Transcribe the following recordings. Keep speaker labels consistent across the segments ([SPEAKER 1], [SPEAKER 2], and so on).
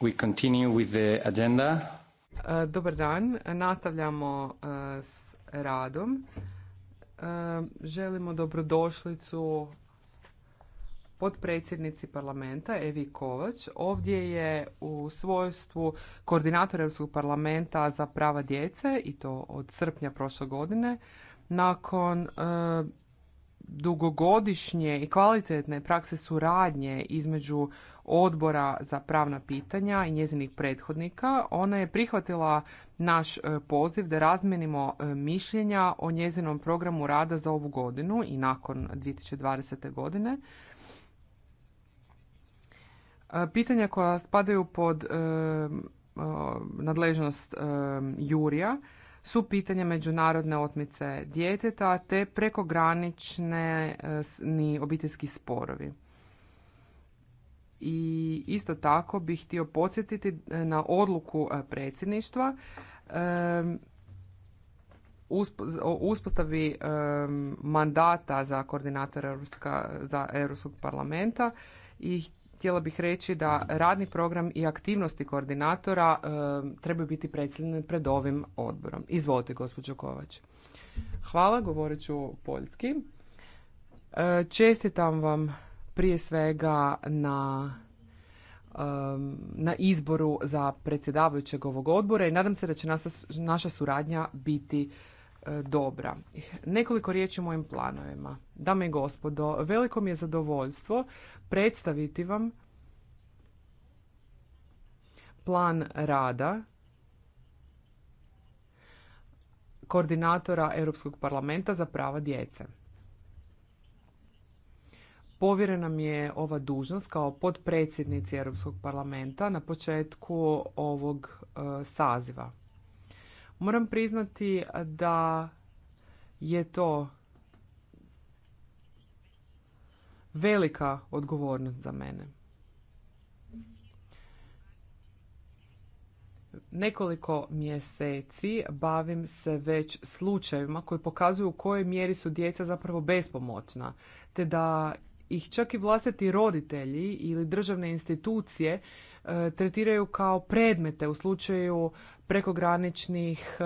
[SPEAKER 1] We continue with the agenda.
[SPEAKER 2] E, dobar dan, nastavljamo e, s radom. E, želimo dobrodošlicu potpredsjednici parlamenta Evi Kovač. Ovdje je u svojstvu koordinatora Europskog parlamenta za prava djece i to od srpnja prošle godine nakon dugogodišnje i kvalitetne prakse suradnje između odbora za pravna pitanja i njezinih prethodnika, ona je prihvatila naš e, poziv da razmenimo e, mišljenja o njezinom programu rada za ovu godinu i nakon 2020. godine. E, pitanja koja spadaju pod nadležnost Jurija su pitanje međunarodne otmice djeteta te prekogranične e, obiteljski sporovi. I isto tako bih htio podsjetiti e, na odluku e, predsjedništva o uspostavi mandata za koordinatora za Europskog parlamenta i htjela bih reći da radni program i aktivnosti koordinatora e, trebaju biti predstavljene pred ovim odborom. Izvolite, gospođo Kovač. Hvala, govorit ću poljski. E, čestitam vam prije svega na e, na izboru za predsjedavajućeg ovog odbora i nadam se da će naša suradnja biti E, dobra. Nekoliko riječi o mojim planovima. Dame i gospodo, veliko mi je zadovoljstvo predstaviti vam plan rada koordinatora Europskog parlamenta za prava djece. Povjerena mi je ova dužnost kao podpredsjednici Europskog parlamenta na početku ovog e, saziva. Moram priznati da je to velika odgovornost za mene. Nekoliko mjeseci bavim se već slučajevima koji pokazuju u kojoj mjeri su djeca zapravo bespomoćna, te da ih čak i vlastiti roditelji ili državne institucije E, tretiraju kao predmete u slučaju prekograničnih e,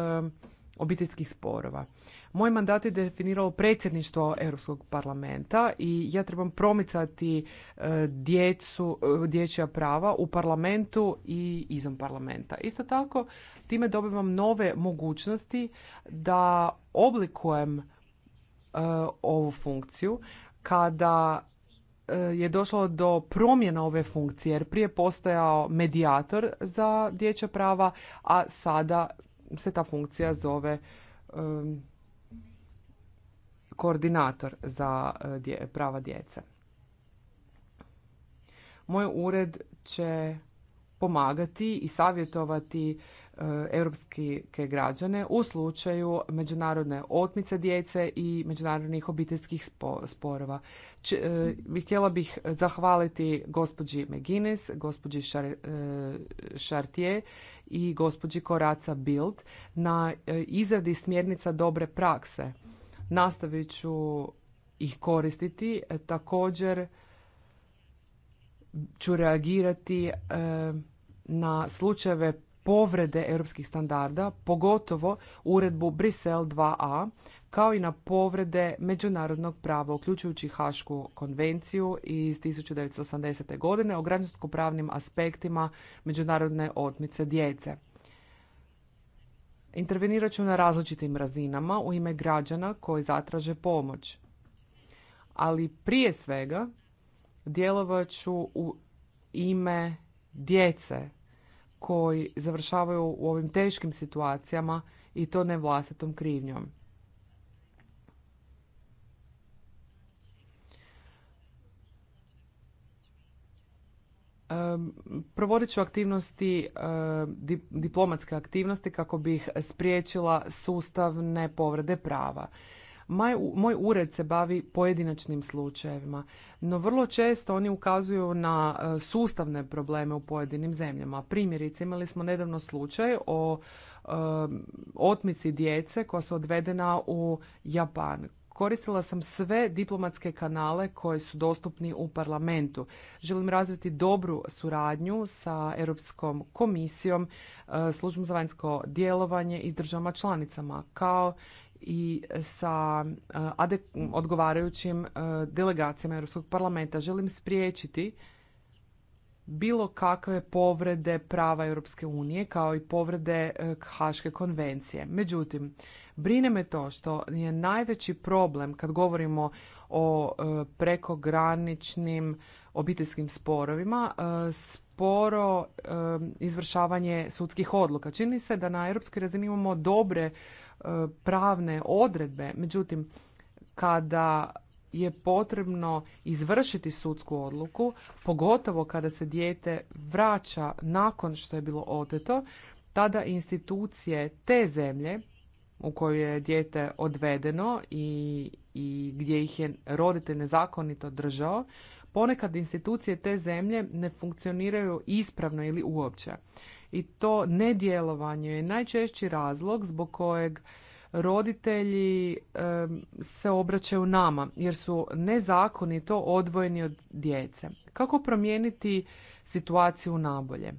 [SPEAKER 2] obiteljskih sporova. Moj mandat je definiralo predsjedništvo Europskog parlamenta i ja trebam promicati e, djecu, dječja prava u parlamentu i izvan parlamenta. Isto tako, time dobivam nove mogućnosti da oblikujem ovu funkciju kada Eh, je došlo do promjena ove funkcije jer prije postojao medijator za dječja prava, a sada se ta funkcija zove koordinator za eh, prava djece. Moj ured će pomagati i savjetovati E, europske građane u slučaju međunarodne otmice djece i međunarodnih obiteljskih sporova. E, htjela bih zahvaliti gospođi McGuinness, gospođi e, Chartier i gospođi Koraca Bild na izradi smjernica dobre prakse. Nastavit ću ih koristiti. Također ću reagirati na slučajeve povrede europskih standarda, pogotovo uredbu Brisel 2a, kao i na povrede međunarodnog prava, uključujući Hašku konvenciju iz 1980. godine o građansko-pravnim aspektima međunarodne otmice djece. Intervenirat ću na različitim razinama u ime građana koji zatraže pomoć. Ali prije svega djelovat ću u ime djece koji završavaju u ovim teškim situacijama i to ne vlastitom krivnjom. Provodit ću aktivnosti, diplomatske aktivnosti kako bih spriječila sustavne povrede prava. Moj ured se bavi pojedinačnim slučajevima, no vrlo često oni ukazuju na e, sustavne probleme u pojedinim zemljama. Primjerice, imali smo nedavno slučaj o e, otmici djece koja su odvedena u Japan. Koristila sam sve diplomatske kanale koji su dostupni u parlamentu. Želim razviti dobru suradnju sa Europskom komisijom, e, službom za vanjsko djelovanje i s državama članicama, kao i sa e, odgovarajućim e, delegacijama Europskog parlamenta. Želim spriječiti bilo kakve povrede prava Europske unije kao i povrede e, Haške konvencije. Međutim, brine me to što je najveći problem kad govorimo o prekograničnim obiteljskim sporovima s sporo izvršavanje sudskih odluka. Čini se da na europskoj razini imamo dobre pravne odredbe, međutim kada je potrebno izvršiti sudsku odluku, pogotovo kada se dijete vraća nakon što je bilo oteto, tada institucije te zemlje u kojoj je dijete odvedeno i, i gdje ih je roditelj nezakonito držao, ponekad institucije te zemlje ne funkcioniraju ispravno ili uopće. I to nedjelovanje je najčešći razlog zbog kojeg roditelji se obraćaju nama jer su nezakonito odvojeni od djece. Kako promijeniti situaciju nabolje?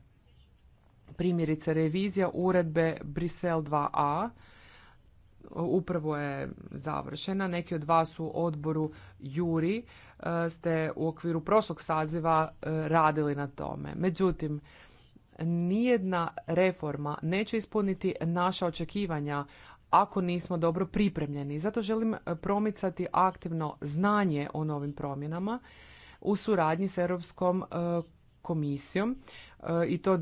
[SPEAKER 2] Primjerice, revizija uredbe Brisel 2a upravo je završena. Neki od vas u odboru Juri Eh, ste u okviru prošlog saziva eh, radili na tome. Međutim, nijedna reforma neće ispuniti naša očekivanja ako nismo dobro pripremljeni. Zato želim eh, promicati aktivno znanje o novim promjenama u suradnji s Europskom komisijom i to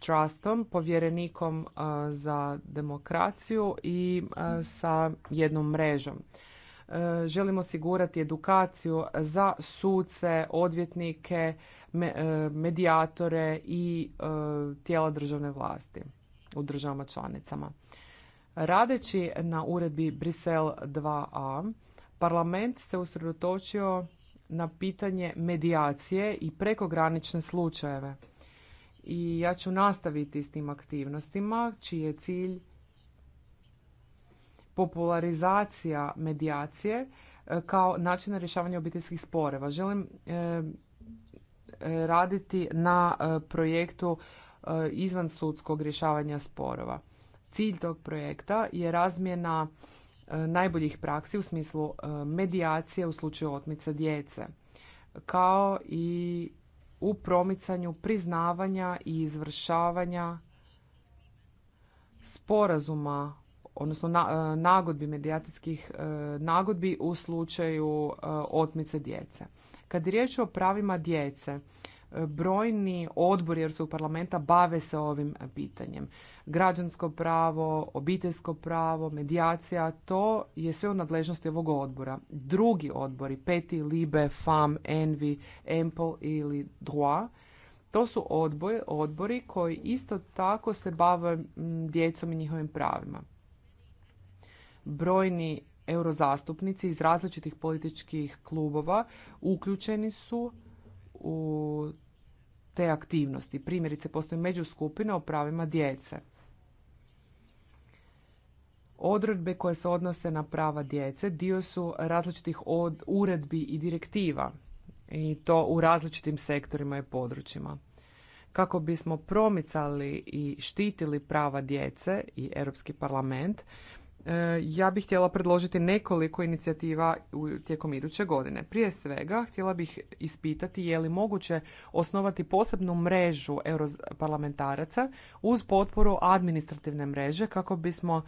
[SPEAKER 2] Trustom, povjerenikom za demokraciju i sa jednom mrežom. E, želimo osigurati edukaciju za suce, odvjetnike, e, medijatore i e, tijela državne vlasti u državama članicama. Radeći na uredbi Brisel 2a, parlament se usredotočio na pitanje medijacije i prekogranične slučajeve. I ja ću nastaviti s tim aktivnostima, čiji je cilj popularizacija medijacije e, kao načina rješavanja obiteljskih sporeva. Želim e, e, raditi na projektu izvan sudskog rješavanja sporova. Cilj tog projekta je razmjena najboljih praksi u smislu medijacije u slučaju otmice djece, kao i u promicanju priznavanja i izvršavanja sporazuma odnosno na, e, nagodbi medijacijskih e, nagodbi u slučaju e, otmice djece. Kad je riječ o pravima djece, brojni odbori u parlamenta bave se ovim pitanjem. Građansko pravo, obiteljsko pravo, medijacija, to je sve u nadležnosti ovog odbora. Drugi odbori, Peti, Libe, FAM, Envi, Empol ili Droit, to su odbori koji isto tako se bave djecom i njihovim pravima brojni eurozastupnici iz različitih političkih klubova uključeni su u te aktivnosti. Primjerice, postoji međuskupina o pravima djece. Odredbe koje se odnose na prava djece dio su različitih od uredbi i direktiva i to u različitim sektorima i područjima. Kako bismo promicali i štitili prava djece i Europski parlament E, ja bih htjela predložiti nekoliko inicijativa tijekom iduće godine. Prije svega, htjela bih ispitati je li moguće osnovati posebnu mrežu europarlamentaraca uz potporu administrativne mreže kako bismo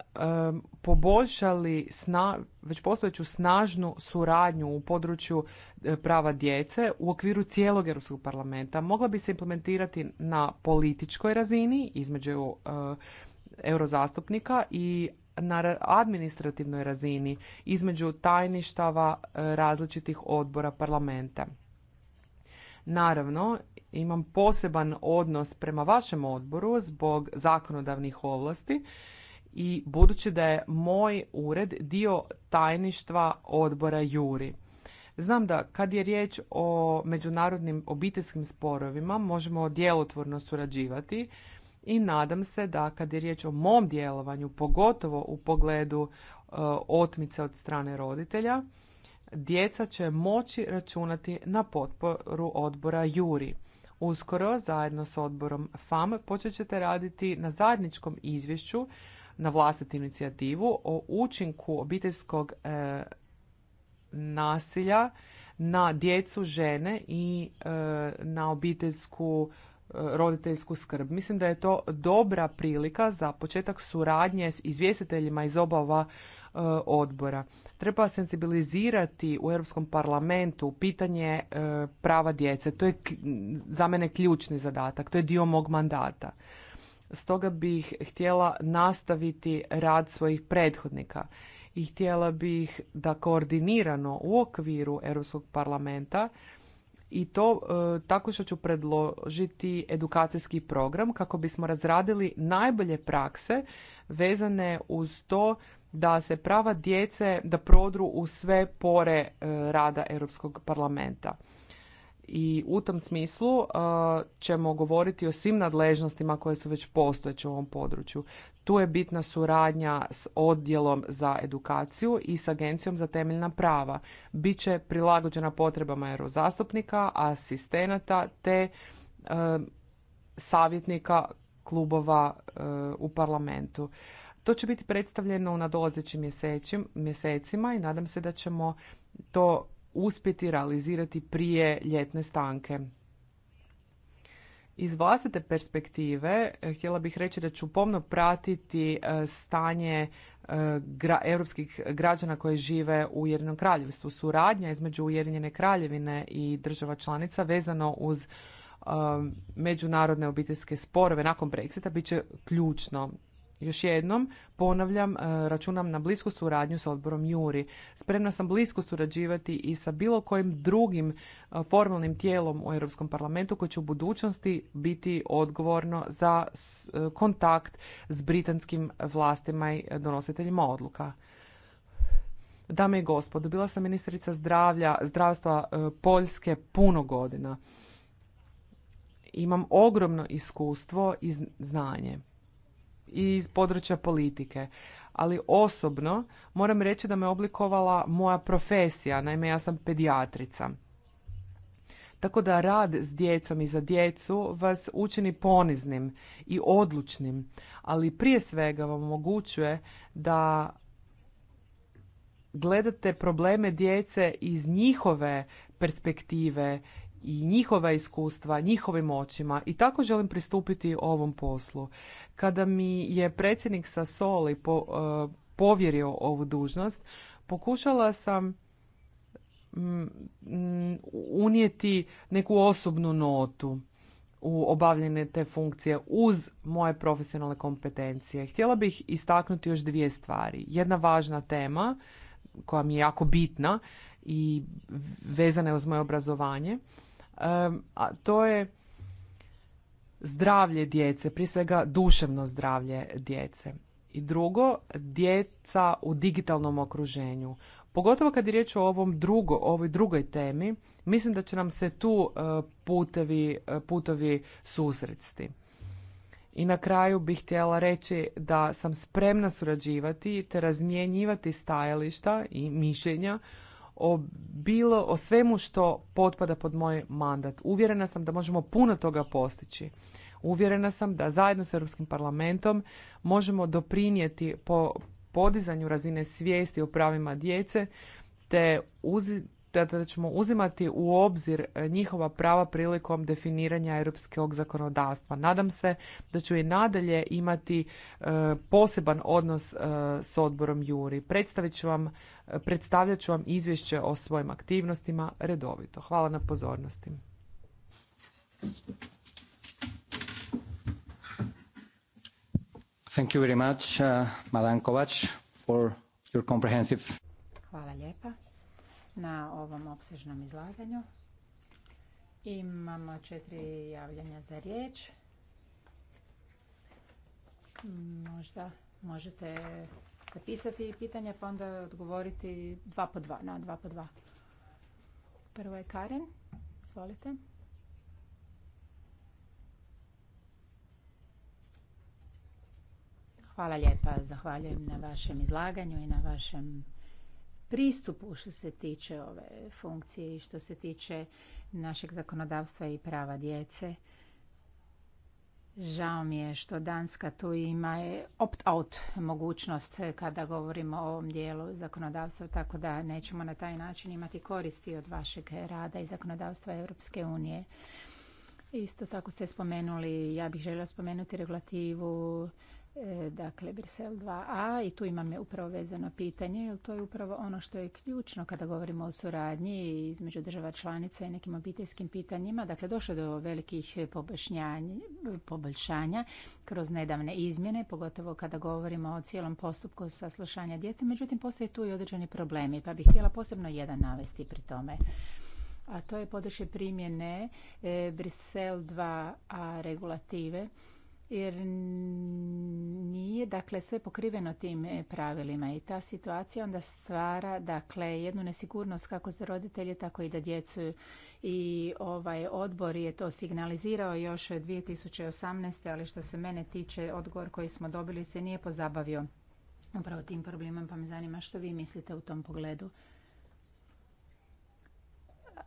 [SPEAKER 2] e, poboljšali sna, već postojeću snažnu suradnju u području e, prava djece u okviru cijelog Europskog parlamenta. Mogla bi se implementirati na političkoj razini između eurozastupnika i na administrativnoj razini između tajništava e, različitih odbora parlamenta. Naravno, imam poseban odnos prema vašem odboru zbog zakonodavnih ovlasti i budući da je moj ured dio tajništva odbora Juri. Znam da kad je riječ o međunarodnim obiteljskim sporovima možemo djelotvorno surađivati i nadam se da kad je riječ o mom djelovanju, pogotovo u pogledu e, otmice od strane roditelja, djeca će moći računati na potporu odbora Juri. Uskoro, zajedno s odborom FAM, počet ćete raditi na zajedničkom izvješću na vlastitu inicijativu o učinku obiteljskog e, nasilja na djecu, žene i e, na obiteljsku roditeljsku skrb. Mislim da je to dobra prilika za početak suradnje s izvjestiteljima iz ova e, odbora. Treba sensibilizirati u Europskom parlamentu pitanje e, prava djece. To je za mene ključni zadatak. To je dio mog mandata. Stoga bih htjela nastaviti rad svojih prethodnika i htjela bih da koordinirano u okviru Europskog parlamenta i to e, tako što ću predložiti edukacijski program kako bismo razradili najbolje prakse vezane uz to da se prava djece da prodru u sve pore e, rada Europskog parlamenta i u tom smislu uh, ćemo govoriti o svim nadležnostima koje su već postojeće u ovom području. Tu je bitna suradnja s odjelom za edukaciju i s agencijom za temeljna prava. Biće prilagođena potrebama eurozastupnika, asistenata te uh, savjetnika klubova uh, u parlamentu. To će biti predstavljeno u nadolazećim mjesecima i nadam se da ćemo to uspjeti realizirati prije ljetne stanke. Iz vlastite perspektive eh, htjela bih reći da ću pomno pratiti eh, stanje eh, gra, europskih građana koji žive u Ujedinjenom kraljevstvu. Suradnja između Ujedinjene kraljevine i država članica vezano uz međunarodne obiteljske sporove nakon Brexita bit će ključno još jednom, ponavljam, e, računam na blisku suradnju sa odborom Juri. Spremna sam blisko surađivati i sa bilo kojim drugim e, formalnim tijelom u Europskom parlamentu koji će u budućnosti biti odgovorno za e, kontakt s britanskim vlastima i donositeljima odluka. Dame i gospodo, bila sam ministrica zdravlja, zdravstva Poljske puno godina. Imam ogromno iskustvo i znanje iz područja politike. Ali osobno moram reći da me oblikovala moja profesija, naime ja sam pedijatrica. Tako da rad s djecom i za djecu vas učini poniznim i odlučnim, ali prije svega vam omogućuje da gledate probleme djece iz njihove perspektive i njihova iskustva, njihovim očima i tako želim pristupiti ovom poslu. Kada mi je predsjednik sa po, e, povjerio ovu dužnost, pokušala sam mm, mm, unijeti neku osobnu notu u obavljene te funkcije uz moje profesionalne kompetencije. Htjela bih istaknuti još dvije stvari. Jedna važna tema koja mi je jako bitna i vezana je uz moje obrazovanje a to je zdravlje djece, prije svega duševno zdravlje djece. I drugo, djeca u digitalnom okruženju. Pogotovo kad je riječ o ovom drugo, ovoj drugoj temi, mislim da će nam se tu e, putevi, e, putovi susretsti. I na kraju bih htjela reći da sam spremna surađivati te razmjenjivati stajališta i mišljenja o bilo, o svemu što potpada pod moj mandat. Uvjerena sam da možemo puno toga postići. Uvjerena sam da zajedno s Europskim parlamentom možemo doprinijeti po podizanju razine svijesti o pravima djece te uz, da ćemo uzimati u obzir e, njihova prava prilikom definiranja europskog zakonodavstva. Nadam se da ću i nadalje imati e, poseban odnos e, s odborom Juri. Predstavit vam, predstavljat ću vam izvješće o svojim aktivnostima redovito. Hvala na pozornosti.
[SPEAKER 1] Thank you very much, uh, for your comprehensive...
[SPEAKER 3] Hvala lijepa na ovom opsežnom izlaganju. Imamo četiri javljanja za riječ. Možda možete zapisati pitanje pa onda odgovoriti dva po dva, na dva po dva. Prvo je Karen, izvolite. Hvala lijepa, zahvaljujem na vašem izlaganju i na vašem pristupu što se tiče ove funkcije i što se tiče našeg zakonodavstva i prava djece. Žao mi je što Danska tu ima opt-out mogućnost kada govorimo o ovom dijelu zakonodavstva, tako da nećemo na taj način imati koristi od vašeg rada i zakonodavstva Europske unije. Isto tako ste spomenuli, ja bih željela spomenuti regulativu E, dakle Brisel 2a i tu imam upravo vezano pitanje jer to je upravo ono što je ključno kada govorimo o suradnji između država članica i nekim obiteljskim pitanjima. Dakle, došlo do velikih poboljšanja kroz nedavne izmjene, pogotovo kada govorimo o cijelom postupku saslušanja djece. Međutim, postoje tu i određeni problemi, pa bih htjela posebno jedan navesti pri tome a to je područje primjene e, Brisel 2a regulative jer nije dakle sve pokriveno tim e, pravilima i ta situacija onda stvara dakle jednu nesigurnost kako za roditelje tako i da djecu i ovaj odbor je to signalizirao još 2018. ali što se mene tiče odgovor koji smo dobili se nije pozabavio upravo tim problemom pa me zanima što vi mislite u tom pogledu.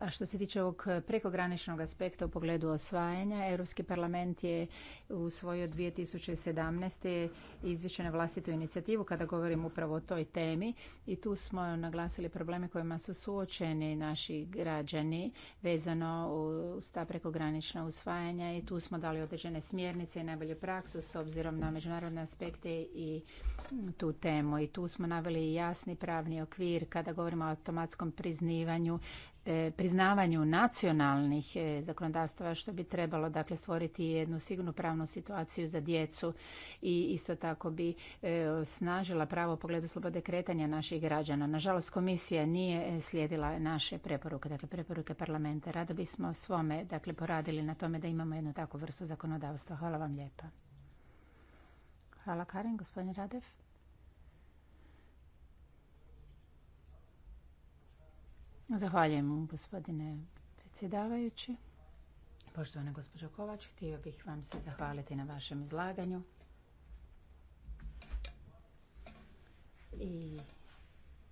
[SPEAKER 3] A što se tiče ovog prekograničnog aspekta u pogledu osvajanja, Europski parlament je u svojoj 2017. izvješće na vlastitu inicijativu kada govorim upravo o toj temi i tu smo naglasili probleme kojima su suočeni naši građani vezano uz ta prekogranična usvajanja i tu smo dali određene smjernice i najbolju praksu s obzirom na međunarodne aspekte i tu temu. I tu smo naveli jasni pravni okvir kada govorimo o automatskom priznivanju E, priznavanju nacionalnih e, zakonodavstva što bi trebalo dakle stvoriti jednu sigurnu pravnu situaciju za djecu i isto tako bi e, snažila pravo u pogledu slobode kretanja naših građana. Nažalost komisija nije slijedila naše preporuke, dakle preporuke parlamenta. Rado bismo svome dakle poradili na tome da imamo jednu takvu vrstu zakonodavstva. Hvala vam lijepa. Hvala Karin, gospodin Radev. Zahvaljujem gospodine predsjedavajući. Poštovana gospođo Kovač, htio bih vam se zahvaliti na vašem izlaganju. I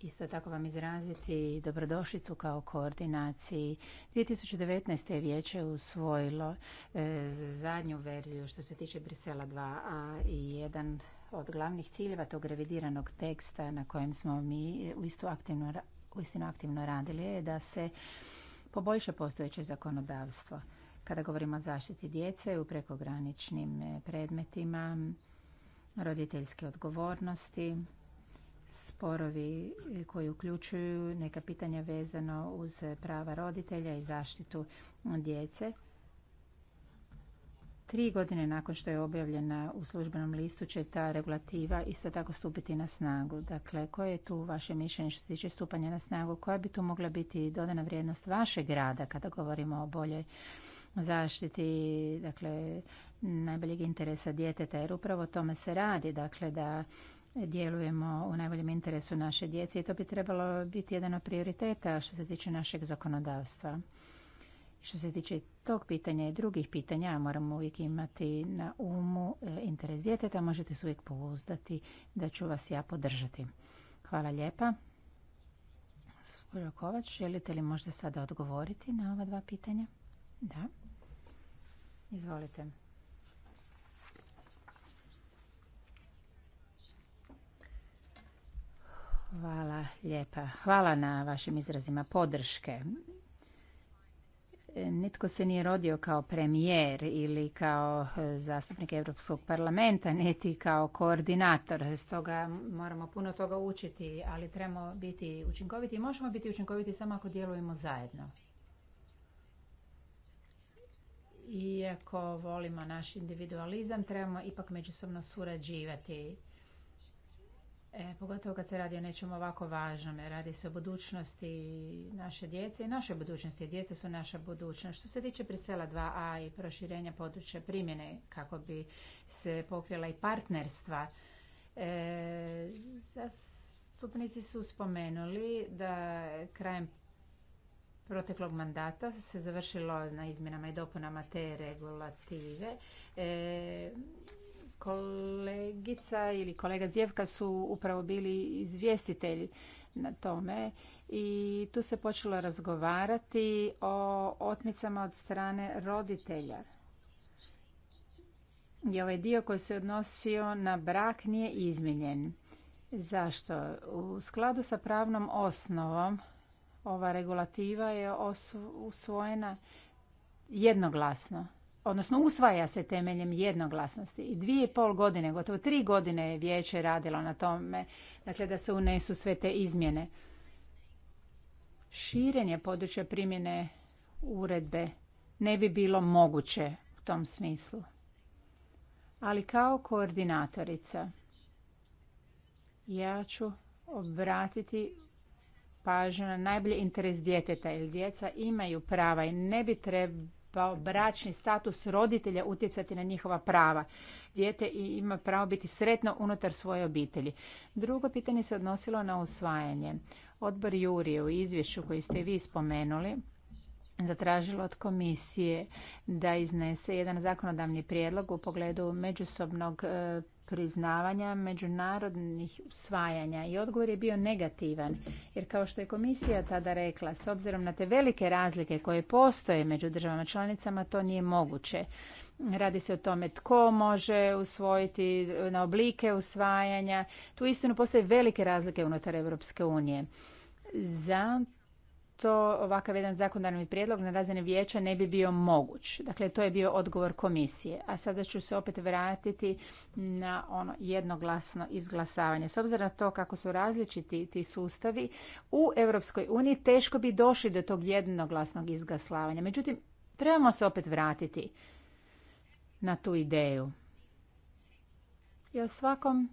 [SPEAKER 3] isto tako vam izraziti dobrodošlicu kao koordinaciji. 2019. je vijeće usvojilo e, zadnju verziju što se tiče Brisela 2a i jedan od glavnih ciljeva tog revidiranog teksta na kojem smo mi u istu aktivno uistinu aktivno radili je da se poboljša postojeće zakonodavstvo. Kada govorimo o zaštiti djece u prekograničnim e, predmetima, roditeljske odgovornosti, sporovi e, koji uključuju neka pitanja vezano uz prava roditelja i zaštitu djece. Tri godine nakon što je objavljena u službenom listu će ta regulativa isto tako stupiti na snagu. Dakle, koje je tu vaše mišljenje što se tiče stupanja na snagu? Koja bi tu mogla biti dodana vrijednost vašeg rada kada govorimo o boljoj zaštiti dakle, najboljeg interesa djeteta? Jer upravo o tome se radi, dakle da djelujemo u najboljem interesu naše djece i to bi trebalo biti jedan od prioriteta što se tiče našeg zakonodavstva. Što se tiče tog pitanja i drugih pitanja, moramo uvijek imati na umu e, interes djeteta. Možete se uvijek pouzdati da ću vas ja podržati. Hvala lijepa. Kovač, želite li možda sada odgovoriti na ova dva pitanja? Da. Izvolite. Hvala lijepa. Hvala na vašim izrazima podrške. E, nitko se nije rodio kao premijer ili kao e, zastupnik Europskog parlamenta, niti kao koordinator. Stoga moramo puno toga učiti, ali trebamo biti učinkoviti i možemo biti učinkoviti samo ako djelujemo zajedno. Iako volimo naš individualizam, trebamo ipak međusobno surađivati E, pogotovo kad se radi o nečem ovako važnom, radi se o budućnosti naše djece i naše budućnosti. Djeca su naša budućnost. Što se tiče Prisela 2a i proširenja područja primjene kako bi se pokrila i partnerstva, e, zastupnici su spomenuli da krajem proteklog mandata se završilo na izmjenama i dopunama te regulative. E, Kolegica ili kolega Zjevka su upravo bili izvjestitelji na tome i tu se počelo razgovarati o otmicama od strane roditelja. I ovaj dio koji se odnosio na brak nije izmijenjen. Zašto? U skladu sa pravnom osnovom ova regulativa je usvojena jednoglasno odnosno usvaja se temeljem jednoglasnosti. I dvije i pol godine, gotovo tri godine je vijeće radilo na tome, dakle da se unesu sve te izmjene. Širenje područja primjene uredbe ne bi bilo moguće u tom smislu. Ali kao koordinatorica ja ću obratiti pažnju na najbolji interes djeteta jer djeca imaju prava i ne bi trebalo pa bračni status roditelja utjecati na njihova prava. Dijete ima pravo biti sretno unutar svoje obitelji. Drugo pitanje se odnosilo na usvajanje. Odbor Jurije u izvješću koji ste vi spomenuli zatražilo od komisije da iznese jedan zakonodavni prijedlog u pogledu međusobnog e, priznavanja međunarodnih usvajanja i odgovor je bio negativan. Jer kao što je komisija tada rekla, s obzirom na te velike razlike koje postoje među državama članicama, to nije moguće. Radi se o tome tko može usvojiti e, na oblike usvajanja. Tu istinu postoje velike razlike unutar Europske unije. Zato to ovakav jedan zakonodavni prijedlog na razini vijeća ne bi bio moguć. Dakle, to je bio odgovor komisije. A sada ću se opet vratiti na ono jednoglasno izglasavanje. S obzirom na to kako su različiti ti sustavi, u Europskoj uniji teško bi došli do tog jednoglasnog izglasavanja. Međutim, trebamo se opet vratiti na tu ideju. I svakom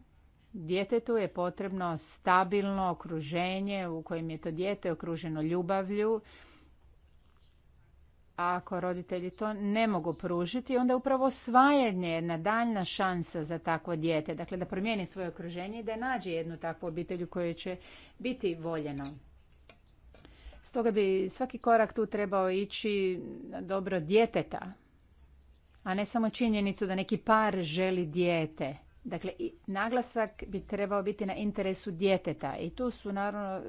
[SPEAKER 3] Djetetu je potrebno stabilno okruženje u kojem je to dijete okruženo ljubavlju. A ako roditelji to ne mogu pružiti, onda je upravo osvajanje jedna daljna šansa za takvo dijete. Dakle, da promijeni svoje okruženje i da nađe jednu takvu obitelj u kojoj će biti voljeno. Stoga bi svaki korak tu trebao ići na dobro djeteta, a ne samo činjenicu da neki par želi dijete. Dakle, naglasak bi trebao biti na interesu djeteta i tu su naravno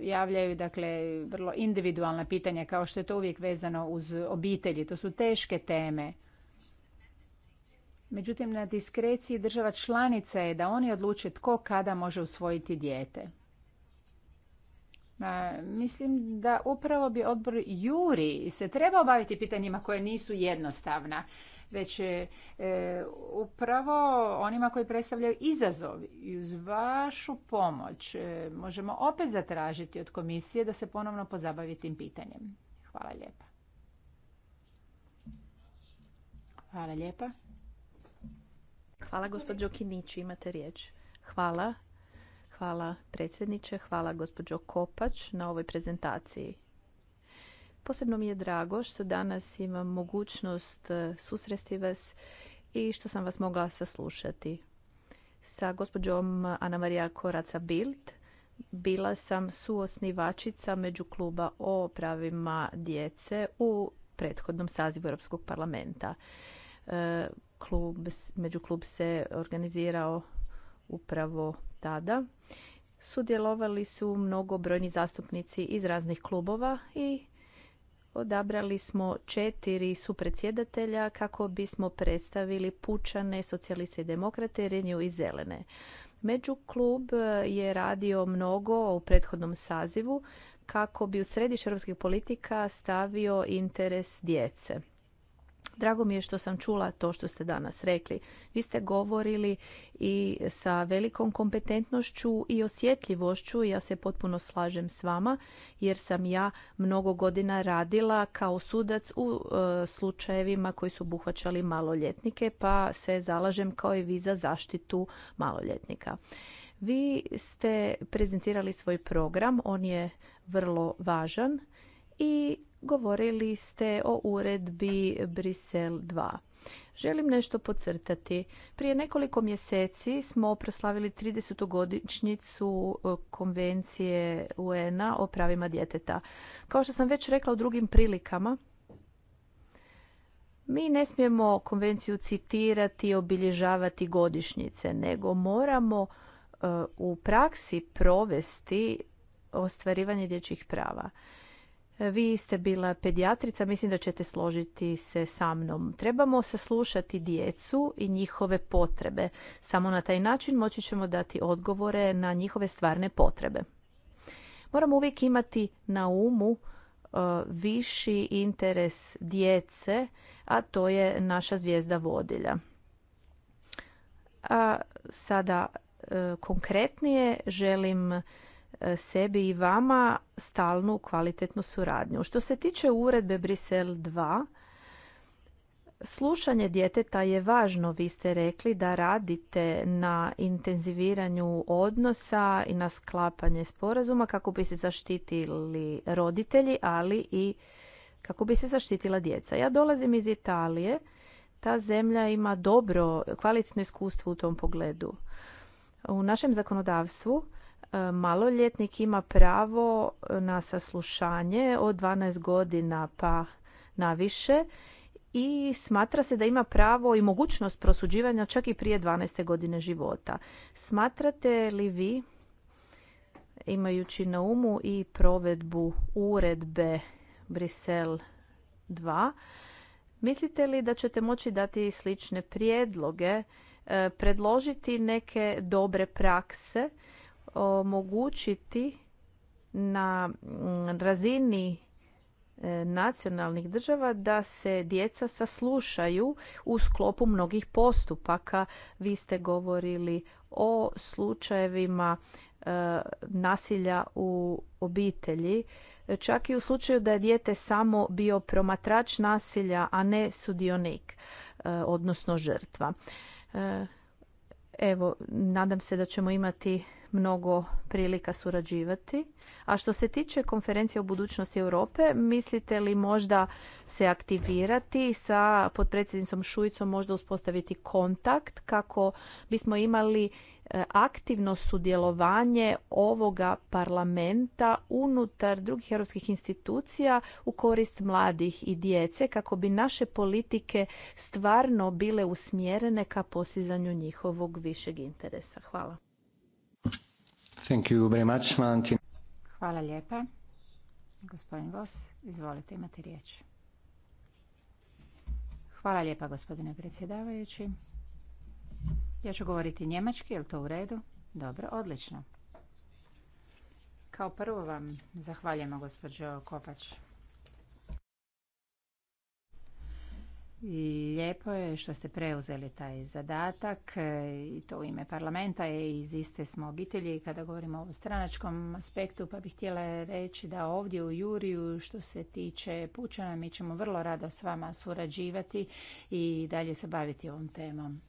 [SPEAKER 3] javljaju dakle vrlo individualna pitanja kao što je to uvijek vezano uz obitelji. To su teške teme. Međutim, na diskreciji država članica je da oni odluče tko kada može usvojiti dijete. Mislim da upravo bi odbor Juri se trebao baviti pitanjima koje nisu jednostavna, već e, e, upravo onima koji predstavljaju izazov. I uz vašu pomoć e, možemo opet zatražiti od komisije da se ponovno pozabavi tim
[SPEAKER 4] pitanjem. Hvala lijepa. Hvala lijepa. Hvala gospođo imate riječ. Hvala Hvala predsjedniče, hvala gospođo Kopač na ovoj prezentaciji. Posebno mi je drago što danas imam mogućnost e, susresti vas i što sam vas mogla saslušati. Sa gospođom Ana Marija Koraca Bild bila sam suosnivačica među kluba o pravima djece u prethodnom sazivu Europskog parlamenta. E, klub, među klub se organizirao upravo tada sudjelovali su mnogobrojni zastupnici iz raznih klubova i odabrali smo četiri supredsjedatelja kako bismo predstavili pučane, socijaliste i demokrate, Renju i zelene. Među klub je radio mnogo u prethodnom sazivu kako bi u središte europskih politika stavio interes djece. Drago mi je što sam čula to što ste danas rekli. Vi ste govorili i sa velikom kompetentnošću i osjetljivošću. Ja se potpuno slažem s vama jer sam ja mnogo godina radila kao sudac u e, slučajevima koji su obuhvaćali maloljetnike pa se zalažem kao i vi za zaštitu maloljetnika. Vi ste prezentirali svoj program, on je vrlo važan i Govorili ste o uredbi Brisel 2. Želim nešto podcrtati. Prije nekoliko mjeseci smo proslavili 30. godišnjicu e, konvencije UN-a o pravima djeteta. Kao što sam već rekla u drugim prilikama, mi ne smijemo konvenciju citirati i obilježavati godišnjice, nego moramo e, u praksi provesti ostvarivanje dječjih prava. Vi ste bila pedijatrica, mislim da ćete složiti se sa mnom. Trebamo saslušati djecu i njihove potrebe. Samo na taj način moći ćemo dati odgovore na njihove stvarne potrebe. Moramo uvijek imati na umu e, viši interes djece, a to je naša zvijezda vodilja. A sada e, konkretnije želim E, sebi i vama stalnu kvalitetnu suradnju. Što se tiče uredbe Brisel 2, Slušanje djeteta je važno, vi ste rekli da radite na intenziviranju odnosa i na sklapanje sporazuma kako bi se zaštitili roditelji, ali i kako bi se zaštitila djeca. Ja dolazim iz Italije, ta zemlja ima dobro, kvalitetno iskustvo u tom pogledu. U našem zakonodavstvu E, maloljetnik ima pravo e, na saslušanje od 12 godina pa na više i smatra se da ima pravo i mogućnost prosuđivanja čak i prije 12. godine života. Smatrate li vi, imajući na umu i provedbu uredbe Brisel 2, mislite li da ćete moći dati slične prijedloge, e, predložiti neke dobre prakse omogućiti na mm, razini e, nacionalnih država da se djeca saslušaju u sklopu mnogih postupaka. Vi ste govorili o slučajevima e, nasilja u obitelji. Čak i u slučaju da je dijete samo bio promatrač nasilja, a ne sudionik, e, odnosno žrtva. Evo, nadam se da ćemo imati mnogo prilika surađivati. A što se tiče konferencije o budućnosti Europe, mislite li možda se aktivirati sa potpredsjednicom Šujicom možda uspostaviti kontakt kako bismo imali e, aktivno sudjelovanje ovoga parlamenta unutar drugih europskih institucija u korist mladih i djece kako bi naše politike stvarno bile usmjerene ka postizanju njihovog višeg interesa. Hvala. Hvala lijepa. Gospodin Vos,
[SPEAKER 3] izvolite, imati riječ. Hvala lijepa, gospodine predsjedavajući. Ja ću govoriti njemački, je li to u redu? Dobro, odlično. Kao prvo vam zahvaljujemo, gospođo Kopač. I lijepo je što ste preuzeli taj zadatak e, i to u ime parlamenta i e, iz iste smo obitelji kada govorimo o stranačkom aspektu pa bih htjela reći da ovdje u Juriju što se tiče pučana mi ćemo vrlo rado s vama surađivati i dalje se baviti ovom temom.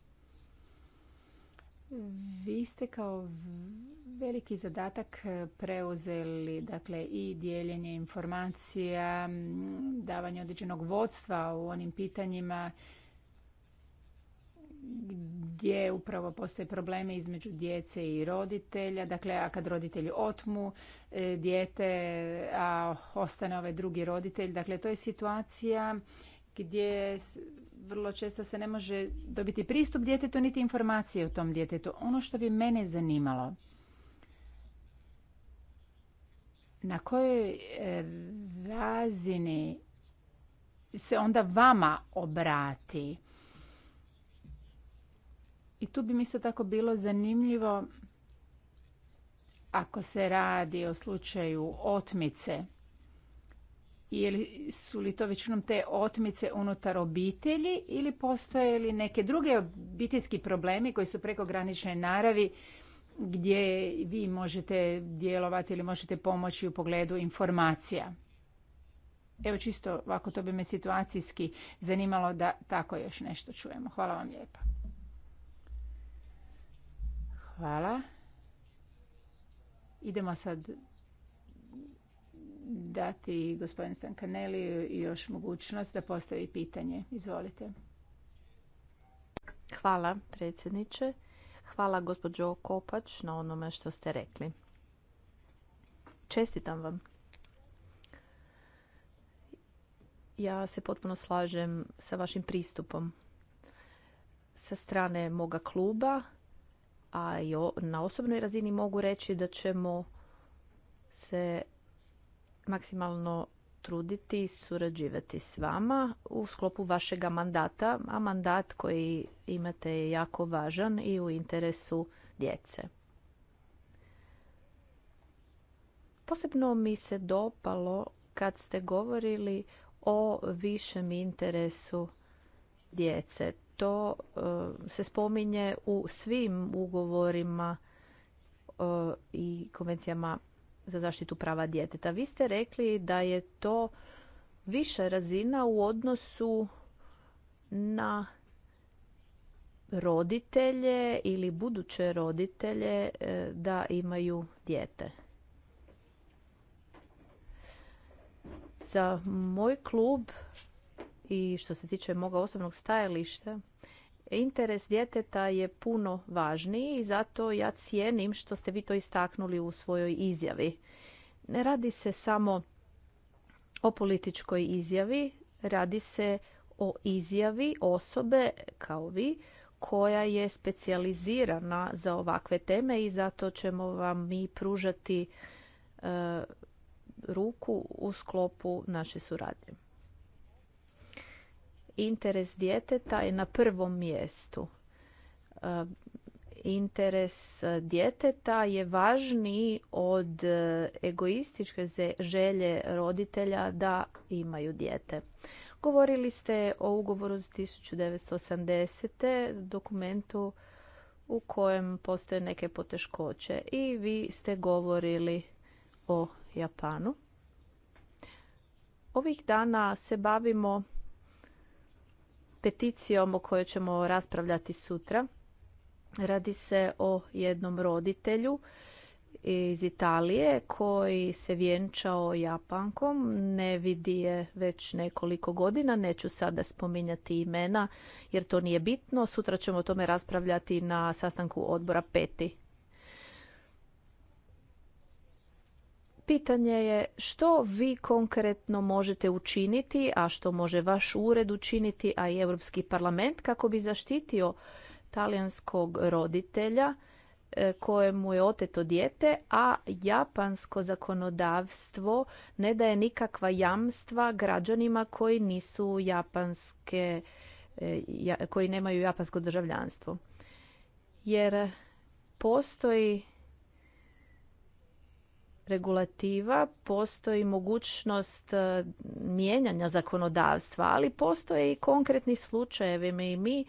[SPEAKER 3] Vi ste kao veliki zadatak preuzeli dakle i dijeljenje informacija, davanje određenog vodstva u onim pitanjima gdje upravo postoje probleme između djece i roditelja. Dakle, a kad roditelji otmu e, dijete, a ostane ovaj drugi roditelj. Dakle, to je situacija gdje vrlo često se ne može dobiti pristup djetetu niti informacije o tom djetetu. Ono što bi mene zanimalo, na kojoj e, razini se onda vama obrati i tu bi mi isto tako bilo zanimljivo ako se radi o slučaju otmice. Ili su li to većinom te otmice unutar obitelji ili postoje li neke druge obiteljski problemi koji su granične naravi gdje vi možete djelovati ili možete pomoći u pogledu informacija. Evo čisto ovako to bi me situacijski zanimalo da tako još nešto čujemo. Hvala vam lijepa. Hvala. Idemo sad dati gospodin Stankaneli još mogućnost da postavi pitanje. Izvolite.
[SPEAKER 4] Hvala predsjedniče. Hvala gospođo Kopač na onome što ste rekli. Čestitam vam. Ja se potpuno slažem sa vašim pristupom. Sa strane moga kluba a i na osobnoj razini mogu reći da ćemo se maksimalno truditi i surađivati s vama u sklopu vašega mandata, a mandat koji imate je jako važan i u interesu djece. Posebno mi se dopalo kad ste govorili o višem interesu djece to e, se spominje u svim ugovorima e, i konvencijama za zaštitu prava djeteta. Vi ste rekli da je to više razina u odnosu na roditelje ili buduće roditelje e, da imaju dijete. Za moj klub i što se tiče moga osobnog stajališta, interes djeteta je puno važniji i zato ja cijenim što ste vi to istaknuli u svojoj izjavi. Ne radi se samo o političkoj izjavi, radi se o izjavi osobe kao vi koja je specijalizirana za ovakve teme i zato ćemo vam mi pružati e, ruku u sklopu naše suradnje interes djeteta je na prvom mjestu. E, interes e, djeteta je važniji od e, egoističke želje roditelja da imaju dijete. Govorili ste o ugovoru iz 1980. dokumentu u kojem postoje neke poteškoće i vi ste govorili o Japanu. Ovih dana se bavimo peticijom o kojoj ćemo raspravljati sutra. Radi se o jednom roditelju iz Italije koji se vjenčao Japankom. Ne vidi je već nekoliko godina. Neću sada spominjati imena jer to nije bitno. Sutra ćemo o tome raspravljati na sastanku odbora peti. Pitanje je što vi konkretno možete učiniti, a što može vaš ured učiniti, a i Europski parlament kako bi zaštitio talijanskog roditelja e, kojemu je oteto dijete, a japansko zakonodavstvo ne daje nikakva jamstva građanima koji nisu japanske e, koji nemaju japansko državljanstvo. Jer postoji regulativa postoji mogućnost e, mijenjanja zakonodavstva, ali postoje i konkretni slučajevi i mi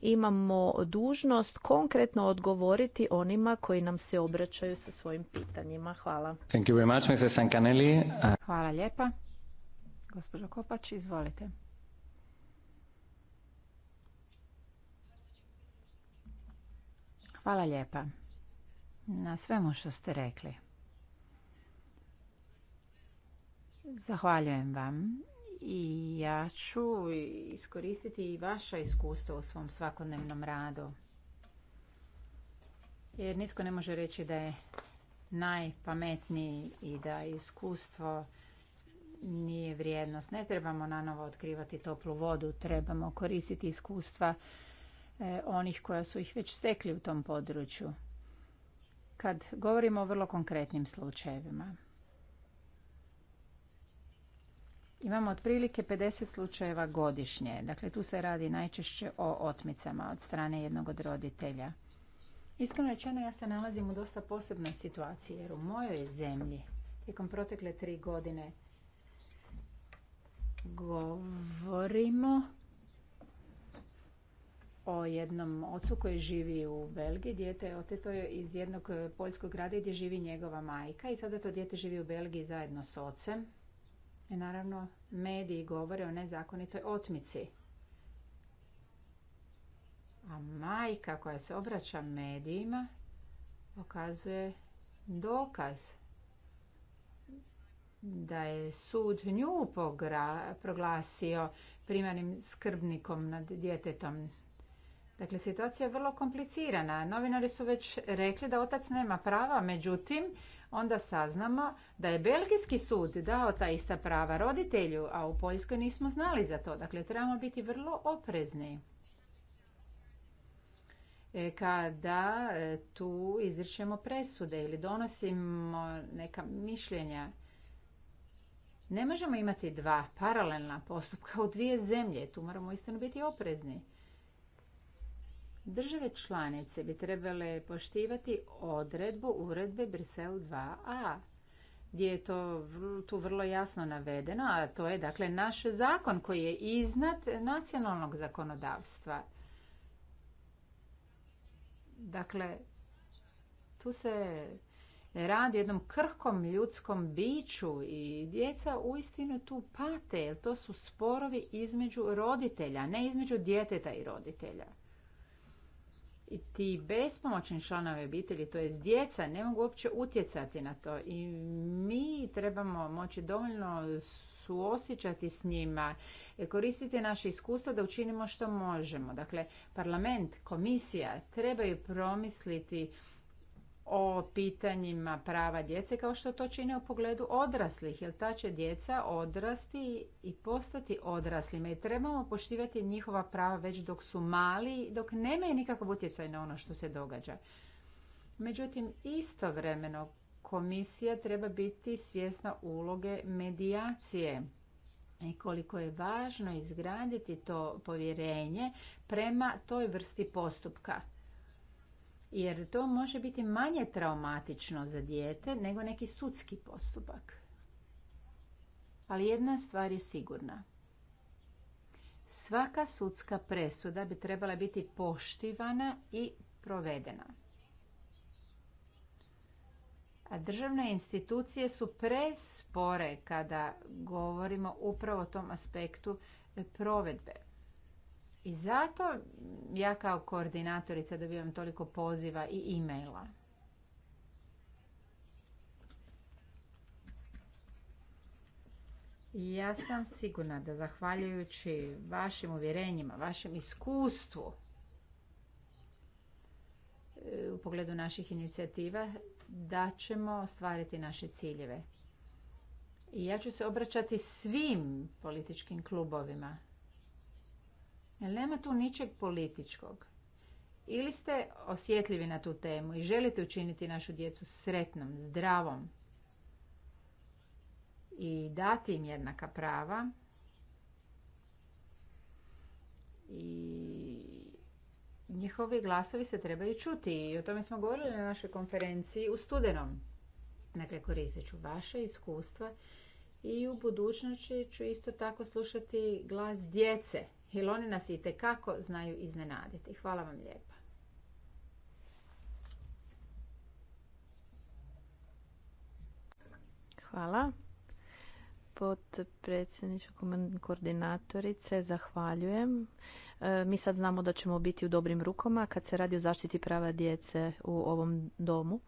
[SPEAKER 4] imamo dužnost konkretno odgovoriti onima koji nam se obraćaju sa svojim pitanjima. Hvala. Hvala lijepa.
[SPEAKER 3] Gospođo Kopač, izvolite. Hvala lijepa na svemu što ste rekli. Zahvaljujem vam i ja ću iskoristiti i vaša iskustva u svom svakodnevnom radu. Jer nitko ne može reći da je najpametniji i da iskustvo nije vrijednost. Ne trebamo nanovo otkrivati toplu vodu, trebamo koristiti iskustva e, onih koja su ih već stekli u tom području. Kad govorimo o vrlo konkretnim slučajevima, Imamo otprilike 50 slučajeva godišnje. Dakle, tu se radi najčešće o otmicama od strane jednog od roditelja. Iskreno rečeno, ja se nalazim u dosta posebnoj situaciji, jer u mojoj zemlji tijekom protekle tri godine govorimo o jednom ocu koji živi u Belgiji. Dijete je oteto iz jednog poljskog grada gdje živi njegova majka i sada to dijete živi u Belgiji zajedno s ocem i naravno, mediji govore o nezakonitoj otmici. A majka koja se obraća medijima pokazuje dokaz da je sud nju proglasio primarnim skrbnikom nad djetetom. Dakle, situacija je vrlo komplicirana. Novinari su već rekli da otac nema prava, međutim, onda saznamo da je belgijski sud dao ta ista prava roditelju, a u Poljskoj nismo znali za to. Dakle, trebamo biti vrlo oprezni e, kada e, tu izričemo presude ili donosimo neka mišljenja. Ne možemo imati dva paralelna postupka u dvije zemlje. Tu moramo istinu biti oprezni. Države članice bi trebale poštivati odredbu uredbe Brisel 2a, gdje je to tu vrlo jasno navedeno, a to je dakle naš zakon koji je iznad nacionalnog zakonodavstva. Dakle, tu se radi o jednom krhkom ljudskom biću i djeca uistinu tu pate, jer to su sporovi između roditelja, ne između djeteta i roditelja ti bespomoćni članovi obitelji, to je djeca, ne mogu uopće utjecati na to i mi trebamo moći dovoljno suosjećati s njima, koristiti naše iskustva da učinimo što možemo. Dakle, parlament, komisija trebaju promisliti o pitanjima prava djece kao što to čine u pogledu odraslih, jer ta će djeca odrasti i postati odraslima i trebamo poštivati njihova prava već dok su mali, dok nemaju nikakav utjecaj na ono što se događa. Međutim, istovremeno komisija treba biti svjesna uloge medijacije i koliko je važno izgraditi to povjerenje prema toj vrsti postupka jer to može biti manje traumatično za dijete nego neki sudski postupak. Ali jedna stvar je sigurna. Svaka sudska presuda bi trebala biti poštivana i provedena. A državne institucije su prespore kada govorimo upravo o tom aspektu provedbe. I zato ja kao koordinatorica dobivam toliko poziva i e-maila. Ja sam sigurna da zahvaljujući vašim uvjerenjima, vašem iskustvu e, u pogledu naših inicijativa, da ćemo ostvariti naše ciljeve. I ja ću se obraćati svim političkim klubovima nema tu ničeg političkog. Ili ste osjetljivi na tu temu i želite učiniti našu djecu sretnom, zdravom i dati im jednaka prava i njihovi glasovi se trebaju čuti i o tome smo govorili na našoj konferenciji u studenom. Dakle, koristit ću vaše iskustva i u budućnosti ću isto tako slušati glas djece jer oni nas i tekako znaju iznenaditi.
[SPEAKER 4] Hvala vam lijepa. Hvala. Potpredsjedniče koordinatorice, zahvaljujem. E, mi sad znamo da ćemo biti u dobrim rukama kad se radi o zaštiti prava djece u ovom domu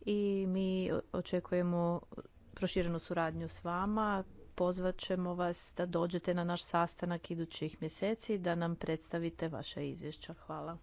[SPEAKER 4] i mi očekujemo proširenu suradnju s vama pozvat ćemo vas da dođete na naš sastanak idućih mjeseci i da nam predstavite vaša izvješća. Hvala.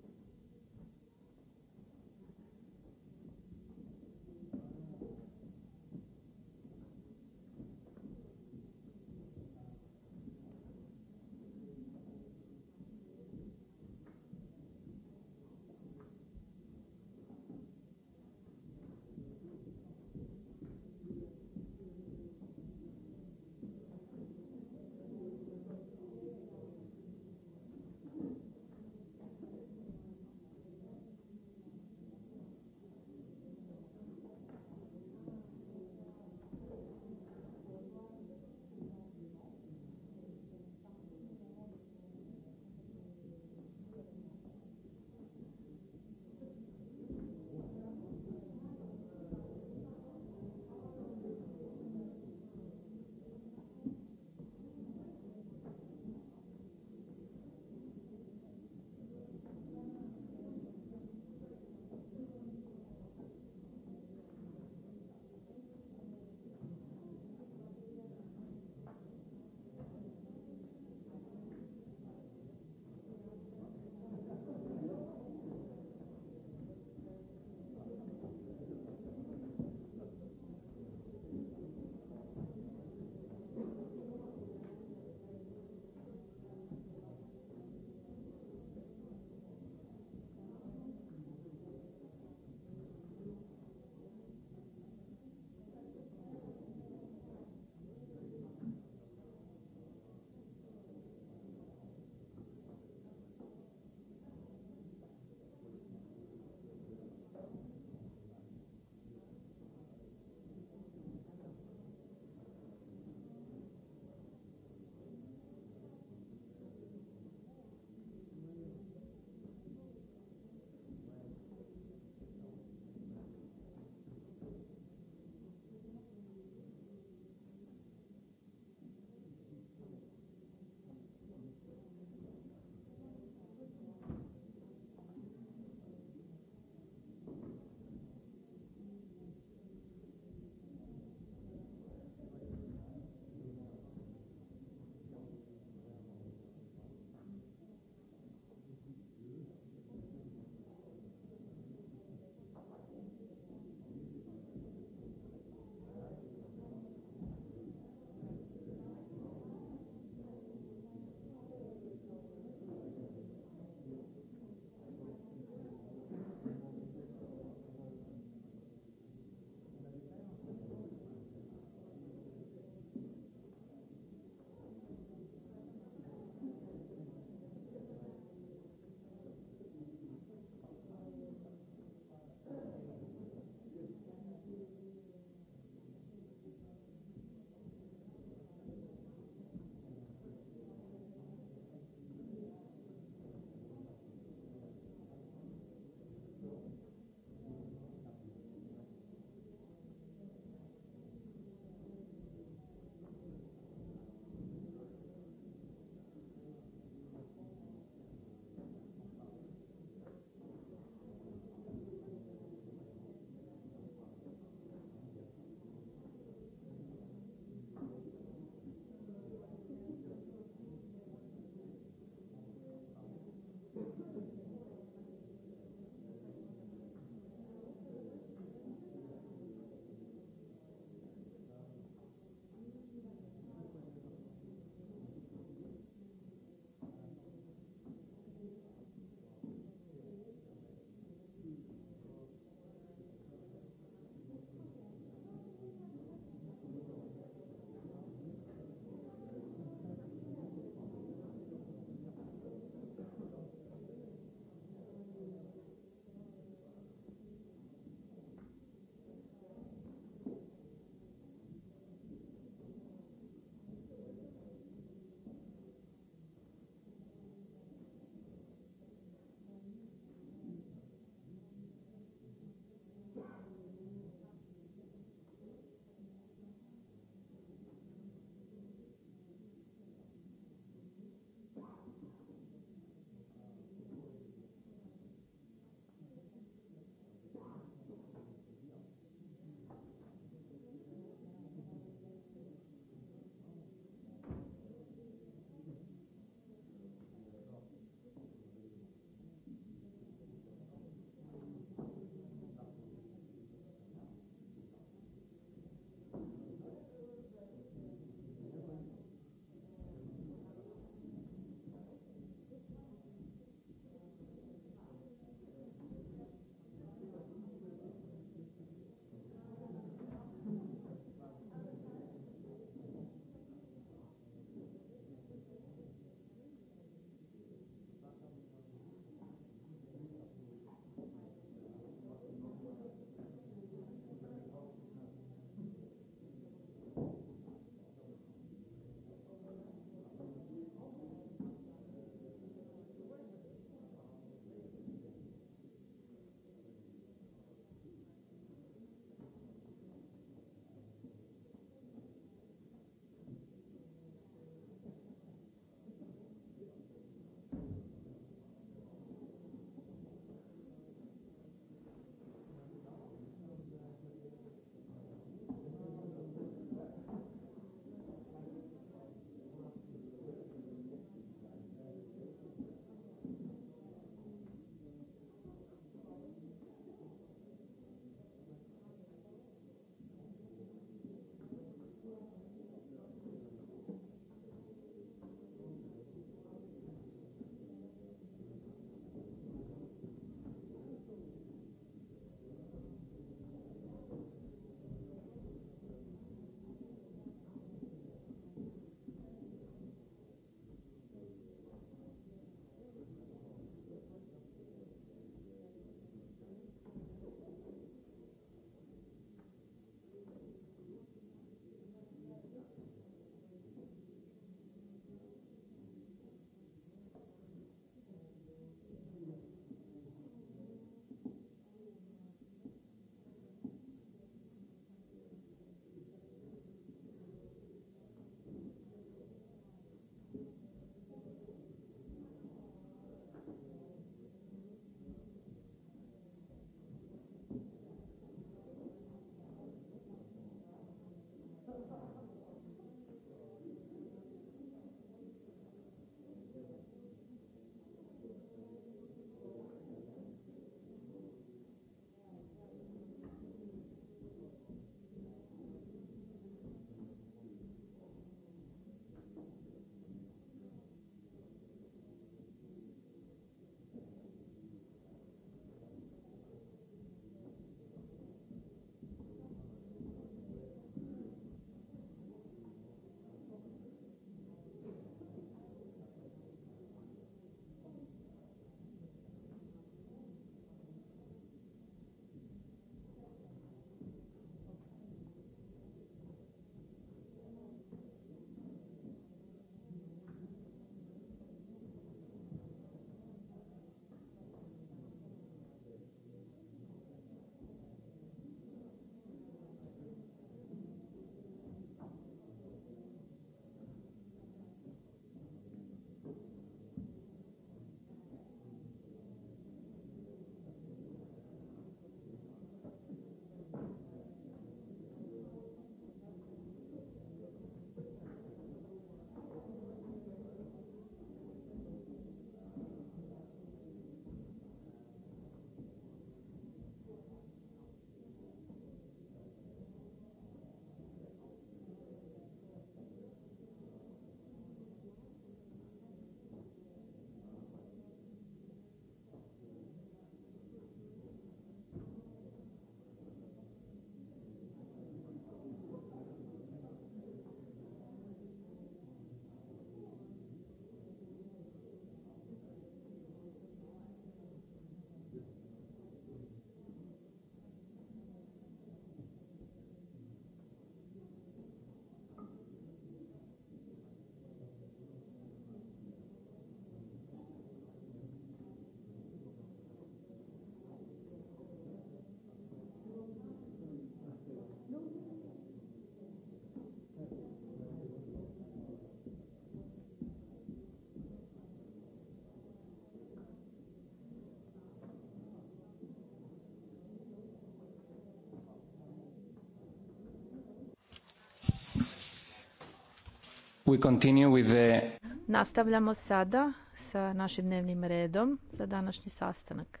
[SPEAKER 4] Nastavljamo sada sa našim dnevnim redom za današnji sastanak.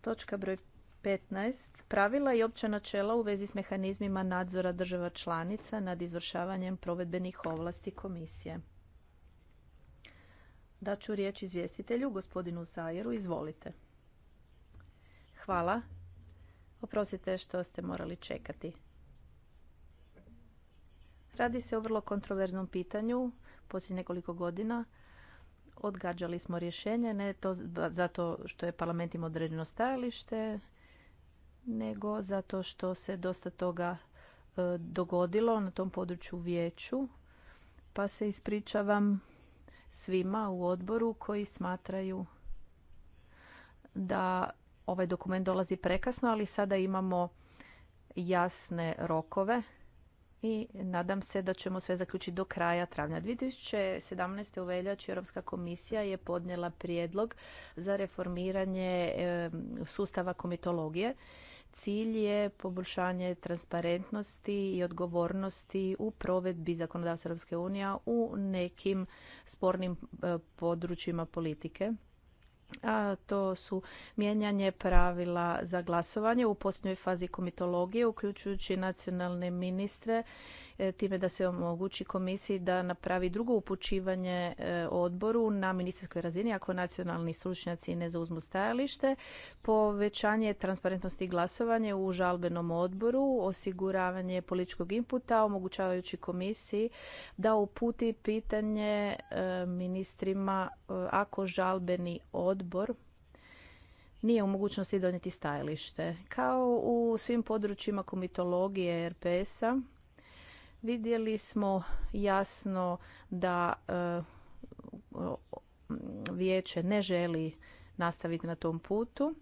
[SPEAKER 4] Točka broj 15. Pravila i opća načela u vezi s mehanizmima nadzora država članica nad izvršavanjem provedbenih ovlasti komisije. ću riječ izvjestitelju, gospodinu Zajeru. Izvolite. Hvala. Oprostite što ste morali čekati. Radi se o vrlo kontroverznom pitanju poslije nekoliko godina. Odgađali smo rješenje, ne to zato što je parlament imao određeno stajalište, nego zato što se dosta toga e, dogodilo na tom području vijeću, pa se ispričavam svima u odboru koji smatraju da ovaj dokument dolazi prekasno, ali sada imamo jasne rokove i nadam se da ćemo sve zaključiti do kraja travnja. 2017. u veljači Europska komisija je podnijela prijedlog za reformiranje sustava komitologije. Cilj je poboljšanje transparentnosti i odgovornosti u provedbi zakonodavstva Europske unije u nekim spornim područjima politike a to su mijenjanje pravila za glasovanje u posljednjoj fazi komitologije, uključujući nacionalne ministre, e, time da se omogući komisiji da napravi drugo upućivanje e, odboru na ministarskoj razini ako nacionalni stručnjaci ne zauzmu stajalište, povećanje transparentnosti glasovanje u žalbenom odboru, osiguravanje političkog inputa, omogućavajući komisiji da uputi pitanje e, ministrima ako žalbeni odbor odbor nije u mogućnosti donijeti stajalište. Kao u svim područjima komitologije RPS-a vidjeli smo jasno da e, vijeće ne želi nastaviti na tom putu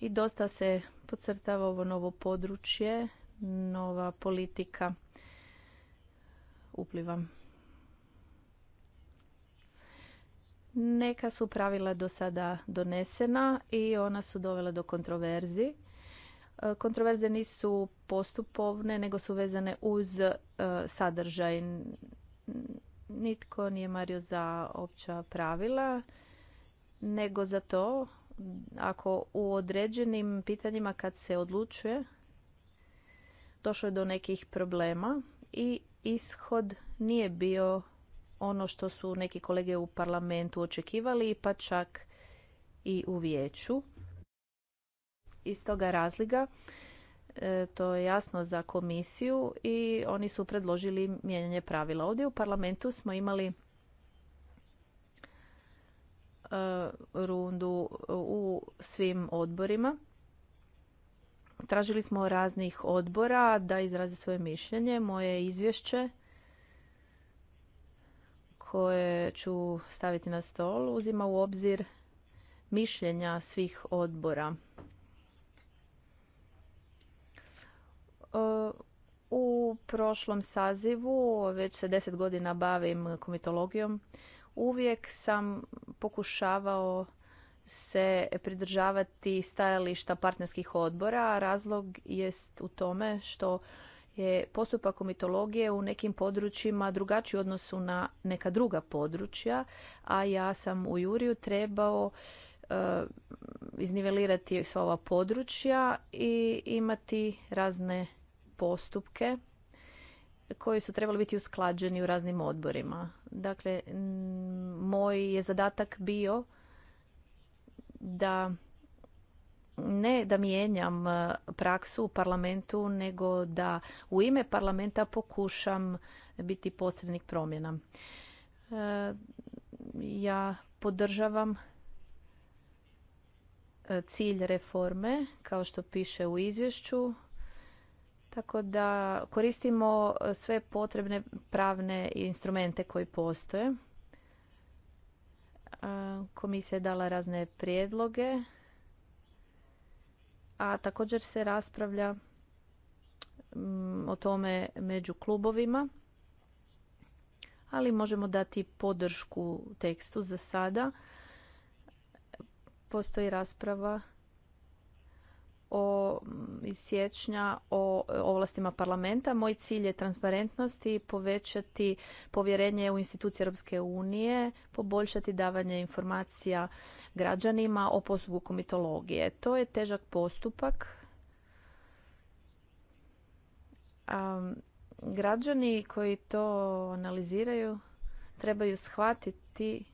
[SPEAKER 4] i dosta se podcrtava ovo novo područje, nova politika upliva. Neka su pravila do sada donesena i ona su dovela do kontroverzi. E, kontroverze nisu postupovne, nego su vezane uz e, sadržaj. Nitko nije mario za opća pravila, nego za to ako u određenim pitanjima kad se odlučuje došlo je do nekih problema i ishod nije bio ono što su neki kolege u parlamentu očekivali, pa čak i u vijeću. Iz toga razliga e, to je jasno za komisiju i oni su predložili mijenjanje pravila. Ovdje u parlamentu smo imali e, rundu u svim odborima. Tražili smo raznih odbora da izraze svoje mišljenje. Moje izvješće koje ću staviti na stol uzima u obzir mišljenja svih odbora. E, u prošlom sazivu, već se deset godina bavim komitologijom, uvijek sam pokušavao se pridržavati stajališta partnerskih odbora. Razlog jest u tome što je postupak komitologije u nekim područjima drugačiji odnosu na neka druga područja, a ja sam u Juriju trebao e, iznivelirati sva ova područja i imati razne postupke koji su trebali biti usklađeni u raznim odborima. Dakle, moj je zadatak bio da ne da mijenjam e, praksu u parlamentu, nego da u ime parlamenta pokušam biti posrednik promjena. E, ja podržavam e, cilj reforme, kao što piše u izvješću, tako da koristimo sve potrebne pravne instrumente koji postoje. Komisija je dala razne prijedloge a također se raspravlja mm, o tome među klubovima, ali možemo dati podršku tekstu za sada. Postoji rasprava o, mm, iz siječnja o e, ovlastima parlamenta. Moj cilj je transparentnosti, povećati povjerenje u institucije Europske unije, poboljšati davanje informacija građanima o postupku komitologije. To je težak postupak. građani koji to analiziraju trebaju shvatiti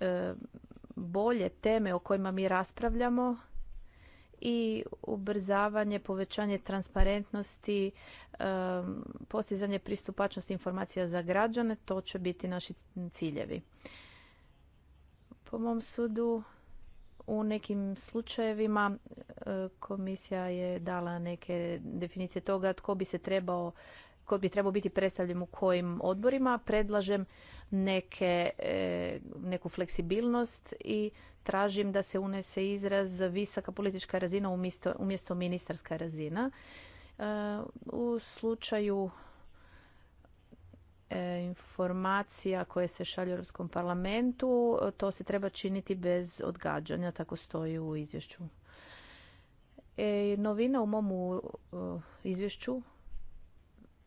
[SPEAKER 4] e, bolje teme o kojima mi raspravljamo i ubrzavanje, povećanje transparentnosti, postizanje pristupačnosti informacija za građane, to će biti naši ciljevi. Po mom sudu, u nekim slučajevima e, komisija je dala neke definicije toga tko bi se trebao koji bi trebao biti predstavljen u kojim odborima, predlažem neke, e, neku fleksibilnost i tražim da se unese izraz visoka politička razina umjesto, umjesto ministarska razina. E, u slučaju e, informacija koje se šalju u Europskom parlamentu, to se treba činiti bez odgađanja, tako stoji u izvješću. E, novina u mom izvješću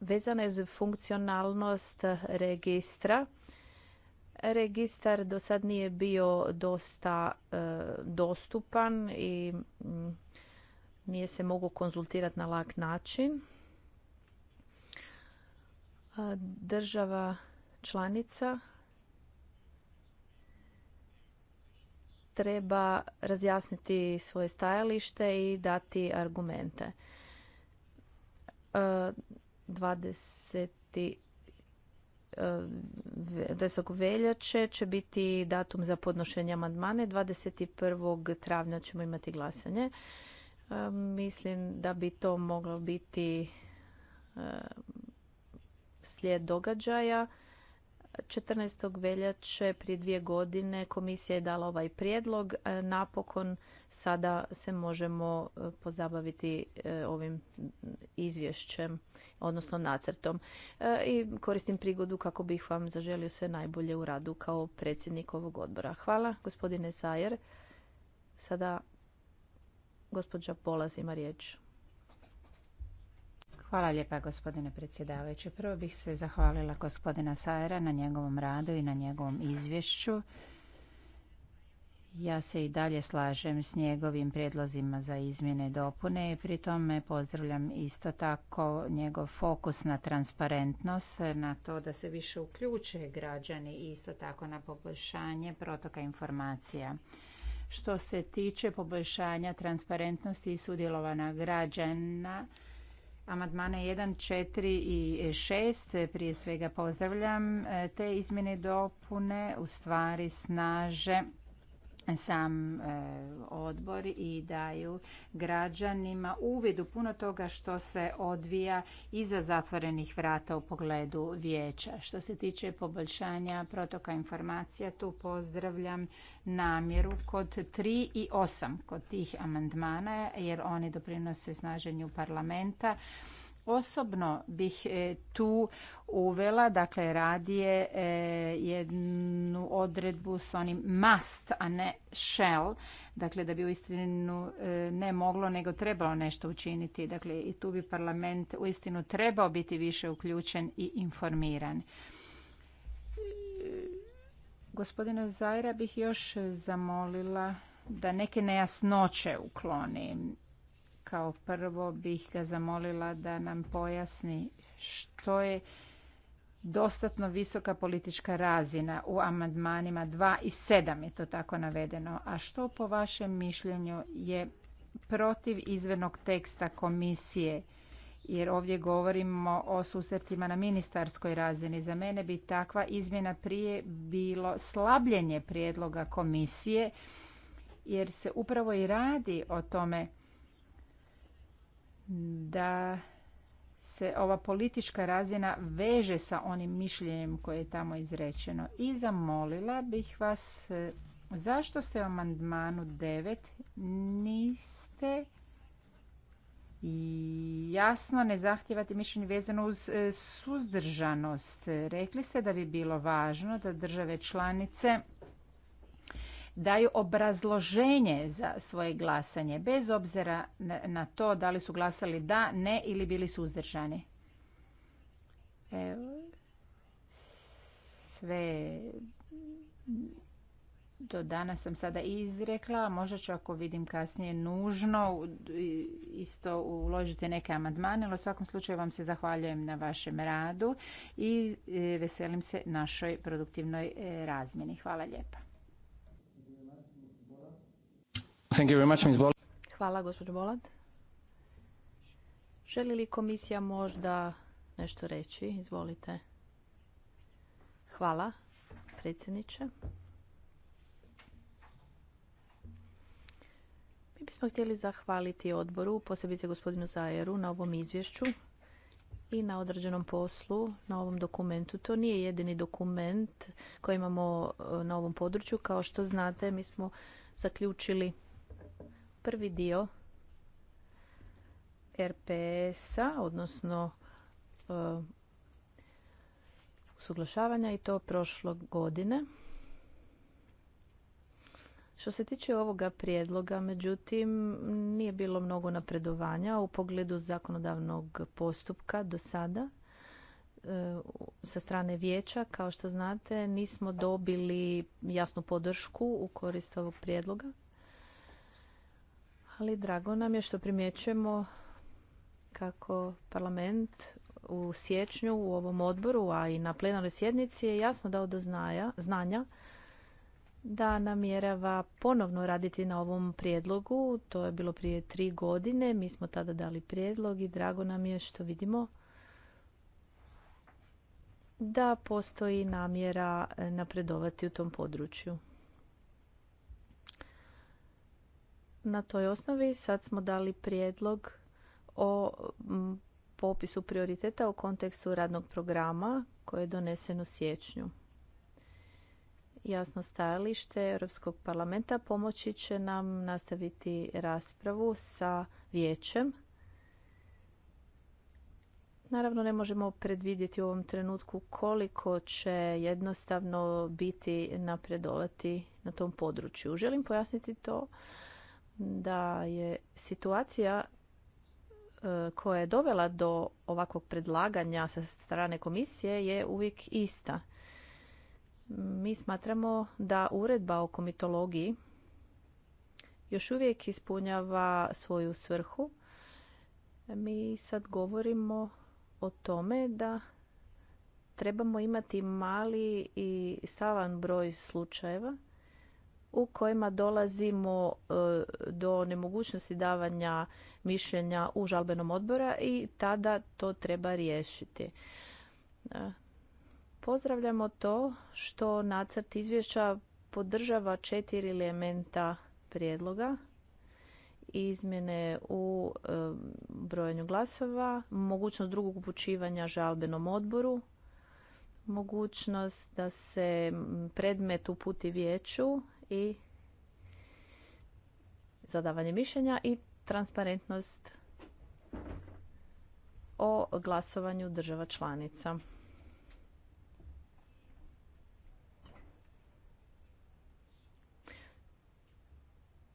[SPEAKER 4] Vezana je za funkcionalnost registra. Registar do sad nije bio dosta e, dostupan i mm, nije se mogu konzultirati na lak način. Država članica treba razjasniti svoje stajalište i dati argumente. E, 20. E, veljače će biti datum za podnošenje amandmane. 21. travnja ćemo imati glasanje. E, mislim da bi to moglo biti e, slijed događaja. 14. veljače prije dvije godine komisija je dala ovaj prijedlog. E, napokon sada se možemo e, pozabaviti e, ovim izvješćem, odnosno nacrtom. I koristim prigodu kako bih vam zaželio sve najbolje u radu kao predsjednik ovog odbora. Hvala, gospodine Sajer. Sada gospođa Polaz ima riječ. Hvala lijepa
[SPEAKER 3] gospodine predsjedavajući. Prvo bih se zahvalila gospodina Sajera na njegovom radu i na njegovom izvješću. Ja se i dalje slažem s njegovim prijedlozima za izmjene i dopune i pri tome pozdravljam isto tako njegov fokus na transparentnost, na to da se više uključe građani i isto tako na poboljšanje protoka informacija. Što se tiče poboljšanja transparentnosti i sudjelovana građana, Amandmane 1, 4 i 6 prije svega pozdravljam. E, te izmjene dopune u stvari snaže sam e, odbor i daju građanima uvid u puno toga što se odvija iza zatvorenih vrata u pogledu vijeća. Što se tiče poboljšanja protoka informacija, tu pozdravljam namjeru kod 3 i 8 kod tih amandmana jer oni doprinose snaženju parlamenta Osobno bih e, tu uvela, dakle radije e, jednu odredbu s onim must, a ne shall, dakle da bi u istinu e, ne moglo nego trebalo nešto učiniti. Dakle i tu bi parlament u istinu trebao biti više uključen i informiran. Gospodine Zajra bih još zamolila da neke nejasnoće ukloni kao prvo bih ga zamolila da nam pojasni što je dostatno visoka politička razina u amandmanima 2 i 7 je to tako navedeno. A što po vašem mišljenju je protiv izvenog teksta komisije? Jer ovdje govorimo o susretima na ministarskoj razini. Za mene bi takva izmjena prije bilo slabljenje prijedloga komisije jer se upravo i radi o tome da se ova politička razina veže sa onim mišljenjem koje je tamo izrečeno. I zamolila bih vas e, zašto ste u amandmanu 9 niste i jasno ne zahtjevati mišljenje vezano uz e, suzdržanost. Rekli ste da bi bilo važno da države članice daju obrazloženje za svoje glasanje, bez obzira na to da li su glasali da, ne ili bili suzdržani. Evo, sve do danas sam sada izrekla, možda ću ako vidim kasnije nužno isto uložite neke amandmane, ali u svakom slučaju vam se zahvaljujem na vašem radu i e, veselim se našoj produktivnoj e, razmjeni.
[SPEAKER 4] Hvala lijepa. Thank you very much, Hvala, gospođo Bolland. Želi li komisija možda nešto reći? Izvolite. Hvala, predsjedniče. Mi bismo htjeli zahvaliti odboru, posebice gospodinu Zajeru, na ovom izvješću i na određenom poslu na ovom dokumentu. To nije jedini dokument koji imamo e, na ovom području. Kao što znate, mi smo zaključili prvi dio RPS-a, odnosno e, usuglašavanja i to prošlo godine. Što se tiče ovoga prijedloga, međutim, nije bilo mnogo napredovanja u pogledu zakonodavnog postupka do sada e, sa strane vijeća. Kao što znate, nismo dobili jasnu podršku u korist ovog prijedloga ali drago nam je što primjećujemo kako parlament u siječnju u ovom odboru, a i na plenarnoj sjednici je jasno dao do znanja da namjerava ponovno raditi na ovom prijedlogu. To je bilo prije tri godine. Mi smo tada dali prijedlog i drago nam je što vidimo da postoji namjera napredovati u tom području. na toj osnovi sad smo dali prijedlog o popisu prioriteta u kontekstu radnog programa koji je donesen u siječnju. Jasno stajalište Europskog parlamenta pomoći će nam nastaviti raspravu sa vijećem. Naravno ne možemo predvidjeti u ovom trenutku koliko će jednostavno biti napredovati na tom području. Želim pojasniti to da je situacija e, koja je dovela do ovakvog predlaganja sa strane komisije je uvijek ista. Mi smatramo da uredba o komitologiji još uvijek ispunjava svoju svrhu. Mi sad govorimo o tome da trebamo imati mali i stalan broj slučajeva u kojima dolazimo e, do nemogućnosti davanja mišljenja u žalbenom odbora i tada to treba riješiti. E, pozdravljamo to što nacrt izvješća podržava četiri elementa prijedloga izmjene u e, brojanju glasova, mogućnost drugog upućivanja žalbenom odboru, mogućnost da se predmet uputi vijeću i zadavanje mišljenja i transparentnost o glasovanju država članica.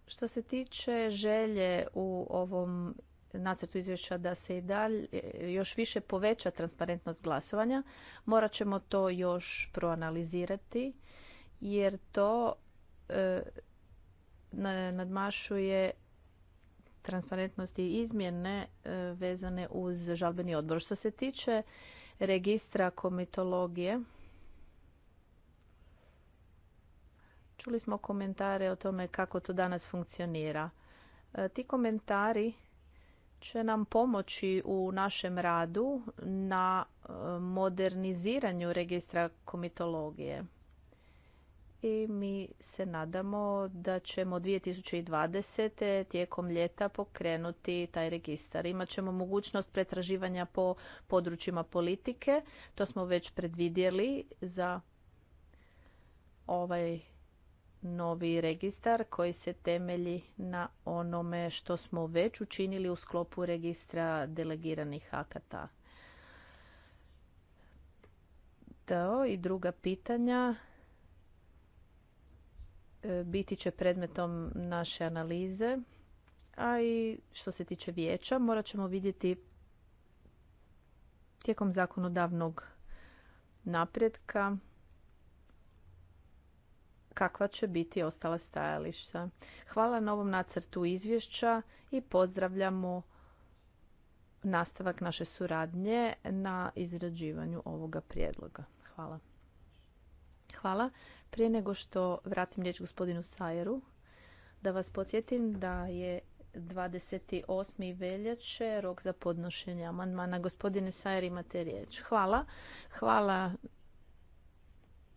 [SPEAKER 4] Što se tiče želje u ovom nacrtu izvješća da se i dalje još više poveća transparentnost glasovanja, morat ćemo to još proanalizirati jer to E, nadmašuje transparentnosti i izmjene e, vezane uz žalbeni odbor. Što se tiče registra komitologije, čuli smo komentare o tome kako to danas funkcionira. E, ti komentari će nam pomoći u našem radu na moderniziranju registra komitologije i mi se nadamo da ćemo 2020. tijekom ljeta pokrenuti taj registar. Imat ćemo mogućnost pretraživanja po područjima politike. To smo već predvidjeli za ovaj novi registar koji se temelji na onome što smo već učinili u sklopu registra delegiranih akata. To i druga pitanja E, biti će predmetom naše analize, a i što se tiče vijeća morat ćemo vidjeti tijekom zakonodavnog napretka kakva će biti ostala stajališta. Hvala na ovom nacrtu izvješća i pozdravljamo nastavak naše suradnje na izrađivanju ovoga prijedloga. Hvala. Hvala. Prije nego što vratim riječ gospodinu Sajeru, da vas podsjetim da je 28. veljače rok za podnošenje amandmana. Gospodine Sajer, imate riječ. Hvala. Hvala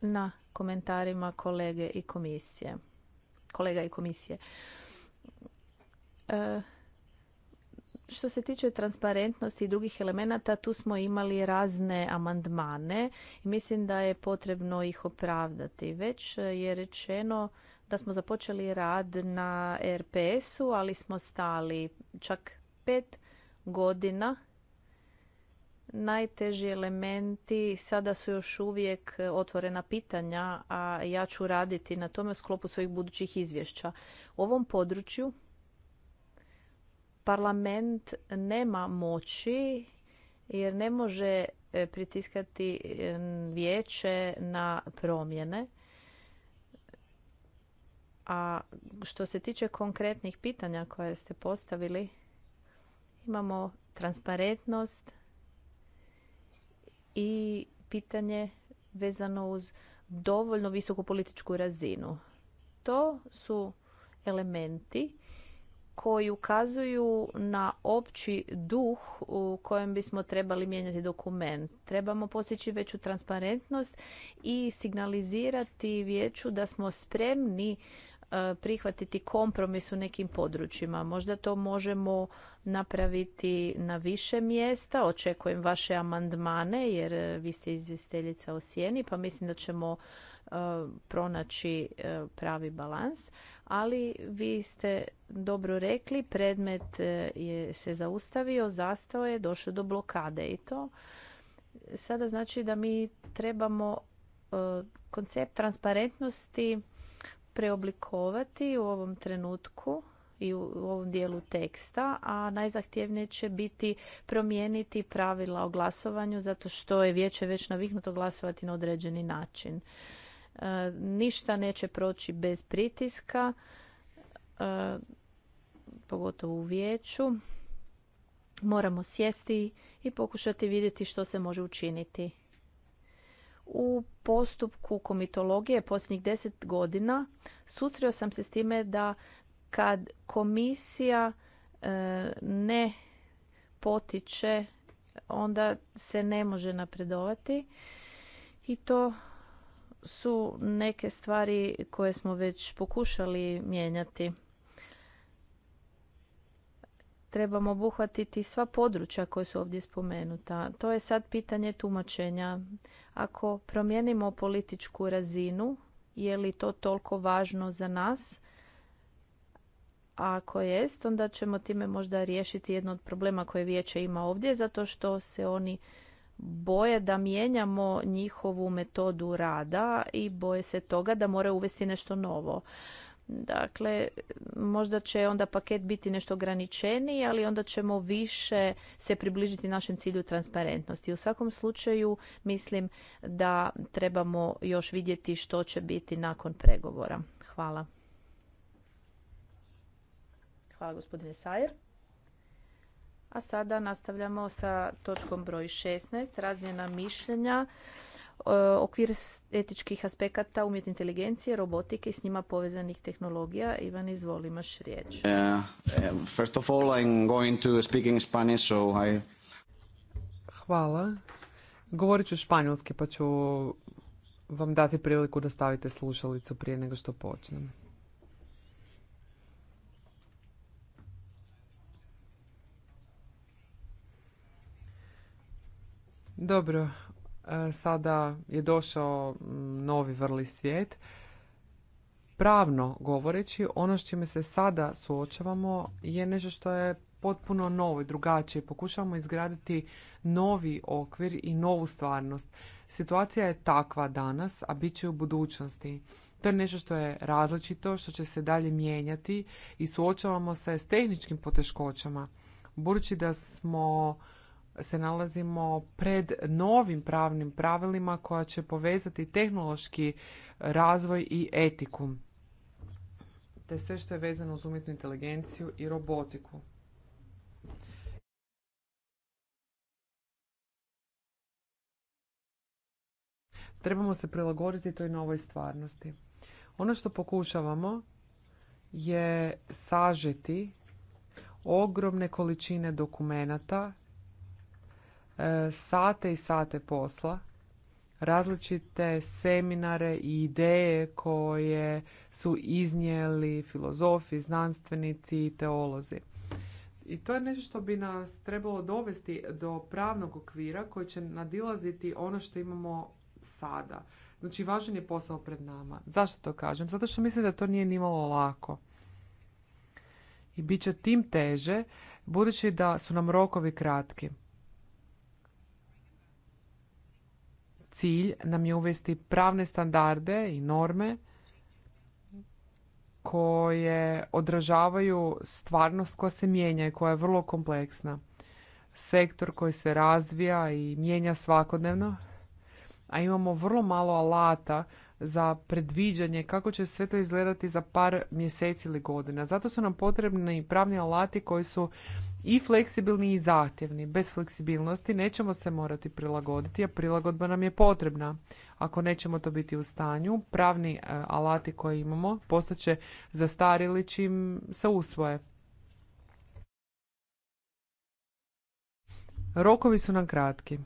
[SPEAKER 4] na komentarima kolege i komisije. Kolega i komisije. E, što se tiče transparentnosti i drugih elemenata, tu smo imali razne amandmane i mislim da je potrebno ih opravdati. Već je rečeno da smo započeli rad na RPS-u, ali smo stali čak pet godina. Najteži elementi sada su još uvijek otvorena pitanja, a ja ću raditi na tome u sklopu svojih budućih izvješća. U ovom području parlament nema moći jer ne može e, pritiskati e, vijeće na promjene. A što se tiče konkretnih pitanja koje ste postavili, imamo transparentnost i pitanje vezano uz dovoljno visoku političku razinu. To su elementi koji ukazuju na opći duh u kojem bismo trebali mijenjati dokument. Trebamo postići veću transparentnost i signalizirati vijeću da smo spremni e, prihvatiti kompromis u nekim područjima. Možda to možemo napraviti na više mjesta. Očekujem vaše amandmane jer e, vi ste izvjestiteljica o sjeni pa mislim da ćemo e, pronaći pravi balans ali vi ste dobro rekli, predmet e, je se zaustavio, zastao je, došlo do blokade i to. Sada znači da mi trebamo e, koncept transparentnosti preoblikovati u ovom trenutku i u ovom dijelu teksta, a najzahtjevnije će biti promijeniti pravila o glasovanju zato što je vijeće već naviknuto glasovati na određeni način. E, ništa neće proći bez pritiska, e, pogotovo u vijeću. Moramo sjesti i pokušati vidjeti što se može učiniti. U postupku komitologije posljednjih deset godina susreo sam se s time da kad komisija e, ne potiče, onda se ne može napredovati i to su neke stvari koje smo već pokušali mijenjati. Trebamo obuhvatiti sva područja koja su ovdje spomenuta. To je sad pitanje tumačenja. Ako promijenimo političku razinu, je li to toliko važno za nas? ako jest, onda ćemo time možda riješiti jedno od problema koje vijeće ima ovdje, zato što se oni boje da mijenjamo njihovu metodu rada i boje se toga da mora uvesti nešto novo. Dakle, možda će onda paket biti nešto ograničeniji, ali onda ćemo više se približiti našem cilju transparentnosti. U svakom slučaju mislim da trebamo još vidjeti što će biti nakon pregovora. Hvala. Hvala gospodine Sajer. A sada nastavljamo sa točkom broj 16, razmjena mišljenja, e, okvir etičkih aspekata umjetne inteligencije, robotike i s njima povezanih tehnologija. Ivan, izvoli, imaš riječ.
[SPEAKER 2] Hvala. Govorit ću španjolski pa ću vam dati priliku da stavite slušalicu prije nego što počnem. Dobro, e, sada je došao mm, novi vrli svijet. Pravno govoreći, ono s čime se sada suočavamo je nešto što je potpuno novo i drugačije. Pokušavamo izgraditi novi okvir i novu stvarnost. Situacija je takva danas, a bit će u budućnosti. To je nešto što je različito, što će se dalje mijenjati i suočavamo se s tehničkim poteškoćama. Budući da smo se nalazimo pred novim pravnim pravilima koja će povezati tehnološki razvoj i etiku te sve što je vezano uz umjetnu inteligenciju i robotiku. Trebamo se prilagoditi toj novoj stvarnosti. Ono što pokušavamo je sažeti ogromne količine dokumenata sate i sate posla, različite seminare i ideje koje su iznijeli filozofi, znanstvenici i teolozi. I to je nešto što bi nas trebalo dovesti do pravnog okvira koji će nadilaziti ono što imamo sada. Znači, važan je posao pred nama. Zašto to kažem? Zato što mislim da to nije nimalo lako. I bit će tim teže, budući da su nam rokovi kratki. Cilj nam je uvesti pravne standarde i norme koje odražavaju stvarnost koja se mijenja i koja je vrlo kompleksna. Sektor koji se razvija i mijenja svakodnevno, a imamo vrlo malo alata za predviđanje kako će sve to izgledati za par mjeseci ili godina. Zato su nam potrebni pravni alati koji su i fleksibilni i zahtjevni. Bez fleksibilnosti nećemo se morati prilagoditi, a prilagodba nam je potrebna. Ako nećemo to biti u stanju, pravni e, alati koje imamo postaće zastarili čim se usvoje. Rokovi su nam kratki.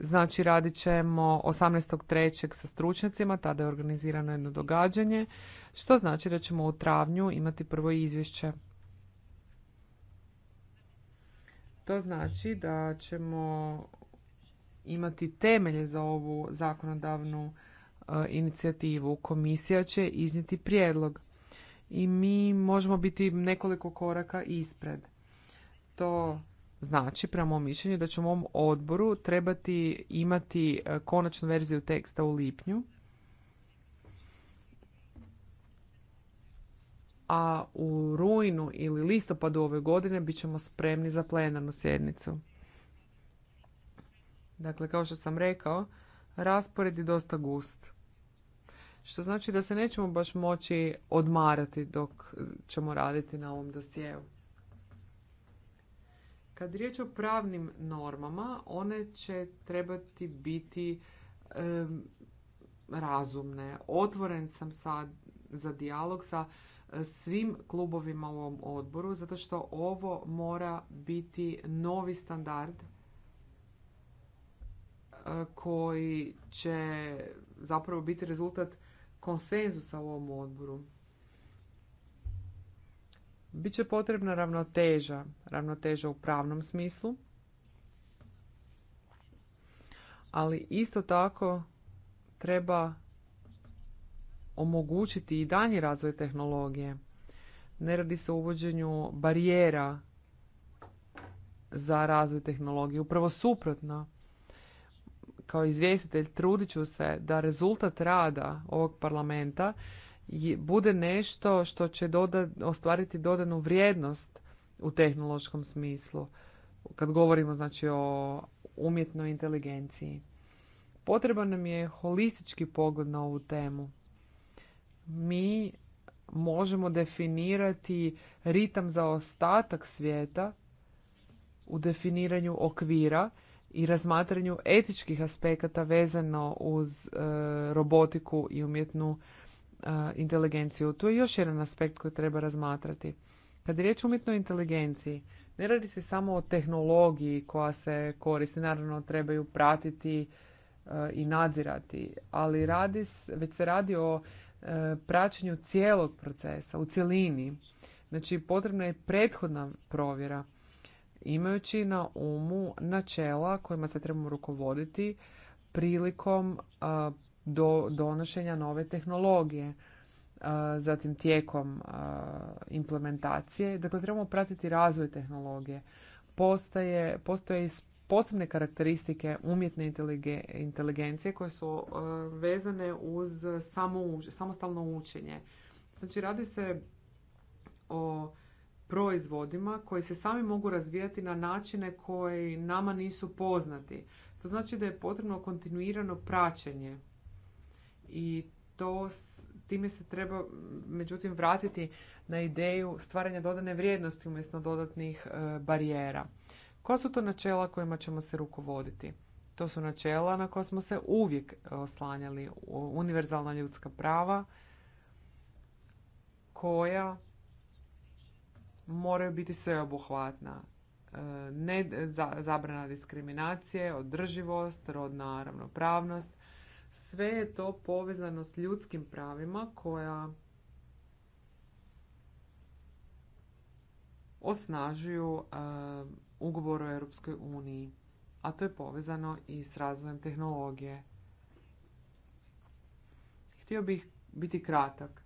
[SPEAKER 2] Znači radit ćemo 18.3. sa stručnjacima, tada je organizirano jedno događanje, što znači da ćemo u travnju imati prvo izvješće. To znači da ćemo imati temelje za ovu zakonodavnu e, inicijativu. Komisija će iznijeti prijedlog i mi možemo biti nekoliko koraka ispred. To Znači, prema mom mišljenju, da ćemo u mom odboru trebati imati e, konačnu verziju teksta u lipnju, a u rujnu ili listopadu ove godine bit ćemo spremni za plenarnu sjednicu. Dakle, kao što sam rekao, raspored je dosta gust. Što znači da se nećemo baš moći odmarati dok ćemo raditi na ovom dosjeu. Kad riječ o pravnim normama, one će trebati biti razumne. Otvoren sam sad za dijalog sa e, svim klubovima u ovom odboru, zato što ovo mora biti novi standard e, koji će zapravo biti rezultat konsenzusa u ovom odboru će potrebna ravnoteža, ravnoteža u pravnom smislu, ali isto tako treba omogućiti i danji razvoj tehnologije. Ne radi se o uvođenju barijera za razvoj tehnologije. Upravo suprotno, kao izvjestitelj trudit ću se da rezultat rada ovog parlamenta bude nešto što će ostvariti dodanu vrijednost u tehnološkom smislu, kad govorimo znači o umjetnoj inteligenciji. Potreban nam je holistički pogled na ovu temu. Mi možemo definirati ritam za ostatak svijeta u definiranju okvira i razmatranju etičkih aspekata vezano uz e, robotiku i umjetnu inteligenciju. Tu je još jedan aspekt koji treba razmatrati. Kad je riječ o umjetnoj inteligenciji, ne radi se samo o tehnologiji koja se koristi, naravno trebaju pratiti e, i nadzirati, ali radi, već se radi o e, praćenju cijelog procesa u cjelini. Znači potrebna je prethodna provjera imajući na umu načela kojima se trebamo rukovoditi prilikom do donošenja nove tehnologije, zatim tijekom implementacije. Dakle, trebamo pratiti razvoj tehnologije. Postaje, postoje i posebne karakteristike umjetne inteligencije koje su vezane uz samo, samostalno učenje. Znači, radi se o proizvodima koji se sami mogu razvijati na načine koji nama nisu poznati. To znači da je potrebno kontinuirano praćenje i to time se treba međutim vratiti na ideju stvaranja dodane vrijednosti umjesto dodatnih e, barijera. Ko su to načela kojima ćemo se rukovoditi? To su načela na koja smo se uvijek e, oslanjali, univerzalna ljudska prava koja moraju biti sveobuhvatna. E, ne zabrana diskriminacije, održivost, rodna ravnopravnost, sve je to povezano s ljudskim pravima koja osnažuju e, ugovor o Europskoj uniji, a to je povezano i s razvojem tehnologije. Htio bih biti kratak,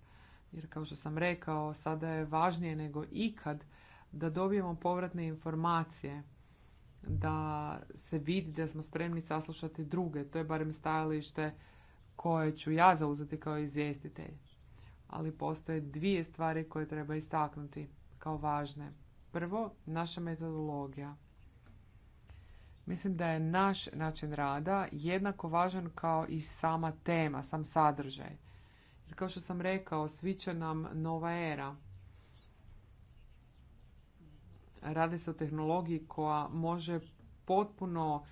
[SPEAKER 2] jer kao što sam rekao, sada je važnije nego ikad da dobijemo povratne informacije da se vidi da smo spremni saslušati druge. To je barem stajalište koje ću ja zauzeti kao izvjestitelj. Ali postoje dvije stvari koje treba istaknuti kao važne. Prvo, naša metodologija. Mislim da je naš način rada jednako važan kao i sama tema, sam sadržaj. Jer kao što sam rekao, svi će nam nova era – Radi se o tehnologiji koja može potpuno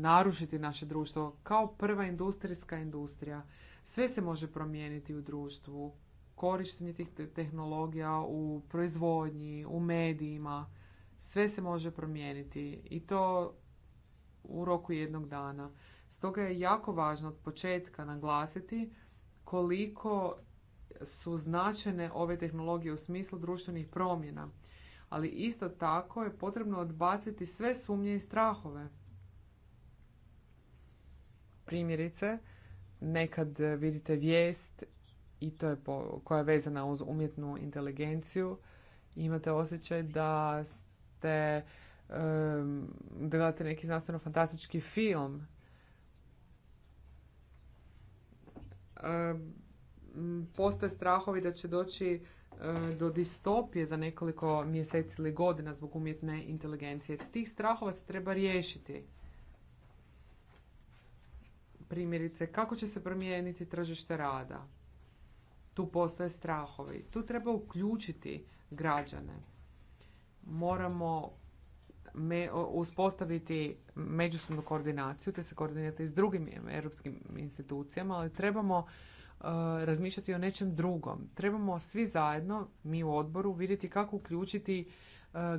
[SPEAKER 2] narušiti naše društvo kao prva industrijska industrija. Sve se može promijeniti u društvu, korištenje tih tehnologija u proizvodnji, u medijima, sve se može promijeniti i to u roku jednog dana. Stoga je jako važno od početka naglasiti koliko su značajne ove tehnologije u smislu društvenih promjena ali isto tako je potrebno odbaciti sve sumnje i strahove. Primjerice, nekad vidite vijest i to je koja je vezana uz umjetnu inteligenciju i imate osjećaj da ste gledate neki znanstveno fantastički film um, postoje strahovi da će doći E, do distopije za nekoliko mjeseci ili godina zbog umjetne inteligencije. Tih strahova se treba riješiti. Primjerice, kako će se promijeniti tržište rada? Tu postoje strahovi. Tu treba uključiti građane. Moramo uspostaviti međusobnu koordinaciju, te se koordinirati s drugim europskim institucijama, ali trebamo E, razmišljati o nečem drugom. Trebamo svi zajedno, mi u odboru, vidjeti kako uključiti e,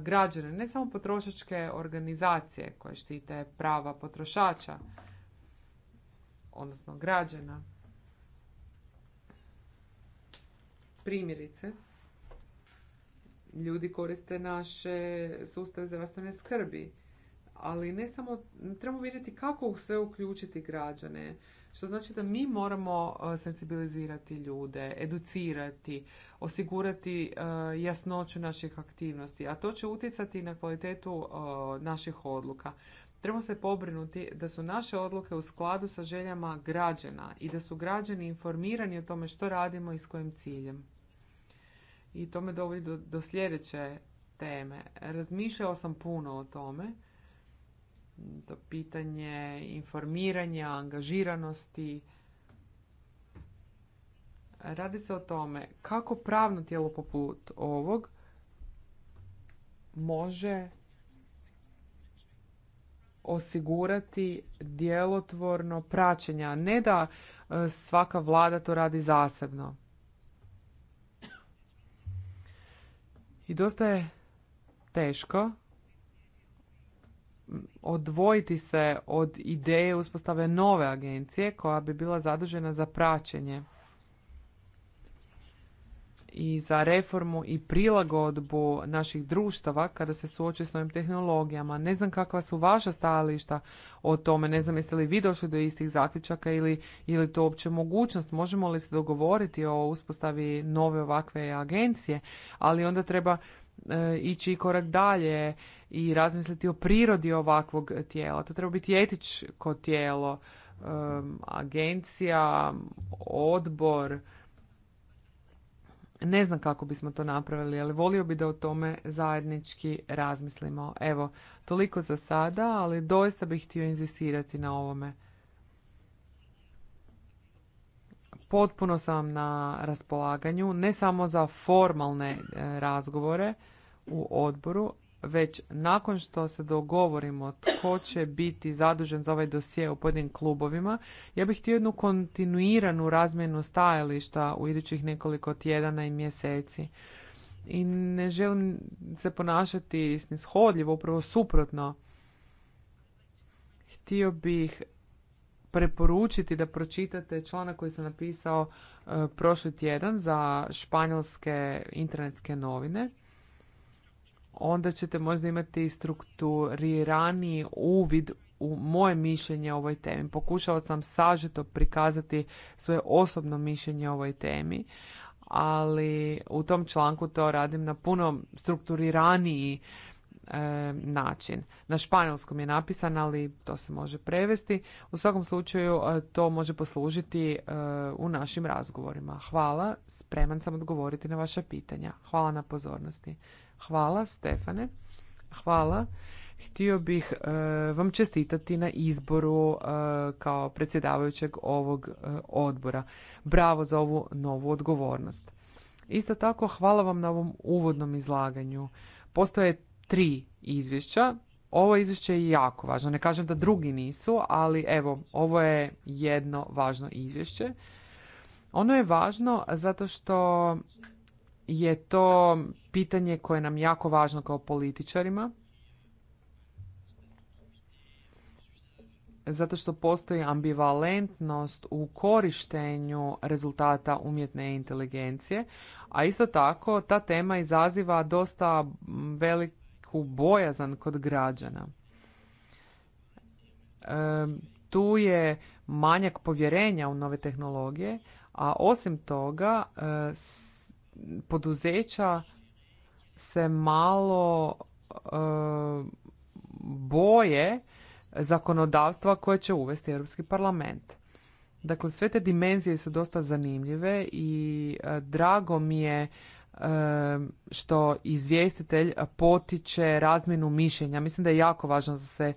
[SPEAKER 2] građane, ne samo potrošačke organizacije koje štite prava potrošača, odnosno građana. Primjerice, ljudi koriste naše sustave zdravstvene skrbi, ali ne samo, trebamo vidjeti kako sve uključiti građane što znači da mi moramo e, sensibilizirati ljude, educirati, osigurati e, jasnoću naših aktivnosti, a to će utjecati na kvalitetu e, naših odluka. Trebamo se pobrinuti da su naše odluke u skladu sa željama građana i da su građani informirani o tome što radimo i s kojim ciljem. I to me dovodi do, do sljedeće teme. Razmišljao sam puno o tome to pitanje informiranja, angažiranosti. Radi se o tome kako pravno tijelo poput ovog može osigurati djelotvorno praćenje, a ne da e, svaka vlada to radi zasebno. I dosta je teško odvojiti se od ideje uspostave nove agencije koja bi bila zadužena za praćenje i za reformu i prilagodbu naših društava kada se suoče s novim tehnologijama. Ne znam kakva su vaša stajališta o tome, ne znam jeste li vi došli do istih zaključaka ili je to uopće mogućnost. Možemo li se dogovoriti o uspostavi nove ovakve agencije, ali onda treba E, ići korak dalje i razmisliti o prirodi ovakvog tijela. To treba biti etičko tijelo, agencija, odbor. Ne znam kako bismo to napravili, ali volio bi da o tome zajednički razmislimo. Evo, toliko za sada, ali doista bih htio inzistirati na ovome. Potpuno sam na raspolaganju, ne samo za formalne e, razgovore, u odboru, već nakon što se dogovorimo tko će biti zadužen za ovaj dosije u pojedinim klubovima, ja bih htio jednu kontinuiranu razmjenu stajališta u idućih nekoliko tjedana i mjeseci. I ne želim se ponašati snishodljivo, upravo suprotno. Htio bih preporučiti da pročitate članak koji sam napisao e, prošli tjedan za španjolske internetske novine onda ćete možda imati strukturirani uvid u moje mišljenje o ovoj temi. Pokušala sam sažeto prikazati svoje osobno mišljenje o ovoj temi, ali u tom članku to radim na puno strukturiraniji e, način. Na španjolskom je napisan, ali to se može prevesti. U svakom slučaju e, to može poslužiti e, u našim razgovorima. Hvala, spreman sam odgovoriti na vaša pitanja. Hvala na pozornosti. Hvala Stefane. Hvala. Htio bih e, vam čestitati na izboru e, kao predsjedavajućeg ovog e, odbora. Bravo za ovu novu odgovornost. Isto tako hvala vam na ovom uvodnom izlaganju. Postoje tri izvješća. Ovo izvješće je jako važno. Ne kažem da drugi nisu, ali evo, ovo je jedno važno izvješće. Ono je važno zato što je to pitanje koje nam jako važno kao političarima. Zato što postoji ambivalentnost u korištenju rezultata umjetne inteligencije, a isto tako ta tema izaziva dosta veliku bojazan kod građana. tu je manjak povjerenja u nove tehnologije, a osim toga e, poduzeća se malo e, boje zakonodavstva koje će uvesti Europski parlament. Dakle, sve te dimenzije su dosta zanimljive i e, drago mi je e, što izvjestitelj potiče razmjenu mišljenja. Mislim da je jako važno da se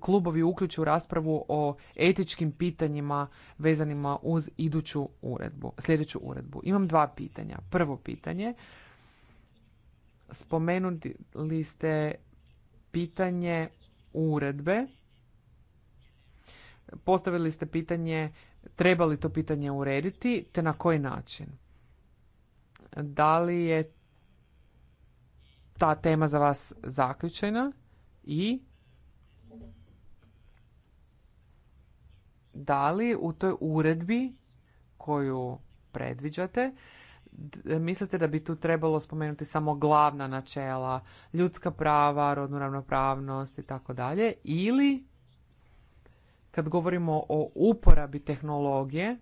[SPEAKER 2] klubovi uključuju u raspravu o etičkim pitanjima vezanima uz iduću uredbu, sljedeću uredbu. Imam dva pitanja. Prvo pitanje, spomenuli ste pitanje uredbe, postavili ste pitanje treba li to pitanje urediti, te na koji način. Da li je ta tema za vas zaključena i da li u toj uredbi koju predviđate mislite da bi tu trebalo spomenuti samo glavna načela, ljudska prava, rodnu ravnopravnost i tako dalje ili kad govorimo o uporabi tehnologije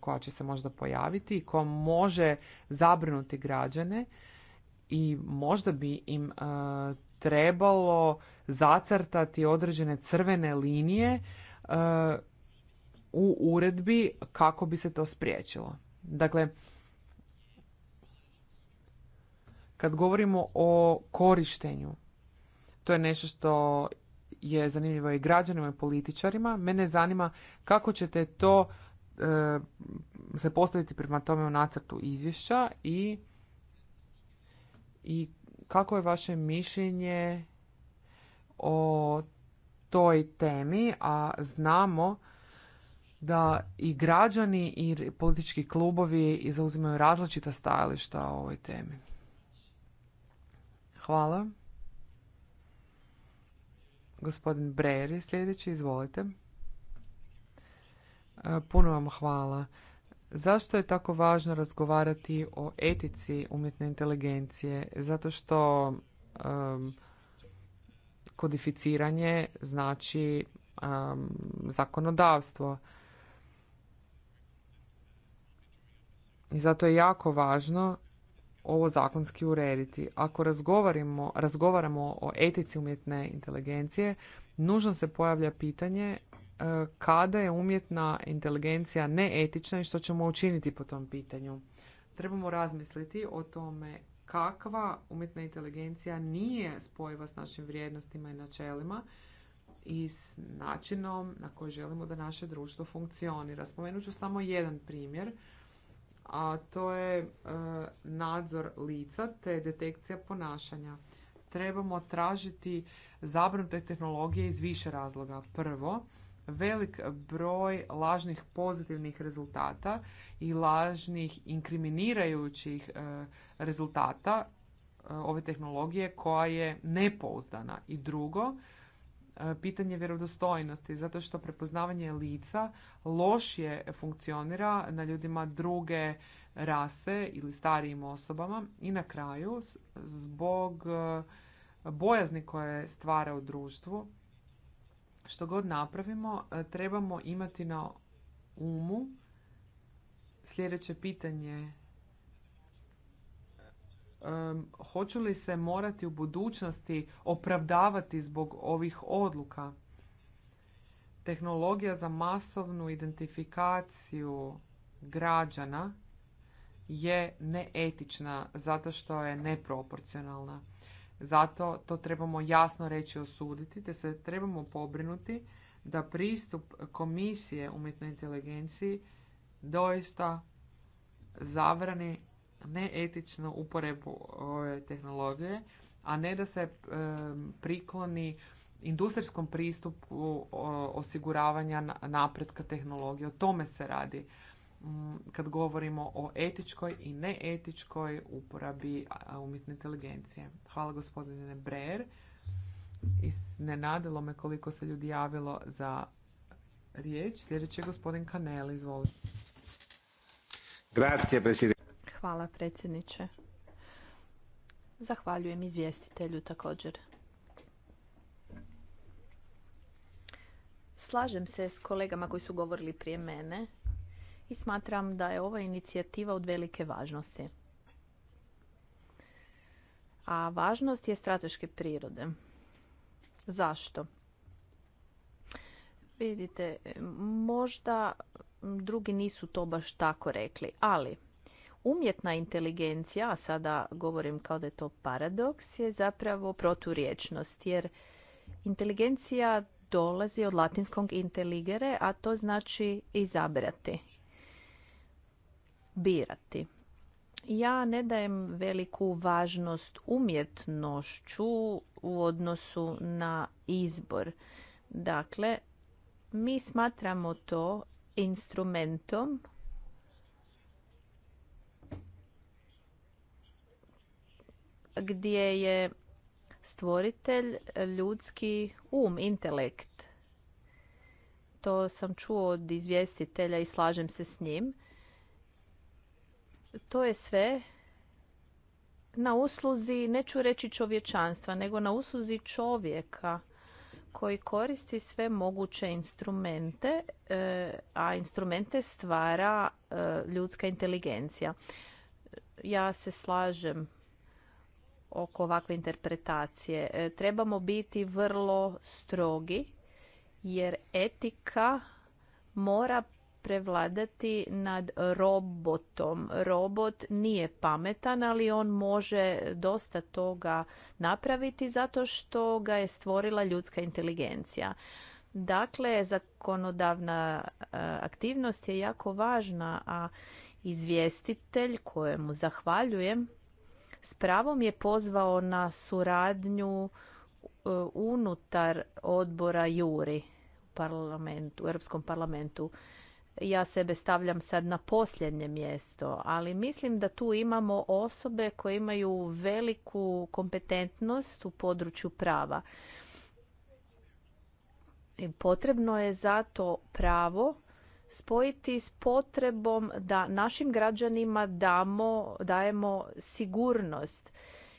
[SPEAKER 2] koja će se možda pojaviti i koja može zabrinuti građane i možda bi im e, trebalo zacrtati određene crvene linije u uredbi kako bi se to spriječilo. Dakle, kad govorimo o korištenju, to je nešto što je zanimljivo i građanima i političarima. Mene zanima kako ćete to e, se postaviti prema tome u nacrtu izvješća i, i kako je vaše mišljenje o toj temi, a znamo da i građani i politički klubovi zauzimaju različita stajališta o ovoj temi. Hvala. Gospodin Brejer je sljedeći, izvolite. E, puno vam hvala. Zašto je tako važno razgovarati o etici umjetne inteligencije? Zato što kodificiranje znači zakonodavstvo. I zato je jako važno ovo zakonski urediti. Ako razgovaramo, razgovaramo o etici umjetne inteligencije, nužno se pojavlja pitanje e, kada je umjetna inteligencija neetična i što ćemo učiniti po tom pitanju. Trebamo razmisliti o tome kakva umjetna inteligencija nije spojiva s našim vrijednostima i načelima i s načinom na koji želimo da naše društvo funkcionira. Spomenut ću samo jedan primjer, a to je e, nadzor lica te detekcija ponašanja. Trebamo tražiti zabranute tehnologije iz više razloga. Prvo, velik broj lažnih pozitivnih rezultata i lažnih inkriminirajućih e, rezultata e, ove tehnologije koja je nepouzdana. I drugo, e, pitanje vjerodostojnosti, zato što prepoznavanje lica lošije funkcionira na ljudima druge rase ili starijim osobama. I na kraju, zbog bojazni koje stvara u društvu, što god napravimo, e, trebamo imati na umu sljedeće pitanje. Um, hoću li se morati u budućnosti opravdavati zbog ovih odluka? Tehnologija za masovnu identifikaciju građana je neetična zato što je neproporcionalna. Zato to trebamo jasno reći osuditi, te se trebamo pobrinuti da pristup komisije umjetnoj inteligenciji doista zavrani neetičnu uporebu ove tehnologije, a ne da se prikloni industrijskom pristupu osiguravanja napretka tehnologije. O tome se radi kad govorimo o etičkoj i neetičkoj uporabi umjetne inteligencije. Hvala gospodine Breer. Iznenadilo me koliko se ljudi javilo za riječ. Sljedeći je gospodin Kanel, izvolite. Grazie, Hvala predsjedniče.
[SPEAKER 4] Zahvaljujem izvjestitelju također. Slažem se s kolegama koji su govorili prije mene i smatram da je ova inicijativa od velike važnosti. A važnost je strateške prirode. Zašto? Vidite, možda drugi nisu to baš tako rekli, ali umjetna inteligencija, a sada govorim kao da je to paradoks, je zapravo proturječnost, jer inteligencija dolazi od latinskog inteligere, a to znači izabrati birati. Ja ne dajem veliku važnost umjetnošću u odnosu na izbor. Dakle, mi smatramo to instrumentom gdje je stvoritelj ljudski um, intelekt. To sam čuo od izvjestitelja i slažem se s njim to je sve na usluzi, neću reći čovječanstva, nego na usluzi čovjeka koji koristi sve moguće instrumente, eh, a instrumente stvara eh, ljudska inteligencija. Ja se slažem oko ovakve interpretacije. Eh, trebamo biti vrlo strogi jer etika mora prevladati nad robotom. Robot nije pametan, ali on može dosta toga napraviti zato što ga je stvorila ljudska inteligencija. Dakle, zakonodavna e, aktivnost je jako važna, a izvjestitelj kojemu zahvaljujem s pravom je pozvao na suradnju e, unutar odbora Juri u parlamentu, u Europskom parlamentu ja sebe stavljam sad na posljednje mjesto, ali mislim da tu imamo osobe koje imaju veliku kompetentnost u području prava. I potrebno je zato pravo spojiti s potrebom da našim građanima damo, dajemo sigurnost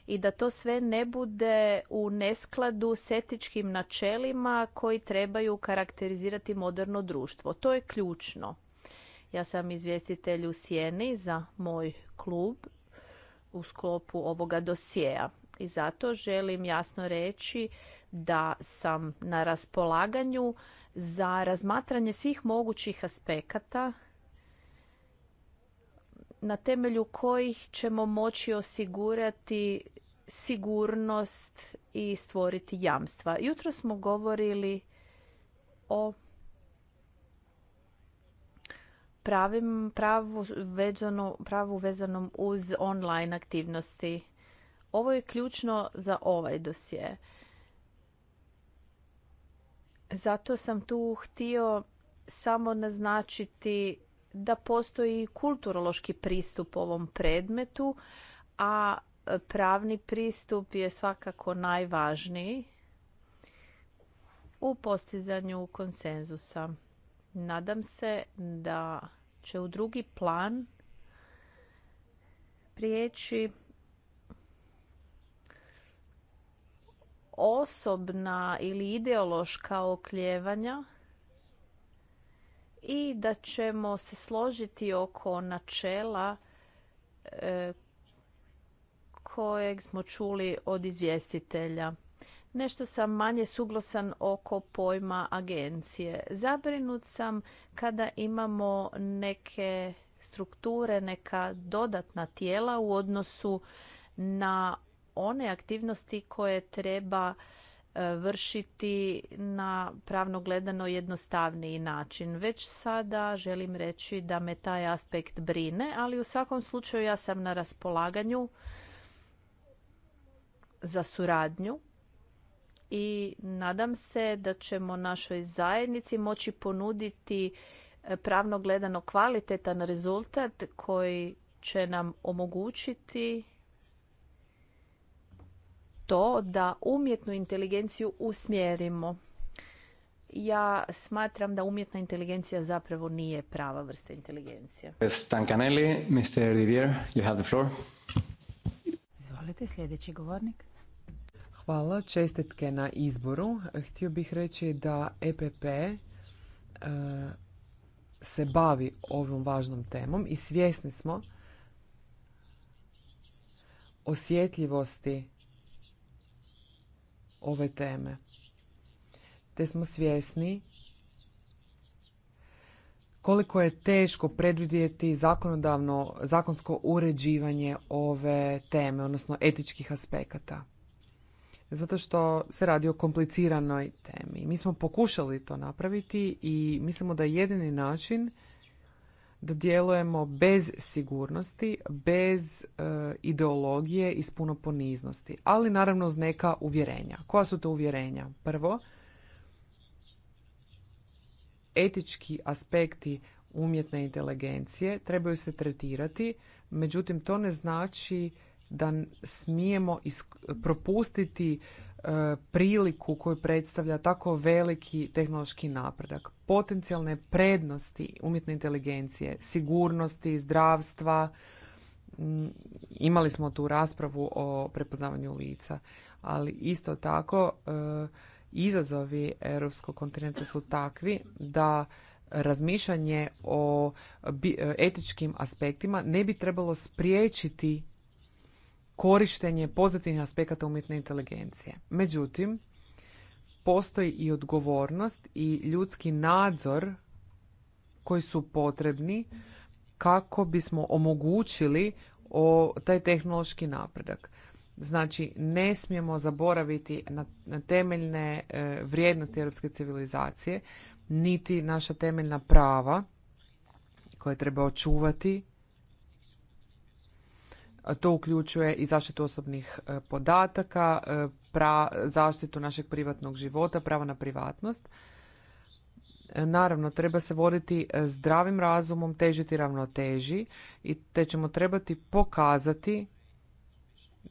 [SPEAKER 4] i da to sve ne bude u neskladu s etičkim načelima koji trebaju karakterizirati moderno društvo. To je ključno. Ja sam izvjestitelj u Sjeni za moj klub u sklopu ovoga dosjeja. I zato želim jasno reći da sam na raspolaganju za razmatranje svih mogućih aspekata na temelju kojih ćemo moći osigurati sigurnost i stvoriti jamstva. Jutro smo govorili o pravim, pravu, vezano, pravu vezanom uz online aktivnosti. Ovo je ključno za ovaj dosje. Zato sam tu htio samo naznačiti da postoji kulturološki pristup ovom predmetu, a pravni pristup je svakako najvažniji u postizanju konsenzusa. Nadam se da će u drugi plan prijeći osobna ili ideološka okljevanja i da ćemo se složiti oko načela e, kojeg smo čuli od izvjestitelja. Nešto sam manje suglasan oko pojma agencije. Zabrinut sam kada imamo neke strukture, neka dodatna tijela u odnosu na one aktivnosti koje treba e, vršiti na pravno gledano jednostavniji način. Već sada želim reći da me taj aspekt brine, ali u svakom slučaju ja sam na raspolaganju za suradnju i nadam se da ćemo našoj zajednici moći ponuditi e, pravno gledano kvalitetan rezultat koji će nam omogućiti to da umjetnu inteligenciju usmjerimo. Ja smatram da umjetna inteligencija zapravo nije prava vrsta inteligencije.
[SPEAKER 1] Stankanelli, Mr. Didier, you have the floor.
[SPEAKER 3] Izvolite, sljedeći govornik.
[SPEAKER 2] Hvala, čestitke na izboru. Htio bih reći da EPP e, se bavi ovom važnom temom i svjesni smo osjetljivosti ove teme. Te smo svjesni koliko je teško predvidjeti zakonodavno, zakonsko uređivanje ove teme, odnosno etičkih aspekata. Zato što se radi o kompliciranoj temi. Mi smo pokušali to napraviti i mislimo da je jedini način da djelujemo bez sigurnosti, bez e, ideologije i s puno poniznosti, ali naravno uz neka uvjerenja. Koja su to uvjerenja? Prvo, etički aspekti umjetne inteligencije trebaju se tretirati, međutim to ne znači da smijemo propustiti e, priliku koju predstavlja tako veliki tehnološki napredak. Potencijalne prednosti umjetne inteligencije, sigurnosti, zdravstva, imali smo tu raspravu o prepoznavanju lica, ali isto tako e, izazovi europskog kontinenta su takvi da razmišljanje o e, etičkim aspektima ne bi trebalo spriječiti korištenje pozitivnih aspekata umjetne inteligencije. Međutim, postoji i odgovornost i ljudski nadzor koji su potrebni kako bismo omogućili o taj tehnološki napredak. Znači, ne smijemo zaboraviti na, temeljne e, vrijednosti europske civilizacije, niti naša temeljna prava koje treba očuvati. To uključuje i zaštitu osobnih e, podataka, e, zaštitu našeg privatnog života, prava na privatnost. Naravno, treba se voditi zdravim razumom, težiti ravnoteži i te ćemo trebati pokazati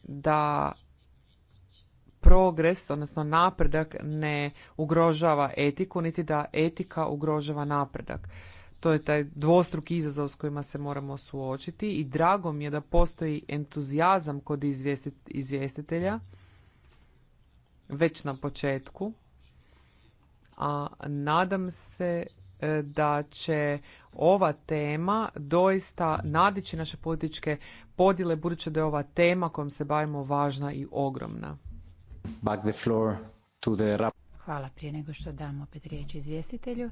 [SPEAKER 2] da progres, odnosno napredak ne ugrožava etiku, niti da etika ugrožava napredak. To je taj dvostruki izazov s kojima se moramo suočiti i drago mi je da postoji entuzijazam kod izvjestitelja već na početku, a nadam se da će ova tema doista nadići naše političke podjele budući da je ova tema kojom se bavimo važna i ogromna.
[SPEAKER 1] Back the floor to the...
[SPEAKER 3] Hvala prije nego što damo opet riječ izvjestitelju.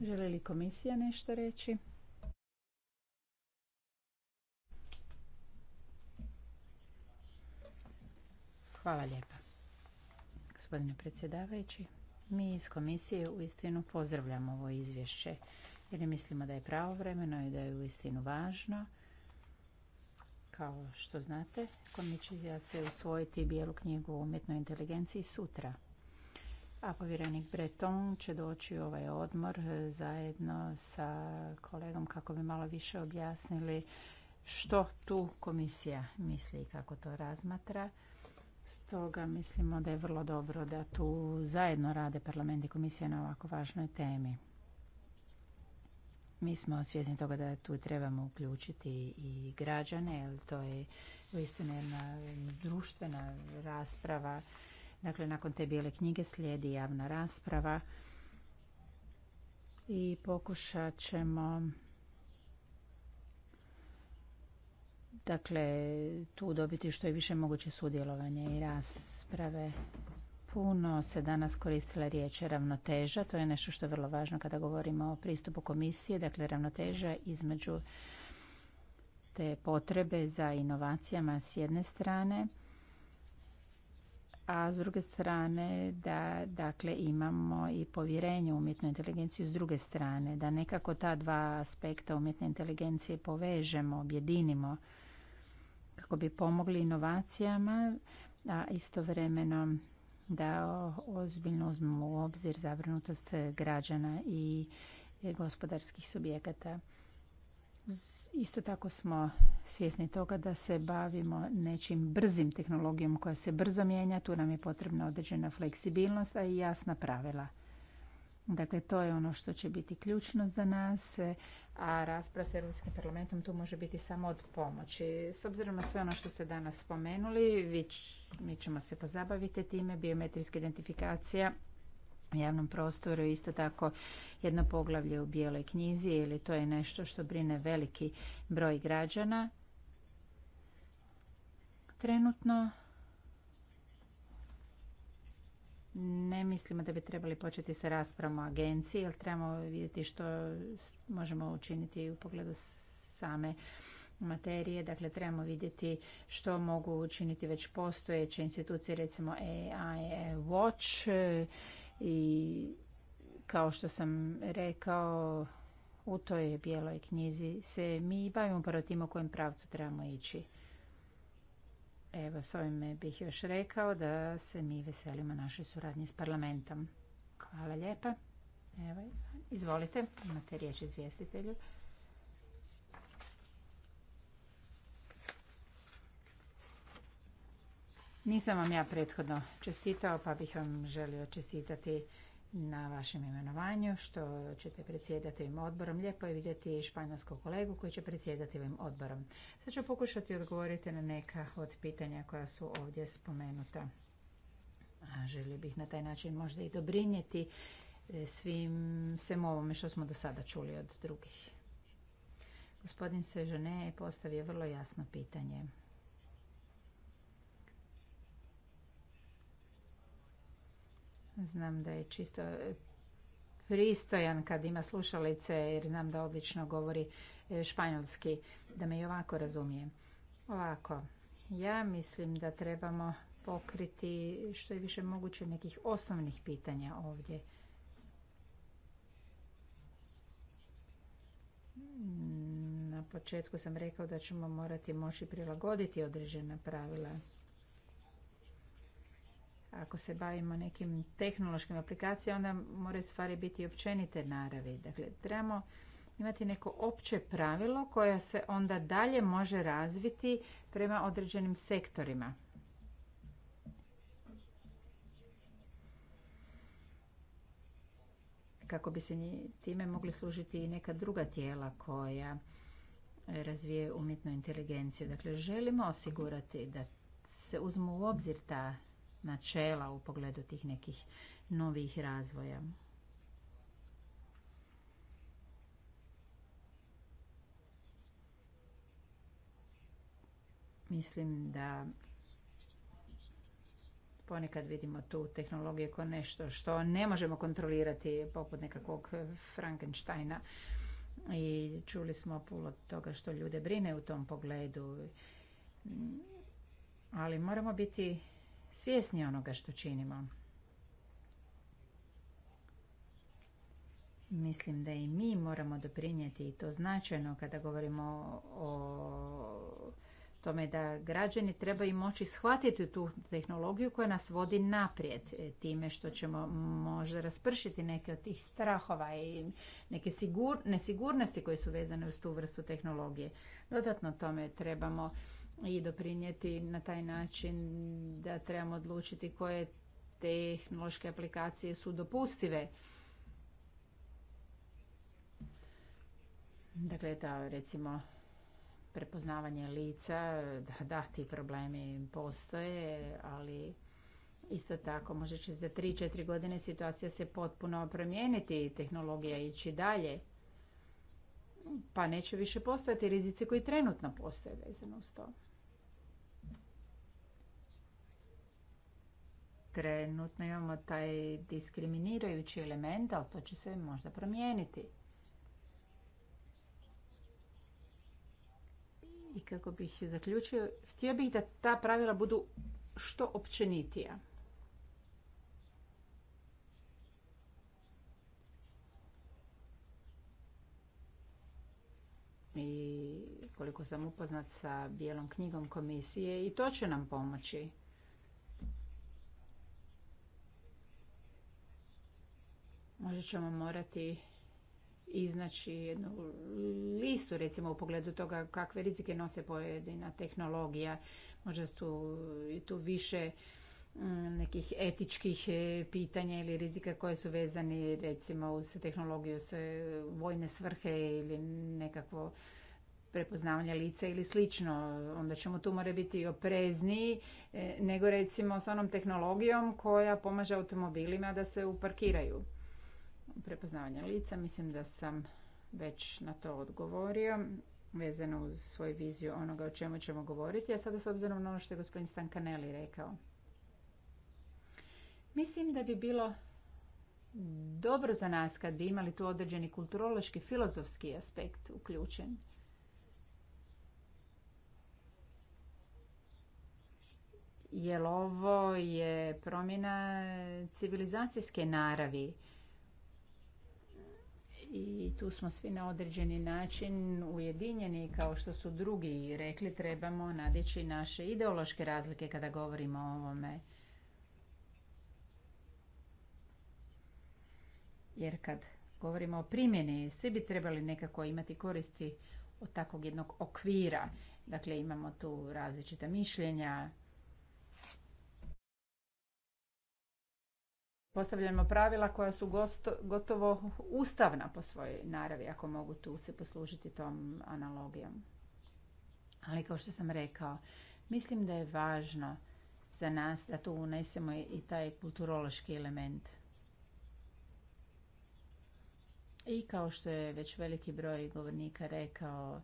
[SPEAKER 3] Želi li komisija nešto reći? Hvala lijepa. Gospodine predsjedavajući, mi iz komisije istinu pozdravljamo ovo izvješće jer mislimo da je pravovremeno i da je uistinu važno. Kao što znate, komisija će usvojiti bijelu knjigu o umjetnoj inteligenciji sutra. A povjerenik Breton će doći u ovaj odmor zajedno sa kolegom kako bi malo više objasnili što tu komisija misli i kako to razmatra. Stoga mislimo da je vrlo dobro da tu zajedno rade parlament i komisija na ovako važnoj temi. Mi smo svjesni toga da tu trebamo uključiti i građane, jer to je uistinu jedna društvena rasprava. Dakle, nakon te bijele knjige slijedi javna rasprava i pokušat ćemo dakle tu dobiti što je više moguće sudjelovanje i rasprave. Puno se danas koristila riječ ravnoteža, to je nešto što je vrlo važno kada govorimo o pristupu komisije, dakle ravnoteža između te potrebe za inovacijama s jedne strane, a s druge strane da dakle imamo i povjerenje u umjetnu inteligenciju s druge strane, da nekako ta dva aspekta umjetne inteligencije povežemo, objedinimo kako bi pomogli inovacijama, a istovremeno da ozbiljno uzmemo u obzir zabrinutost građana i gospodarskih subjekata. Isto tako smo svjesni toga da se bavimo nečim brzim tehnologijom koja se brzo mijenja. Tu nam je potrebna određena fleksibilnost, a i jasna pravila. Dakle, to je ono što će biti ključno za nas, a rasprava s Europskim parlamentom tu može biti samo od pomoći. S obzirom na sve ono što ste danas spomenuli, mi ćemo se pozabaviti time, biometrijska identifikacija u javnom prostoru isto tako jedno poglavlje u bijeloj knjizi ili to je nešto što brine veliki broj građana trenutno ne mislimo da bi trebali početi sa raspravom o agenciji, jer trebamo vidjeti što možemo učiniti u pogledu same materije. Dakle, trebamo vidjeti što mogu učiniti već postojeće institucije, recimo AI Watch i kao što sam rekao, u toj bijeloj knjizi se mi bavimo prvo tim u kojem pravcu trebamo ići. Evo, s ovime bih još rekao da se mi veselimo našoj suradnji s parlamentom. Hvala lijepa. Evo, izvolite, imate riječ izvjestitelju. Nisam vam ja prethodno čestitao, pa bih vam želio čestitati na vašem imenovanju što ćete predsjedati ovim odborom. Lijepo je vidjeti španjolskog kolegu koji će predsjedati ovim odborom. Sad ću pokušati odgovoriti na neka od pitanja koja su ovdje spomenuta. A želio bih na taj način možda i dobrinjeti e, svim svem ovome što smo do sada čuli od drugih. Gospodin Sežane postavio vrlo jasno pitanje. Znam da je čisto pristojan kad ima slušalice jer znam da odlično govori e, španjolski, da me i ovako razumije. Ovako, ja mislim da trebamo pokriti što je više moguće nekih osnovnih pitanja ovdje. Na početku sam rekao da ćemo morati moći prilagoditi određena pravila ako se bavimo nekim tehnološkim aplikacijama, onda moraju stvari biti općenite naravi. Dakle, trebamo imati neko opće pravilo koje se onda dalje može razviti prema određenim sektorima. kako bi se time mogli služiti i neka druga tijela koja razvije umjetnu inteligenciju. Dakle, želimo osigurati da se uzmu u obzir ta načela u pogledu tih nekih novih razvoja. Mislim da ponekad vidimo tu tehnologiju kao nešto što ne možemo kontrolirati poput nekakvog Frankensteina. I čuli smo puno toga što ljude brine u tom pogledu. Ali moramo biti svjesni onoga što činimo. Mislim da i mi moramo doprinijeti i to značajno kada govorimo o tome da građani trebaju moći shvatiti tu tehnologiju koja nas vodi naprijed e, time što ćemo možda raspršiti neke od tih strahova i neke nesigurnosti koje su vezane uz tu vrstu tehnologije. Dodatno tome trebamo i doprinijeti na taj način da trebamo odlučiti koje tehnološke aplikacije su dopustive. Dakle, ta recimo prepoznavanje lica, da, da ti problemi postoje, ali isto tako možda će za 3-4 godine situacija se potpuno promijeniti i tehnologija ići dalje pa neće više postojati rizici koji trenutno postoje vezano uz to. Trenutno imamo taj diskriminirajući element, ali to će se možda promijeniti. I kako bih zaključio, htio bih da ta pravila budu što općenitija. i koliko sam upoznat sa bijelom knjigom komisije i to će nam pomoći. Možda ćemo morati iznaći jednu listu recimo u pogledu toga kakve rizike nose pojedina tehnologija. Možda su tu više Mm, nekih etičkih e, pitanja ili rizika koje su vezani recimo uz tehnologiju s e, vojne svrhe ili nekakvo prepoznavanje lica ili slično. Onda ćemo tu mora biti oprezniji e, nego recimo s onom tehnologijom koja pomaže automobilima da se uparkiraju. Prepoznavanje lica, mislim da sam već na to odgovorio vezano uz svoju viziju onoga o čemu ćemo govoriti. A sada s obzirom na ono što je gospodin Stankaneli rekao. Mislim da bi bilo dobro za nas kad bi imali tu određeni kulturološki, filozofski aspekt uključen. Jer ovo je promjena civilizacijske naravi. I tu smo svi na određeni način ujedinjeni, kao što su drugi rekli, trebamo nadići naše ideološke razlike kada govorimo o ovome. Jer kad govorimo o primjeni, svi bi trebali nekako imati koristi od takvog jednog okvira. Dakle, imamo tu različita mišljenja. Postavljamo pravila koja su gotovo ustavna po svojoj naravi, ako mogu tu se poslužiti tom analogijom. Ali kao što sam rekao, mislim da je važno za nas da tu unesemo i taj kulturološki element. I kao što je već veliki broj govornika rekao,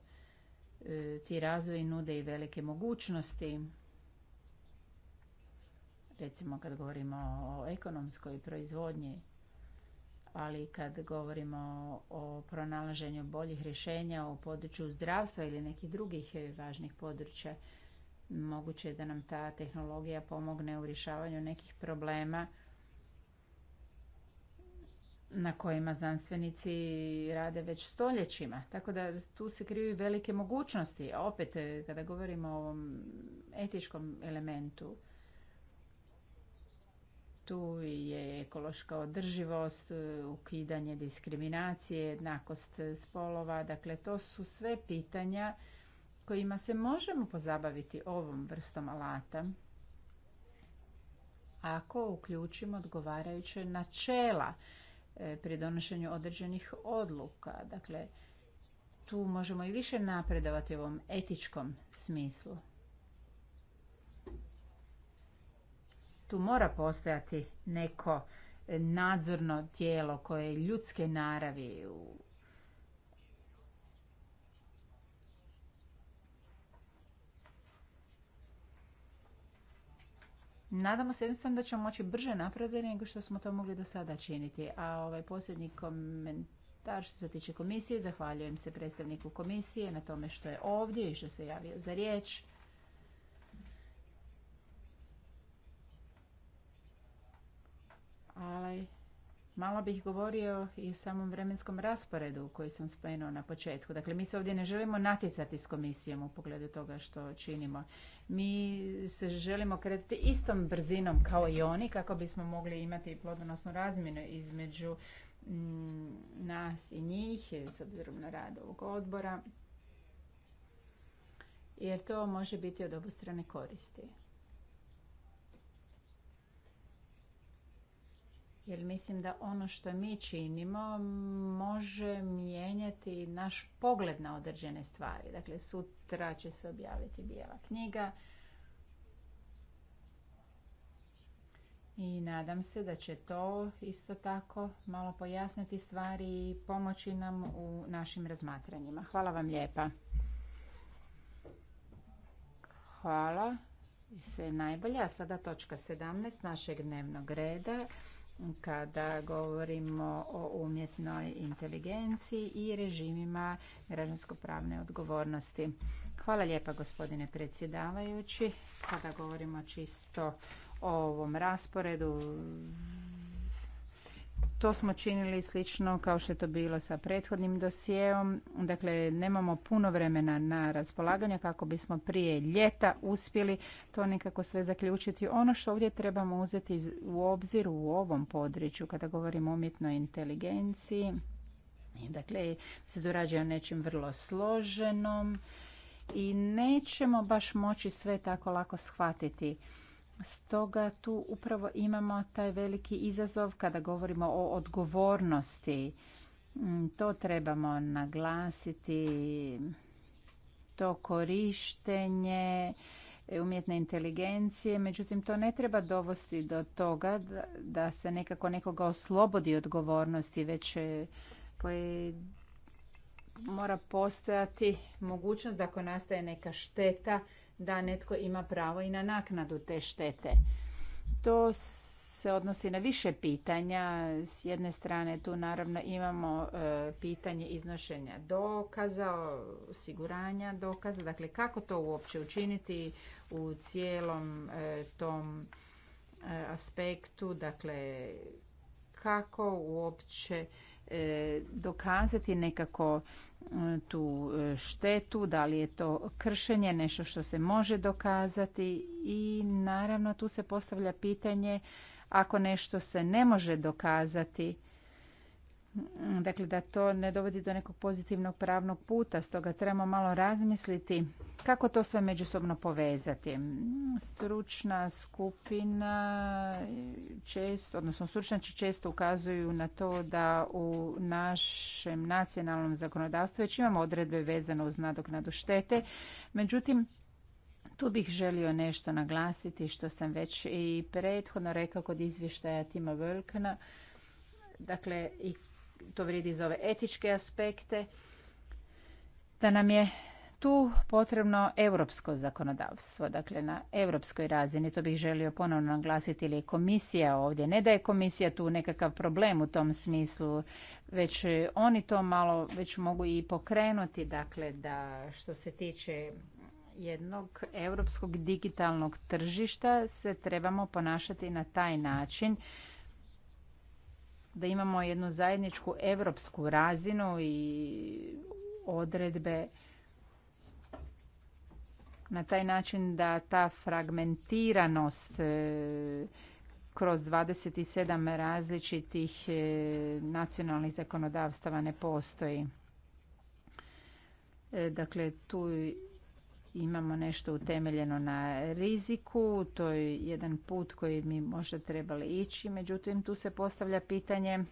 [SPEAKER 3] e, ti razvoji nude i velike mogućnosti. Recimo kad govorimo o ekonomskoj proizvodnji, ali kad govorimo o pronalaženju boljih rješenja u području zdravstva ili nekih drugih važnih područja, moguće je da nam ta tehnologija pomogne u rješavanju nekih problema na kojima znanstvenici rade već stoljećima. Tako da tu se kriju velike mogućnosti. opet, e, kada govorimo o ovom etičkom elementu, tu je ekološka održivost, e, ukidanje diskriminacije, jednakost spolova. Dakle, to su sve pitanja kojima se možemo pozabaviti ovom vrstom alata ako uključimo odgovarajuće načela E, pri donošenju određenih odluka. Dakle, tu možemo i više napredovati u ovom etičkom smislu. Tu mora postojati neko nadzorno tijelo koje je ljudske naravi u Nadamo se jednostavno da ćemo moći brže napraviti nego što smo to mogli do sada činiti. A ovaj posljednji komentar što se tiče komisije, zahvaljujem se predstavniku komisije na tome što je ovdje i što se javio za riječ. Ali Malo bih govorio i o samom vremenskom rasporedu koji sam spomenuo na početku. Dakle, mi se ovdje ne želimo natjecati s komisijom u pogledu toga što činimo. Mi se želimo kretiti istom brzinom kao i oni kako bismo mogli imati plodonosnu razmjenu između mm, nas i njih s obzirom na rad ovog odbora jer to može biti od obostrane koristi. jer mislim da ono što mi činimo može mijenjati naš pogled na određene stvari. Dakle, sutra će se objaviti bijela knjiga i nadam se da će to isto tako malo pojasniti stvari i pomoći nam u našim razmatranjima. Hvala vam lijepa. Hvala. Sve najbolje. A sada točka 17 našeg dnevnog reda kada govorimo o umjetnoj inteligenciji i režimima građansko-pravne odgovornosti. Hvala lijepa gospodine predsjedavajući. Kada govorimo čisto o ovom rasporedu, to smo činili slično kao što je to bilo sa prethodnim dosijeom. Dakle, nemamo puno vremena na raspolaganje kako bismo prije ljeta uspjeli to nekako sve zaključiti. Ono što ovdje trebamo uzeti u obzir u ovom području kada govorimo o umjetnoj inteligenciji, dakle, se dorađuje o nečem vrlo složenom i nećemo baš moći sve tako lako shvatiti. Stoga tu upravo imamo taj veliki izazov kada govorimo o odgovornosti. Mm, to trebamo naglasiti. To korištenje umjetne inteligencije, međutim to ne treba dovesti do toga da, se nekako nekoga oslobodi odgovornosti, već e, mora postojati mogućnost da ako nastaje neka šteta da netko ima pravo i na naknadu te štete. To se odnosi na više pitanja. S jedne strane tu naravno imamo e, pitanje iznošenja dokaza, osiguranja dokaza, dakle kako to uopće učiniti u cijelom e, tom e, aspektu, dakle kako uopće E, dokazati nekako e, tu e, štetu, da li je to kršenje, nešto što se može dokazati i naravno tu se postavlja pitanje ako nešto se ne može dokazati Mm, dakle, da to ne dovodi do nekog pozitivnog pravnog puta, stoga trebamo malo razmisliti kako to sve međusobno povezati. Mm, stručna skupina često, odnosno stručnjaci često ukazuju na to da u našem nacionalnom zakonodavstvu već imamo odredbe vezano uz nadoknadu štete, međutim, tu bih želio nešto naglasiti što sam već i prethodno rekao kod izvještaja Tima Völkana. Dakle, i to vrijedi za ove etičke aspekte, da nam je tu potrebno europsko zakonodavstvo, dakle na europskoj razini, to bih želio ponovno naglasiti, ili je komisija ovdje, ne da je komisija tu nekakav problem u tom smislu, već oni to malo već mogu i pokrenuti, dakle da što se tiče jednog europskog digitalnog tržišta se trebamo ponašati na taj način da imamo jednu zajedničku europsku razinu i odredbe na taj način da ta fragmentiranost e, kroz 27 različitih e, nacionalnih zakonodavstava ne postoji. E, dakle, tu imamo nešto utemeljeno na riziku, to je jedan put koji mi možda trebali ići, međutim tu se postavlja pitanje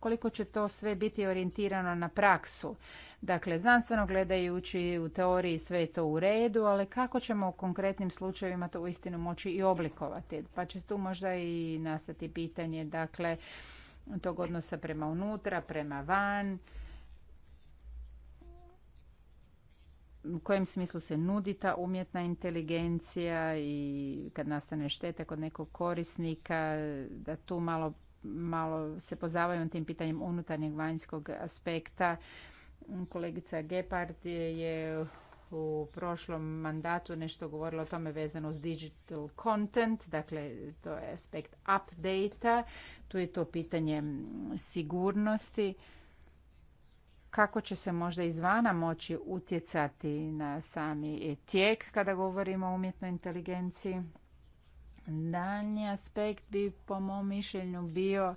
[SPEAKER 3] koliko će to sve biti orijentirano na praksu. Dakle, znanstveno gledajući u teoriji sve je to u redu, ali kako ćemo u konkretnim slučajevima to uistinu moći i oblikovati? Pa će tu možda i nastati pitanje, dakle, tog odnosa prema unutra, prema van, u kojem smislu se nudi ta umjetna inteligencija i kad nastane šteta kod nekog korisnika, da tu malo, malo se pozavaju tim pitanjem unutarnjeg vanjskog aspekta. Kolegica Gepard je u prošlom mandatu nešto govorila o tome vezano uz digital content, dakle to je aspekt update tu je to pitanje sigurnosti kako će se možda izvana moći utjecati na sami tijek kada govorimo o umjetnoj inteligenciji. Daljnji aspekt bi po mom mišljenju bio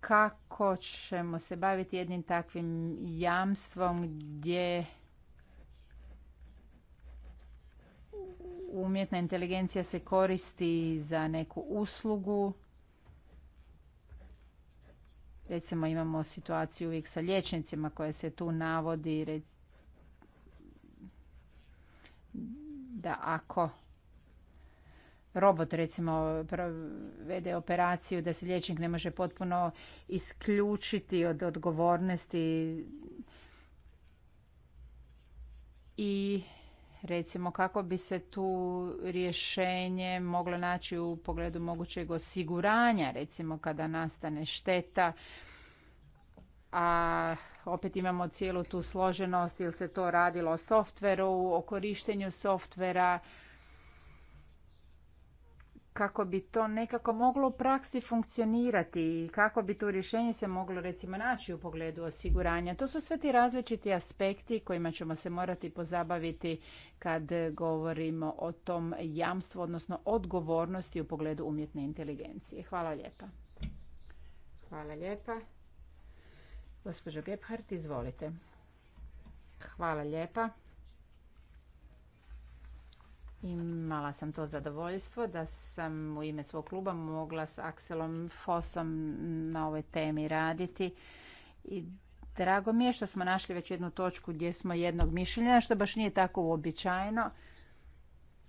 [SPEAKER 3] kako ćemo se baviti jednim takvim jamstvom gdje umjetna inteligencija se koristi za neku uslugu Recimo imamo situaciju uvijek sa liječnicima koja se tu navodi da ako robot recimo vede operaciju da se liječnik ne može potpuno isključiti od odgovornosti i recimo kako bi se tu rješenje moglo naći u pogledu mogućeg osiguranja, recimo kada nastane šteta, a opet imamo cijelu tu složenost ili se to radilo o softveru, o korištenju softvera, kako bi to nekako moglo u praksi funkcionirati i kako bi to rješenje se moglo recimo naći u pogledu osiguranja. To su sve ti različiti aspekti kojima ćemo se morati pozabaviti kad govorimo o tom jamstvu, odnosno odgovornosti u pogledu umjetne inteligencije. Hvala lijepa. Hvala lijepa. Gospođo Gebhardt, izvolite. Hvala lijepa. Imala sam to zadovoljstvo da sam u ime svog kluba mogla s Akselom Fosom na ovoj temi raditi i drago mi je što smo našli već jednu točku gdje smo jednog mišljenja, što baš nije tako uobičajeno.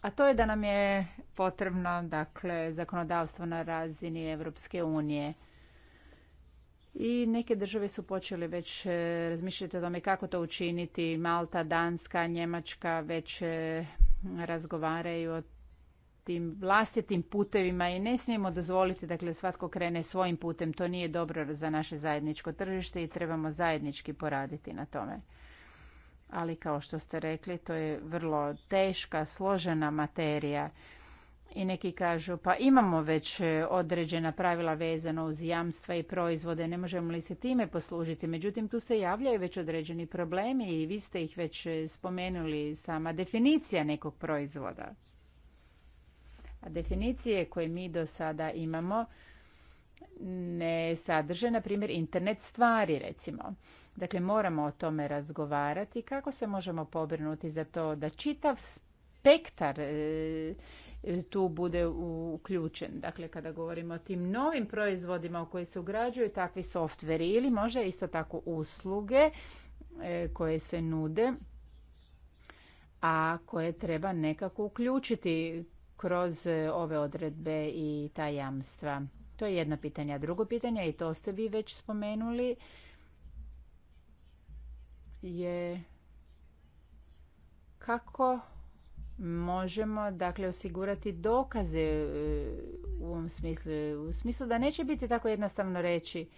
[SPEAKER 3] A to je da nam je potrebno dakle, zakonodavstvo na razini Europske unije. I neke države su počele već e, razmišljati o tome kako to učiniti. Malta, Danska, Njemačka već e, razgovaraju o tim vlastitim putevima i ne smijemo dozvoliti dakle svatko krene svojim putem. To nije dobro za naše zajedničko tržište i trebamo zajednički poraditi na tome. Ali kao što ste rekli, to je vrlo teška, složena materija i neki kažu pa imamo već e, određena pravila vezano uz jamstva i proizvode, ne možemo li se time poslužiti. Međutim, tu se javljaju već određeni problemi i vi ste ih već e, spomenuli, sama definicija nekog proizvoda. A definicije koje mi do sada imamo ne sadrže, na primjer, internet stvari, recimo. Dakle, moramo o tome razgovarati kako se možemo pobrinuti za to da čitav spektar e, tu bude uključen. Dakle, kada govorimo o tim novim proizvodima u koji se ugrađuju takvi softveri ili možda isto tako usluge e, koje se nude, a koje treba nekako uključiti kroz e, ove odredbe i ta jamstva. To je jedno pitanje. A drugo pitanje, i to ste vi već spomenuli, je kako možemo dakle osigurati dokaze e, u ovom smislu. U smislu da neće biti tako jednostavno reći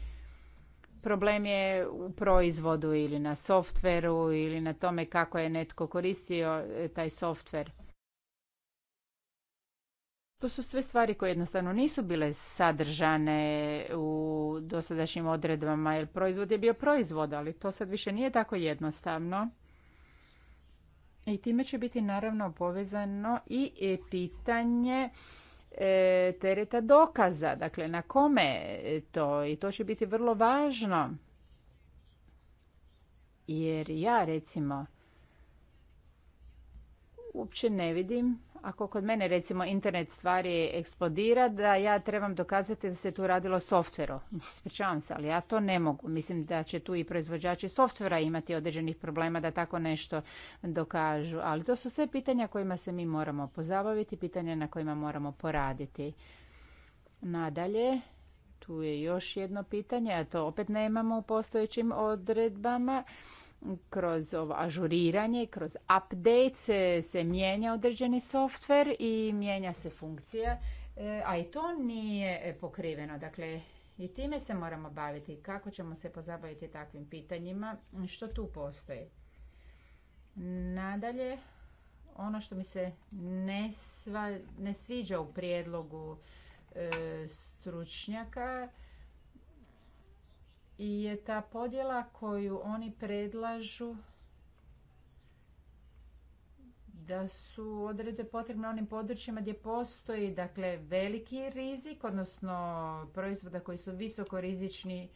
[SPEAKER 3] problem je u proizvodu ili na softveru ili na tome kako je netko koristio e, taj softver. To su sve stvari koje jednostavno nisu bile sadržane u dosadašnjim odredbama jer proizvod je bio proizvod, ali to sad više nije tako jednostavno. I time će biti naravno povezano i e, pitanje e, tereta dokaza, dakle na kome to i to će biti vrlo važno. Jer ja recimo uopće ne vidim ako kod mene recimo internet stvari eksplodira, da ja trebam dokazati da se tu radilo softvero. Ispričavam se, ali ja to ne mogu. Mislim da će tu i proizvođači softvera imati određenih problema da tako nešto dokažu. Ali to su sve pitanja kojima se mi moramo pozabaviti, pitanja na kojima moramo poraditi. Nadalje, tu je još jedno pitanje, a to opet nemamo u postojećim odredbama kroz ovo ažuriranje, kroz update se, se mijenja određeni softver i mijenja se funkcija, e, a i to nije pokriveno. Dakle, i time se moramo baviti. Kako ćemo se pozabaviti takvim pitanjima? Što tu postoji? Nadalje, ono što mi se ne, sva, ne sviđa u prijedlogu e, stručnjaka je ta podjela koju oni predlažu da su odredbe potrebne onim područjima gdje postoji dakle veliki rizik, odnosno proizvoda koji su rizični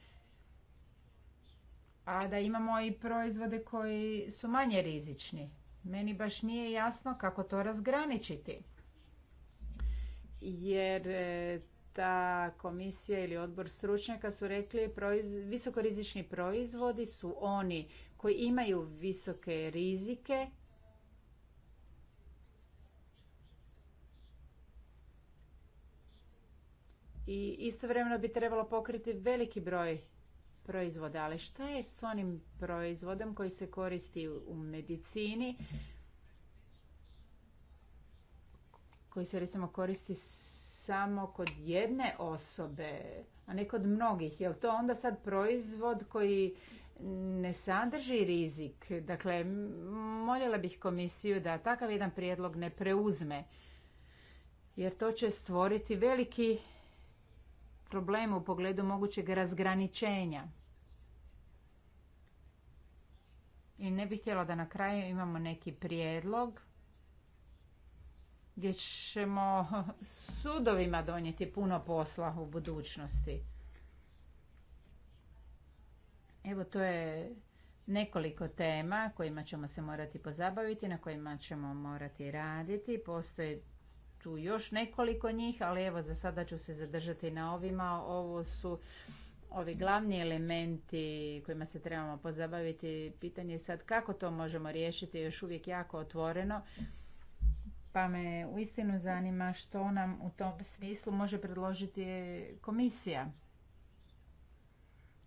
[SPEAKER 3] a da imamo i proizvode koji su manje rizični. Meni baš nije jasno kako to razgraničiti. Jer e, ta komisija ili odbor stručnjaka su rekli visokorizični proizvodi su oni koji imaju visoke rizike i istovremeno bi trebalo pokriti veliki broj proizvoda. Ali šta je s onim proizvodom koji se koristi u medicini, koji se recimo koristi samo kod jedne osobe, a ne kod mnogih, je li to onda sad proizvod koji ne sadrži rizik? Dakle, moljela bih komisiju da takav jedan prijedlog ne preuzme, jer to će stvoriti veliki problem u pogledu mogućeg razgraničenja. I ne bih htjela da na kraju imamo neki prijedlog gdje ćemo sudovima donijeti puno posla u budućnosti. Evo to je nekoliko tema kojima ćemo se morati pozabaviti, na kojima ćemo morati raditi. Postoje tu još nekoliko njih, ali evo za sada ću se zadržati na ovima. Ovo su ovi glavni elementi kojima se trebamo pozabaviti. Pitanje je sad kako to možemo riješiti, još uvijek jako otvoreno pa me uistinu zanima što nam u tom smislu može predložiti komisija.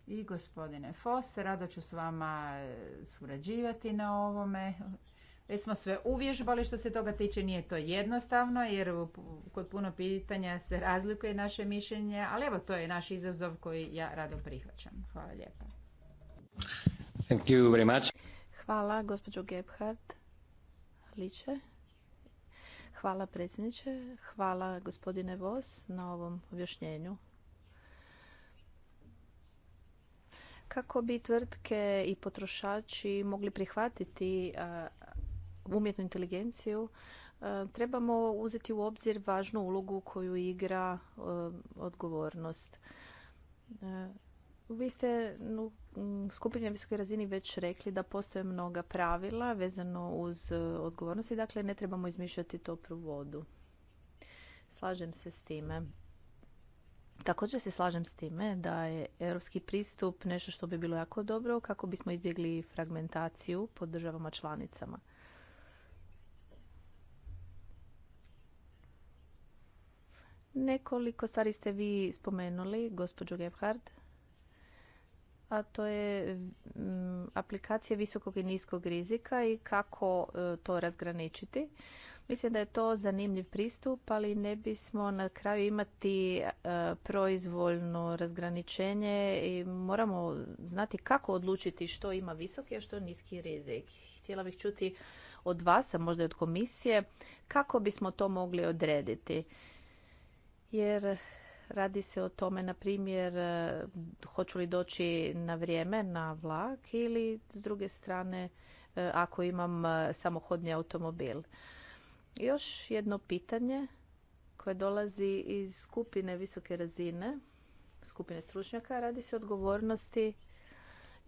[SPEAKER 3] I gospodine Fos, rado ću s vama eh, surađivati na ovome. Već smo sve uvježbali što se toga tiče, nije to jednostavno jer kod puno pitanja se razlikuje naše mišljenje, ali evo to je naš izazov koji ja rado prihvaćam. Hvala lijepo.
[SPEAKER 1] Thank you very much.
[SPEAKER 4] Hvala, gospođo Liče. Hvala predsjedniče, hvala gospodine Vos na ovom objašnjenju. Kako bi tvrtke i potrošači mogli prihvatiti umjetnu inteligenciju, trebamo uzeti u obzir važnu ulogu koju igra odgovornost. Vi ste u skupini na visokoj razini već rekli da postoje mnoga pravila vezano uz e, odgovornosti, dakle ne trebamo izmišljati toplu vodu. Slažem se s time. Također se slažem s time da je europski pristup nešto što bi bilo jako dobro kako bismo izbjegli fragmentaciju po državama članicama. Nekoliko stvari ste vi spomenuli, gospođo Gebhardt a to je mm, aplikacija visokog i niskog rizika i kako e, to razgraničiti. Mislim da je to zanimljiv pristup, ali ne bismo na kraju imati e, proizvoljno razgraničenje i moramo znati kako odlučiti što ima visoki, a što niski rizik. Htjela bih čuti od vas, a možda i od komisije, kako bismo to mogli odrediti. Jer Radi se o tome, na primjer, e, hoću li doći na vrijeme na vlak ili s druge strane e, ako imam e, samohodni automobil. Još jedno pitanje koje dolazi iz skupine visoke razine, skupine stručnjaka, radi se o odgovornosti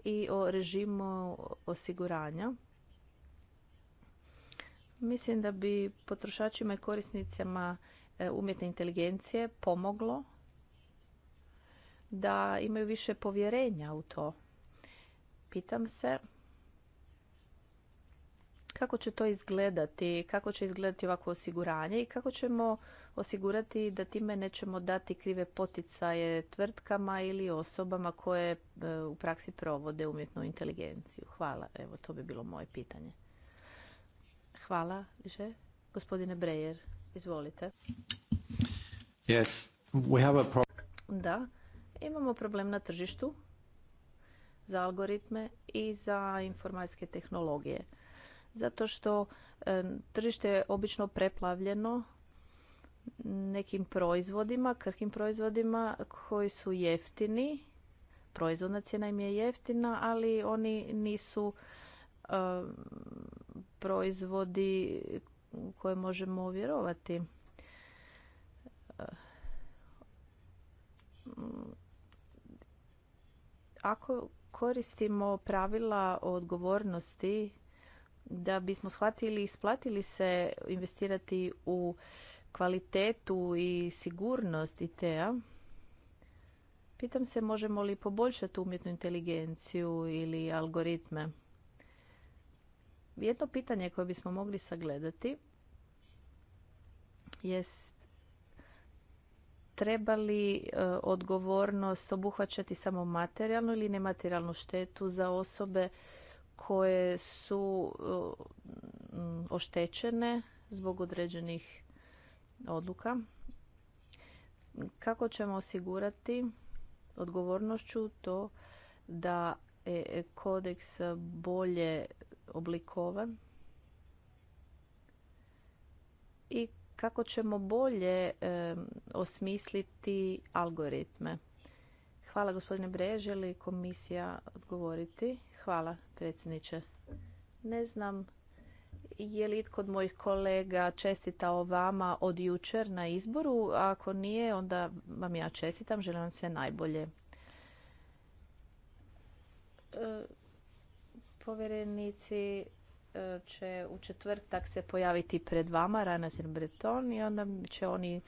[SPEAKER 4] i o režimu osiguranja. Mislim da bi potrošačima i korisnicima E, umjetne inteligencije pomoglo da imaju više povjerenja u to. Pitam se kako će to izgledati, kako će izgledati ovako osiguranje i kako ćemo osigurati da time nećemo dati krive poticaje tvrtkama ili osobama koje e, u praksi provode umjetnu inteligenciju. Hvala, evo to bi bilo moje pitanje. Hvala, više? Gospodine Brejer. Izvolite.
[SPEAKER 5] Yes, we have a
[SPEAKER 4] da, imamo problem na tržištu za algoritme i za informacijske tehnologije. Zato što e, tržište je obično preplavljeno nekim proizvodima, krhkim proizvodima koji su jeftini. Proizvodna cijena im je jeftina, ali oni nisu e, proizvodi u koje možemo vjerovati. E, ako koristimo pravila o odgovornosti da bismo shvatili i isplatili se investirati u kvalitetu i sigurnost IT-a, pitam se možemo li poboljšati umjetnu inteligenciju ili algoritme jedno pitanje koje bismo mogli sagledati jest treba li e, odgovornost obuhvaćati samo materijalnu ili nematerijalnu štetu za osobe koje su e, oštećene zbog određenih odluka. Kako ćemo osigurati odgovornošću to da kodeks bolje oblikovan i kako ćemo bolje osmisliti algoritme. Hvala gospodine Breže, li komisija odgovoriti? Hvala predsjedniče. Ne znam je li itko od mojih kolega čestitao vama od jučer na izboru, a ako nije onda vam ja čestitam, želim vam sve najbolje. E, povjerenici e, će u četvrtak se pojaviti pred vama Rana Breton i onda će oni e,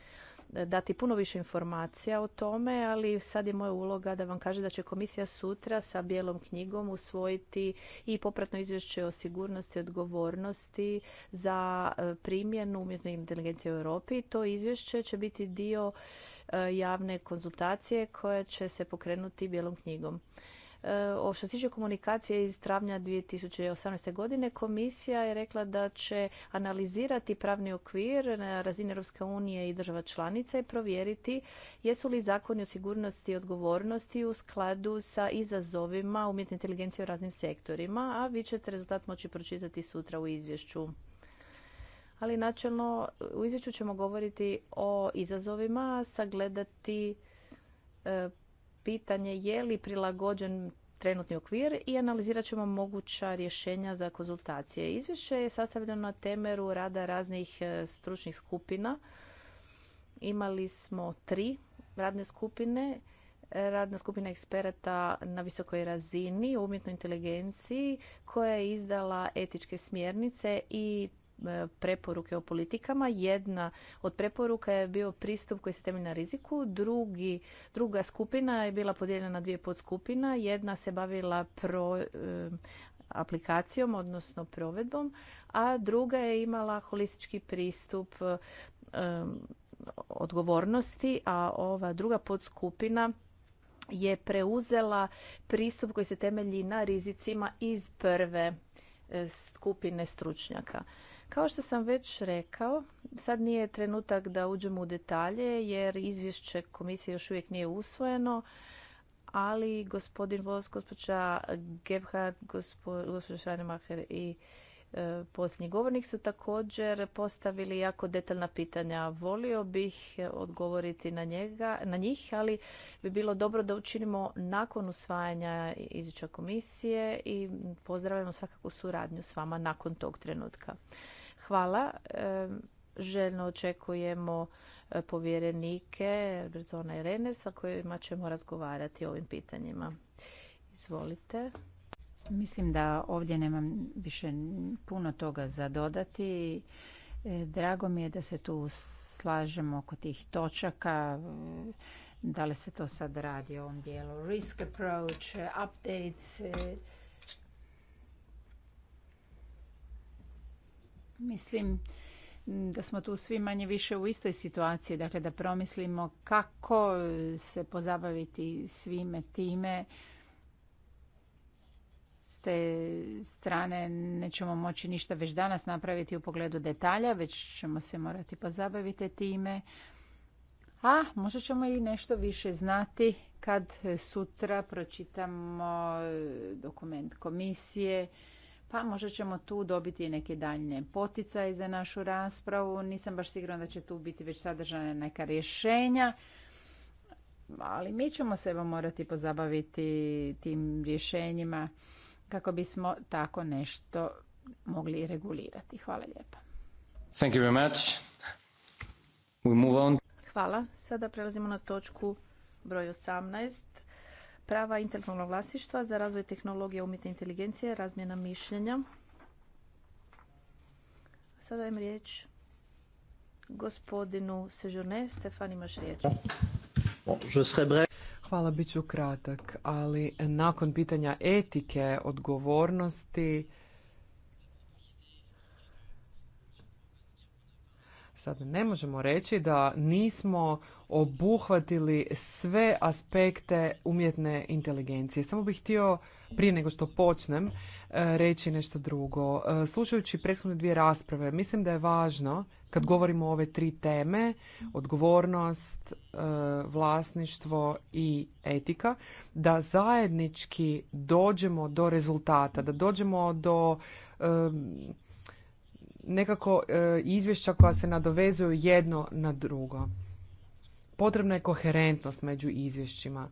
[SPEAKER 4] dati puno više informacija o tome, ali sad je moja uloga da vam kaže da će komisija sutra sa bijelom knjigom usvojiti i popratno izvješće o sigurnosti i odgovornosti za e, primjenu umjetne inteligencije u Europi. To izvješće će biti dio javne konzultacije koja će se pokrenuti bijelom knjigom. E, o što se tiče komunikacije iz travnja 2018. godine, komisija je rekla da će analizirati pravni okvir na razini Europske unije i država članica i provjeriti jesu li zakoni o sigurnosti i odgovornosti u skladu sa izazovima umjetne inteligencije u raznim sektorima, a vi ćete rezultat moći pročitati sutra u izvješću ali načelno u izvješću ćemo govoriti o izazovima, sagledati e, pitanje je li prilagođen trenutni okvir i analizirat ćemo moguća rješenja za konzultacije. Izvješće je sastavljeno na temeru rada raznih e, stručnih skupina. Imali smo tri radne skupine. Radna skupina eksperata na visokoj razini u umjetnoj inteligenciji koja je izdala etičke smjernice i E, preporuke o politikama. Jedna od preporuka je bio pristup koji se temelji na riziku. Drugi, druga skupina je bila podijeljena na dvije podskupina. Jedna se bavila pro, e, aplikacijom, odnosno provedbom, a druga je imala holistički pristup e, odgovornosti, a ova druga podskupina je preuzela pristup koji se temelji na rizicima iz prve skupine stručnjaka. Kao što sam već rekao, sad nije trenutak da uđemo u detalje jer izvješće komisije još uvijek nije usvojeno, ali gospodin Vos, gospođa Gebhardt, gospođa i E, posljednji govornik su također postavili jako detaljna pitanja. Volio bih odgovoriti na, njega, na njih, ali bi bilo dobro da učinimo nakon usvajanja izvješća komisije i pozdravljamo svakako suradnju s vama nakon tog trenutka. Hvala. E, željno očekujemo e, povjerenike Bretona i Renesa sa kojima ćemo razgovarati o ovim pitanjima. Izvolite. Mislim da
[SPEAKER 3] ovdje nemam više puno toga za dodati. E, drago mi je da se tu slažemo oko tih točaka. E, da li se to sad radi o ovom dijelu? Risk approach, e, updates. Mislim da smo tu svi manje više u istoj situaciji. Dakle, da promislimo kako se pozabaviti svime time te strane nećemo moći ništa već danas napraviti u pogledu detalja, već ćemo se morati pozabaviti time. A možda ćemo i nešto više znati kad sutra pročitamo e, dokument komisije, pa možda ćemo tu dobiti neke daljne poticaje za našu raspravu. Nisam baš sigurna da će tu biti već sadržana neka rješenja, ali mi ćemo se morati pozabaviti tim rješenjima kako bismo tako nešto mogli regulirati. Hvala lijepa.
[SPEAKER 1] Thank you very much. We move on.
[SPEAKER 4] Hvala. Sada prelazimo na točku broj 18. Prava intelektualnog vlasništva za razvoj tehnologije umjetne inteligencije, razmjena mišljenja. Sada im riječ gospodinu Sejourne. Stefan, imaš riječ.
[SPEAKER 2] Hvala, bit ću kratak, ali nakon pitanja etike, odgovornosti, Sad ne možemo reći da nismo obuhvatili sve aspekte umjetne inteligencije. Samo bih htio, prije nego što počnem, eh, reći nešto drugo. Eh, slušajući prethodne dvije rasprave, mislim da je važno kad govorimo o ove tri teme, odgovornost, e, vlasništvo i etika, da zajednički dođemo do rezultata, da dođemo do e, nekako e, izvješća koja se nadovezuju jedno na drugo. Potrebna je koherentnost među izvješćima,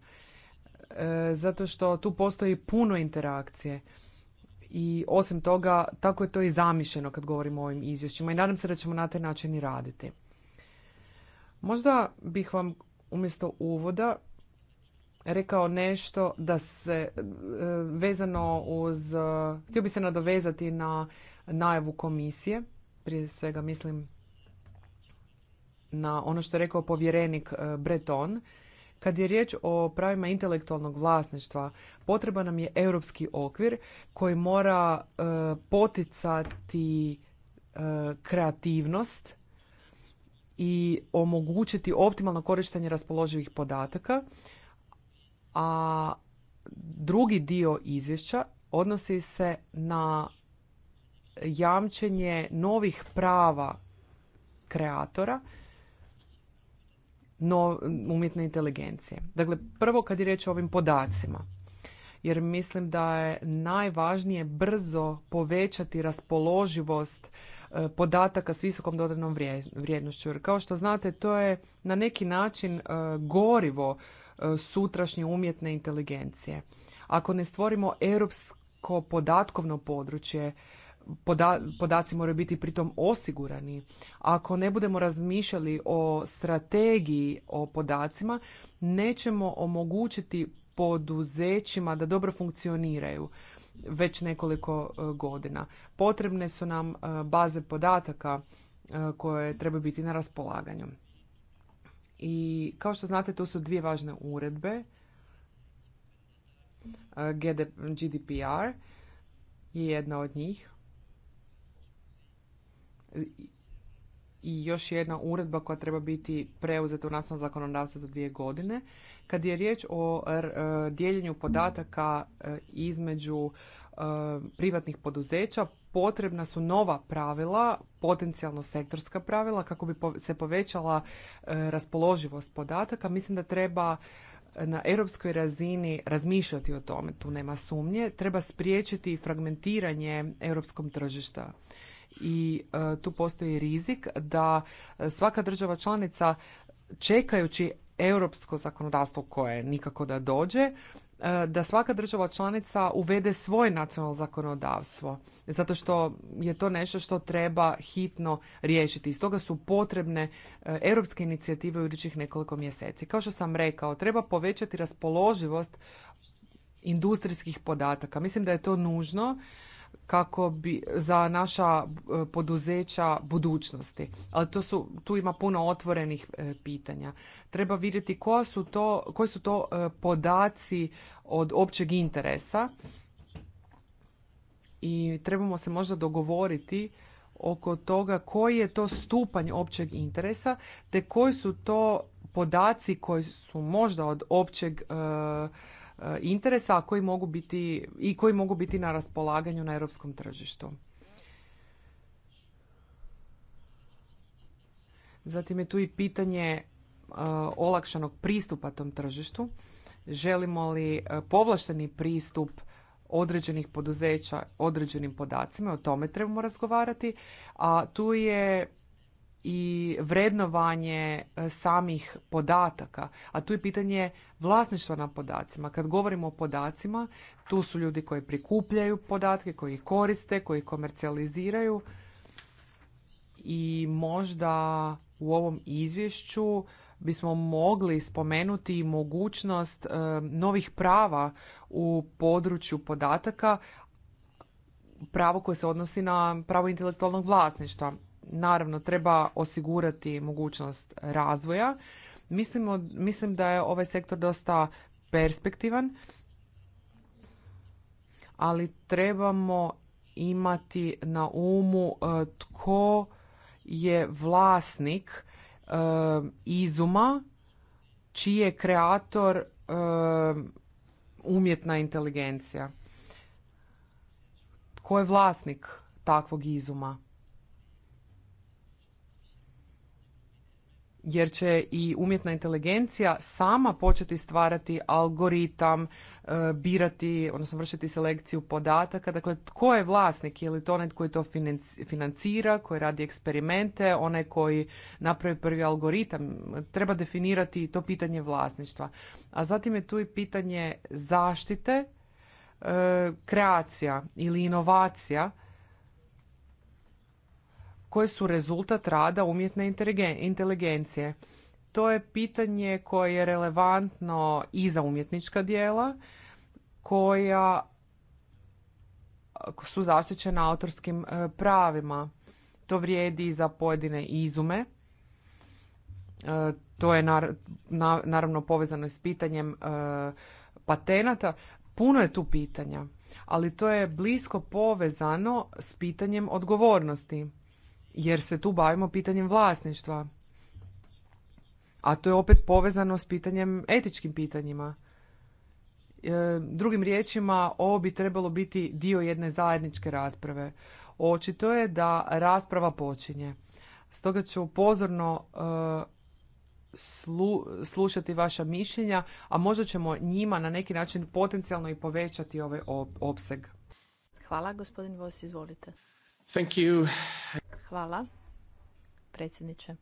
[SPEAKER 2] zato što tu postoji puno interakcije i osim toga tako je to i zamišljeno kad govorimo o ovim izvješćima i nadam se da ćemo na taj način i raditi. Možda bih vam umjesto uvoda rekao nešto da se e, vezano uz, e, htio bi se nadovezati na najavu komisije, prije svega mislim na ono što je rekao povjerenik e, Breton, kad je riječ o pravima intelektualnog vlasništva, potreba nam je europski okvir koji mora e, poticati e, kreativnost i omogućiti optimalno korištenje raspoloživih podataka, a drugi dio izvješća odnosi se na jamčenje novih prava kreatora no, umjetne inteligencije. Dakle, prvo kad je riječ o ovim podacima, jer mislim da je najvažnije brzo povećati raspoloživost e, podataka s visokom dodanom vrijednošću. Jer kao što znate, to je na neki način e, gorivo e, sutrašnje umjetne inteligencije. Ako ne stvorimo europsko podatkovno područje podaci moraju biti pritom osigurani. Ako ne budemo razmišljali o strategiji o podacima, nećemo omogućiti poduzećima da dobro funkcioniraju već nekoliko e, godina. Potrebne su nam e, baze podataka e, koje treba biti na raspolaganju. I kao što znate, to su dvije važne uredbe. GDPR je jedna od njih i još jedna uredba koja treba biti preuzeta u nacionalno zakonodavstvo za dvije godine. Kad je riječ o e, dijeljenju podataka e, između e, privatnih poduzeća, potrebna su nova pravila, potencijalno sektorska pravila, kako bi se povećala raspoloživost podataka. Mislim da treba na europskoj razini razmišljati o tome, tu nema sumnje. Treba spriječiti fragmentiranje europskom tržišta i e, tu postoji rizik da e, svaka država članica čekajući europsko zakonodavstvo koje nikako da dođe, e, da svaka država članica uvede svoje nacionalno zakonodavstvo, zato što je to nešto što treba hitno riješiti. I toga su potrebne europske inicijative u idućih nekoliko mjeseci. Kao što sam rekao, treba povećati raspoloživost industrijskih podataka. Mislim da je to nužno kako bi za naša e, poduzeća budućnosti. Ali to su, tu ima puno otvorenih e, pitanja. Treba vidjeti su to, koji su to e, podaci od općeg interesa i trebamo se možda dogovoriti oko toga koji je to stupanj općeg interesa te koji su to podaci koji su možda od općeg Eh, interesa koji mogu biti, i koji mogu biti na raspolaganju na europskom tržištu. Zatim je tu i pitanje eh, olakšanog pristupa tom tržištu. Želimo li eh, povlašteni pristup određenih poduzeća određenim podacima, o tome trebamo razgovarati, a tu je i vrednovanje e, samih podataka, a tu je pitanje vlasništva na podacima. Kad govorimo o podacima, tu su ljudi koji prikupljaju podatke, koji ih koriste, koji komercijaliziraju i možda u ovom izvješću bismo mogli spomenuti mogućnost e, novih prava u području podataka, pravo koje se odnosi na pravo intelektualnog vlasništva naravno treba osigurati mogućnost razvoja. mislim da je ovaj sektor dosta perspektivan, ali trebamo imati na umu e, tko je vlasnik e, izuma čiji je kreator e, umjetna inteligencija. Tko je vlasnik takvog izuma? jer će i umjetna inteligencija sama početi stvarati algoritam, e, birati, odnosno vršiti selekciju podataka. Dakle, tko je vlasnik? Je li to onaj koji to financira, koji radi eksperimente, onaj koji napravi prvi algoritam? Treba definirati to pitanje vlasništva. A zatim je tu i pitanje zaštite, e, kreacija ili inovacija koje su rezultat rada umjetne inteligencije. To je pitanje koje je relevantno i za umjetnička dijela koja e, su zaštićena autorskim e, pravima. To vrijedi i za pojedine izume. E, to je naravno povezano s pitanjem patenata. Puno je tu pitanja, ali to je blisko povezano s pitanjem odgovornosti jer se tu bavimo pitanjem vlasništva. A to je opet povezano s pitanjem, etičkim pitanjima. E, drugim riječima, ovo bi trebalo biti dio jedne zajedničke rasprave. Očito je da rasprava počinje. Stoga ću pozorno e, slušati vaša mišljenja, a možda ćemo njima na neki način potencijalno i povećati ovaj opseg. Hvala,
[SPEAKER 4] gospodin Vos, izvolite. Thank you. Hvala,
[SPEAKER 2] predsjedniče.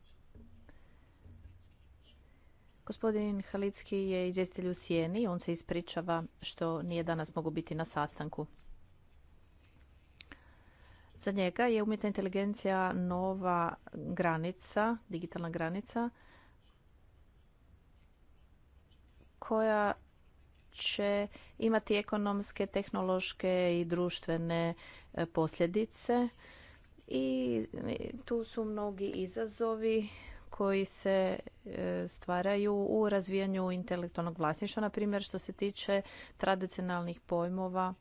[SPEAKER 4] Gospodin Halicki je izvjestitelj u Sijeni. On se ispričava što nije danas mogu biti na sastanku. Za njega je umjetna inteligencija nova granica, digitalna granica, koja će imati ekonomske, tehnološke i društvene e, posljedice i e, tu su mnogi izazovi koji se e, stvaraju u razvijanju intelektualnog vlasništva, na primjer što se tiče tradicionalnih pojmova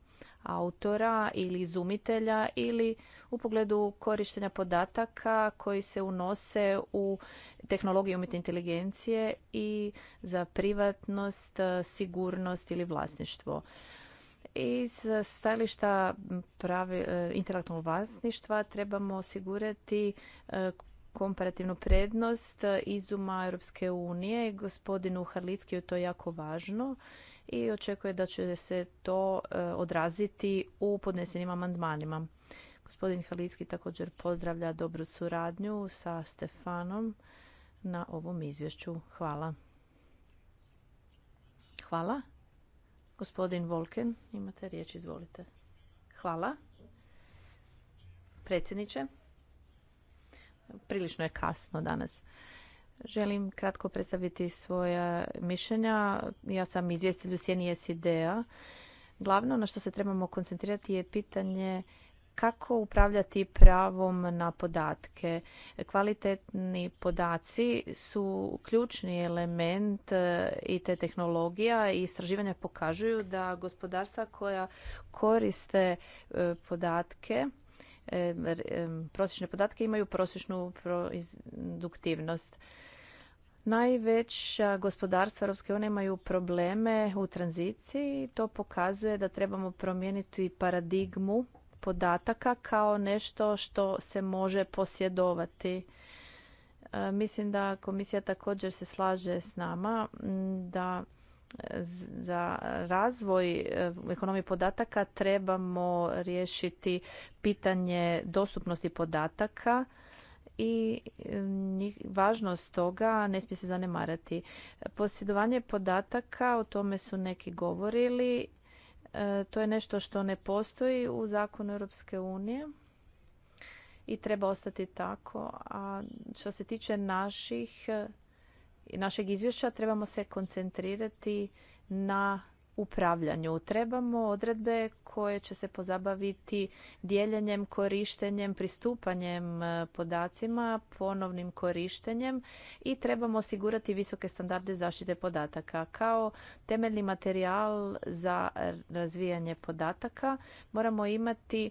[SPEAKER 4] autora ili izumitelja ili u pogledu korištenja podataka koji se unose u tehnologiju umjetne inteligencije i za privatnost, e, sigurnost ili vlasništvo. Iz stajališta e, intelektualnog vlasništva trebamo osigurati e, komparativnu prednost izuma Europske unije. Gospodinu Harlicki je to jako važno i očekuje da će se to e, odraziti u podnesenim amandmanima. Gospodin Halicki također pozdravlja dobru suradnju sa Stefanom na ovom izvješću. Hvala. Hvala. Gospodin Volken, imate riječ, izvolite. Hvala. Predsjedniče, prilično je kasno danas. Želim kratko predstaviti svoja mišljenja. Ja sam izvjestitelj u sjeni SID-a. Glavno na što se trebamo koncentrirati je pitanje kako upravljati pravom na podatke. Kvalitetni podaci su ključni element e, i te tehnologija i istraživanja pokazuju da gospodarstva koja koriste e, podatke e, prosječne podatke imaju prosječnu produktivnost. Najveća gospodarstva Europske unije imaju probleme u tranziciji. To pokazuje da trebamo promijeniti paradigmu podataka kao nešto što se može posjedovati. E, mislim da komisija također se slaže s nama da e, za razvoj e, ekonomije podataka trebamo riješiti pitanje dostupnosti podataka i važnost toga ne smije se zanemarati. Posjedovanje podataka, o tome su neki govorili, E, to je nešto što ne postoji u zakonu Europske unije i treba ostati tako. A što se tiče naših, našeg izvješća trebamo se koncentrirati na upravljanju. Trebamo odredbe koje će se pozabaviti dijeljenjem, korištenjem, pristupanjem e, podacima, ponovnim korištenjem i trebamo osigurati visoke standarde zaštite podataka. Kao temeljni materijal za razvijanje podataka moramo imati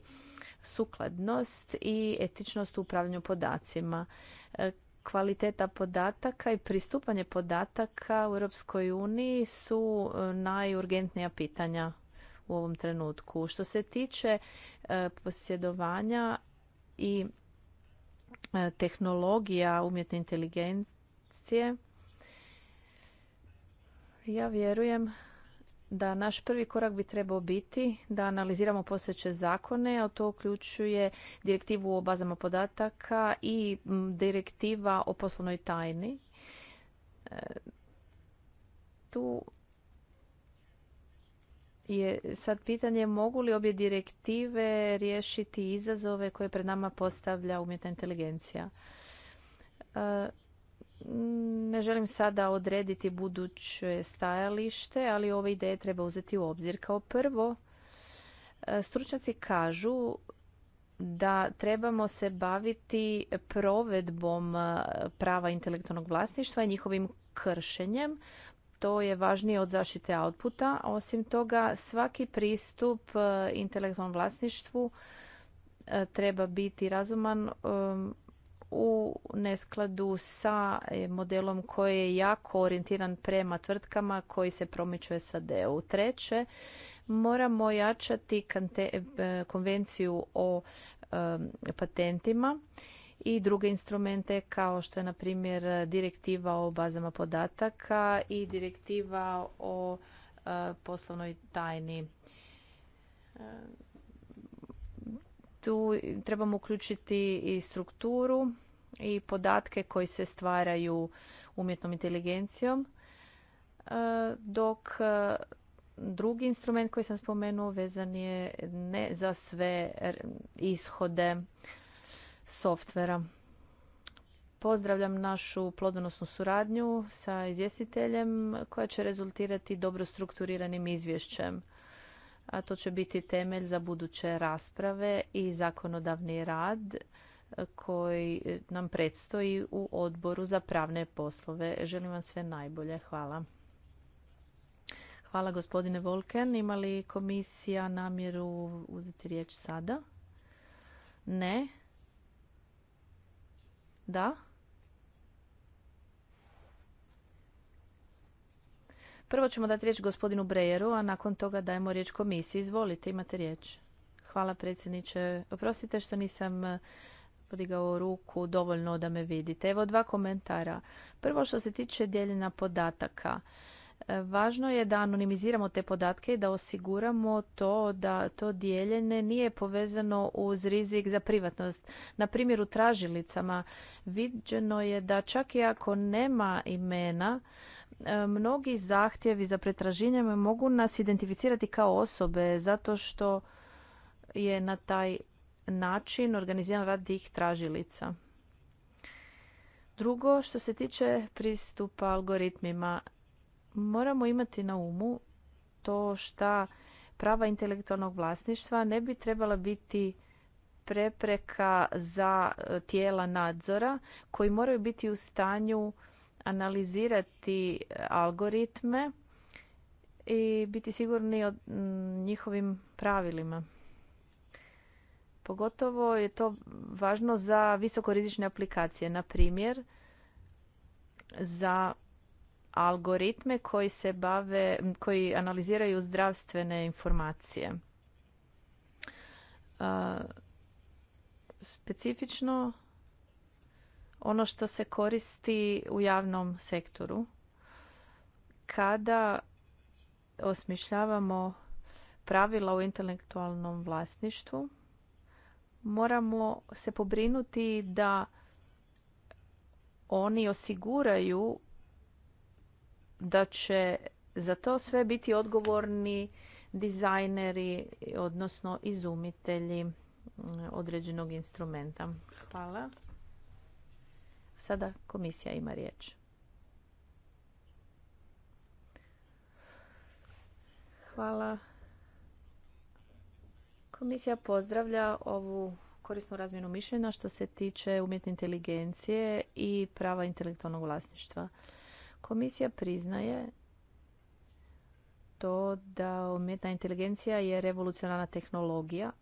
[SPEAKER 4] sukladnost i etičnost u upravljanju podacima. E, kvaliteta podataka i pristupanje podataka u Europskoj uniji su e, najurgentnija pitanja u ovom trenutku. Što se tiče e, posjedovanja i e, tehnologija umjetne inteligencije, ja vjerujem da naš prvi korak bi trebao biti da analiziramo postojeće zakone, a to uključuje direktivu o bazama podataka i direktiva o poslovnoj tajni. E, tu je sad pitanje mogu li obje direktive riješiti izazove koje pred nama postavlja umjetna inteligencija. E, ne želim sada odrediti buduće stajalište, ali ove ideje treba uzeti u obzir. Kao prvo, e, stručnjaci kažu da trebamo se baviti provedbom e, prava intelektualnog vlasništva i njihovim kršenjem. To je važnije od zaštite outputa. Osim toga, svaki pristup e, intelektualnom vlasništvu treba biti razuman u neskladu sa e, modelom koji je jako orijentiran prema tvrtkama koji se promiču SAD-u. Treće, moramo jačati e, konvenciju o e, patentima i druge instrumente kao što je na primjer direktiva o bazama podataka i direktiva o poslovnoj tajni tu trebamo uključiti i strukturu i podatke koji se stvaraju umjetnom inteligencijom, e, dok e, drugi instrument koji sam spomenuo vezan je ne za sve ishode softvera. Pozdravljam našu plodonosnu suradnju sa izvjestiteljem koja će rezultirati dobro strukturiranim izvješćem. A to će biti temelj za buduće rasprave i zakonodavni rad koji e, nam predstoji u odboru za pravne poslove. Želim vam sve najbolje. Hvala. Hvala gospodine Volken. Ima li komisija namjeru uzeti riječ sada? Ne. Da. Prvo ćemo dati riječ gospodinu Brejeru, a nakon toga dajemo riječ komisiji. Izvolite, imate riječ. Hvala predsjedniče. Oprostite što nisam podigao ruku dovoljno da me vidite. Evo dva komentara. Prvo što se tiče dijeljena podataka. E, važno je da anonimiziramo te podatke i da osiguramo to da to dijeljenje nije povezano uz rizik za privatnost. Na primjer, u tražilicama viđeno je da čak i ako nema imena, e, mnogi zahtjevi za pretraživanje mogu nas identificirati kao osobe zato što je na taj način organiziran rad tih tražilica. Drugo, što se tiče pristupa algoritmima, moramo imati na umu to šta prava intelektualnog vlasništva ne bi trebala biti prepreka za e, tijela nadzora koji moraju biti u stanju analizirati e, algoritme i biti sigurni o njihovim pravilima. Pogotovo je to važno za visokorizične aplikacije, na primjer za algoritme koji se bave, koji analiziraju zdravstvene informacije. Specifično ono što se koristi u javnom sektoru kada osmišljavamo pravila u intelektualnom vlasništvu moramo se pobrinuti da oni osiguraju da će za to sve biti odgovorni dizajneri, odnosno izumitelji mm, određenog instrumenta. Hvala. Sada komisija ima riječ. Hvala Komisija pozdravlja ovu korisnu razmjenu mišljenja što se tiče umjetne inteligencije i prava intelektualnog vlasništva. Komisija priznaje to da umjetna inteligencija je revolucionarna tehnologija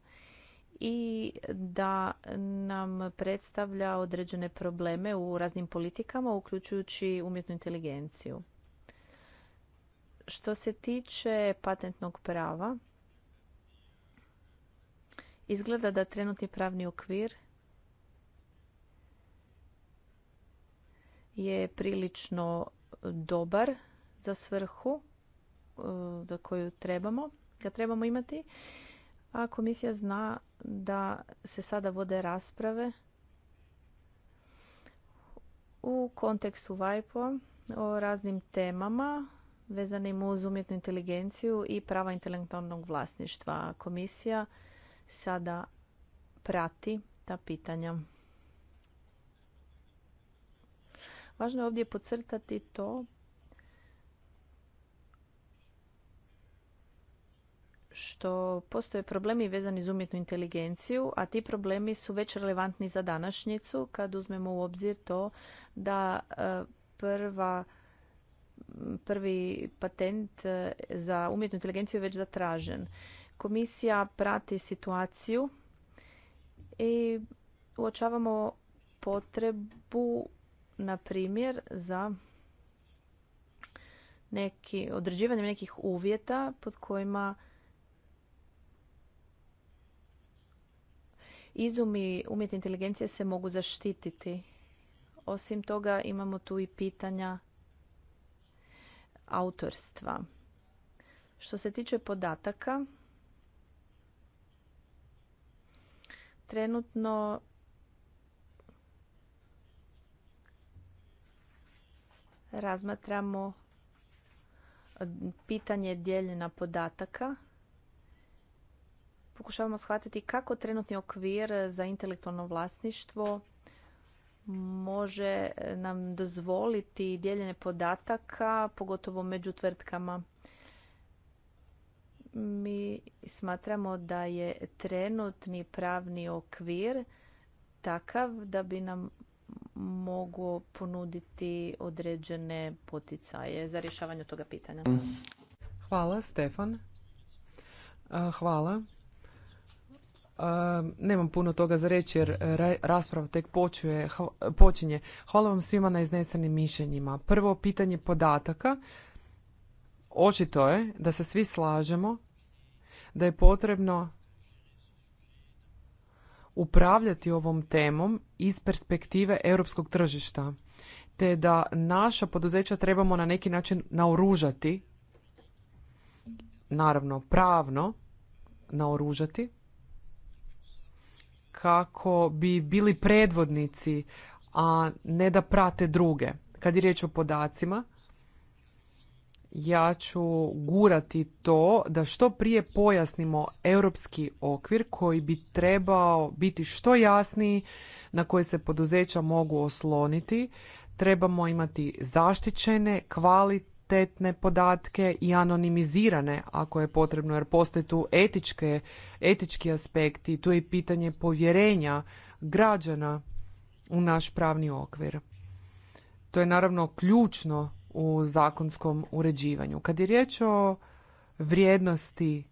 [SPEAKER 4] i da nam predstavlja određene probleme u raznim politikama, uključujući umjetnu inteligenciju. Što se tiče patentnog prava, Izgleda da trenutni pravni okvir je prilično dobar za svrhu e, za koju trebamo, ga trebamo imati. A komisija zna da se sada vode rasprave u kontekstu WIPO o raznim temama vezanim uz umjetnu inteligenciju i prava intelektualnog vlasništva. Komisija sada prati ta pitanja. Važno je ovdje podcrtati to što postoje problemi vezani za umjetnu inteligenciju, a ti problemi su već relevantni za današnjicu kad uzmemo u obzir to da e, prva prvi patent e, za umjetnu inteligenciju je već zatražen. Komisija prati situaciju i uočavamo potrebu, na primjer, za neki, određivanjem nekih uvjeta pod kojima izumi umjetne inteligencije se mogu zaštititi. Osim toga imamo tu i pitanja autorstva. Što se tiče podataka, trenutno razmatramo pitanje dijeljena podataka. Pokušavamo shvatiti kako trenutni okvir za intelektualno vlasništvo može nam dozvoliti dijeljenje podataka, pogotovo među tvrtkama mi smatramo da je trenutni pravni okvir takav da bi nam mogu ponuditi određene poticaje za rješavanje toga pitanja.
[SPEAKER 2] Hvala, Stefan. E, hvala. E, nemam puno toga za reći jer rasprava tek počinje. Hvala vam svima na iznesenim mišljenjima. Prvo pitanje podataka Očito je da se svi slažemo da je potrebno upravljati ovom temom iz perspektive europskog tržišta, te da naša poduzeća trebamo na neki način naoružati, naravno pravno naoružati, kako bi bili predvodnici, a ne da prate druge. Kad je riječ o podacima, ja ću gurati to da što prije pojasnimo europski okvir koji bi trebao biti što jasniji, na koje se poduzeća mogu osloniti. Trebamo imati zaštićene, kvalitetne podatke i anonimizirane ako je potrebno, jer postoje tu etičke, etički aspekti, tu je i pitanje povjerenja građana u naš pravni okvir. To je naravno ključno u zakonskom uređivanju. Kad je riječ o vrijednosti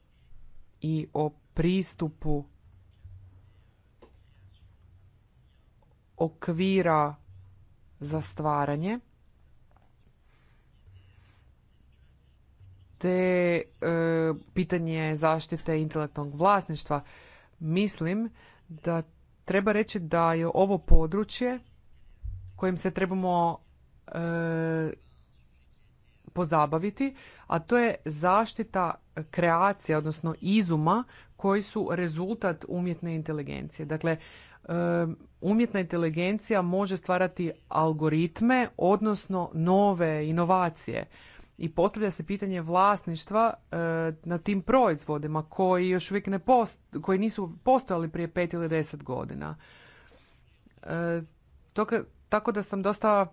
[SPEAKER 2] i o pristupu okvira za stvaranje, te e, pitanje zaštite intelektualnog vlasništva, mislim da treba reći da je ovo područje kojim se trebamo e, pozabaviti, a to je zaštita kreacija, odnosno izuma koji su rezultat umjetne inteligencije. Dakle, umjetna inteligencija može stvarati algoritme, odnosno nove inovacije. I postavlja se pitanje vlasništva e, na tim proizvodima koji još uvijek ne post, koji nisu postojali prije pet ili deset godina. E, tako da sam dosta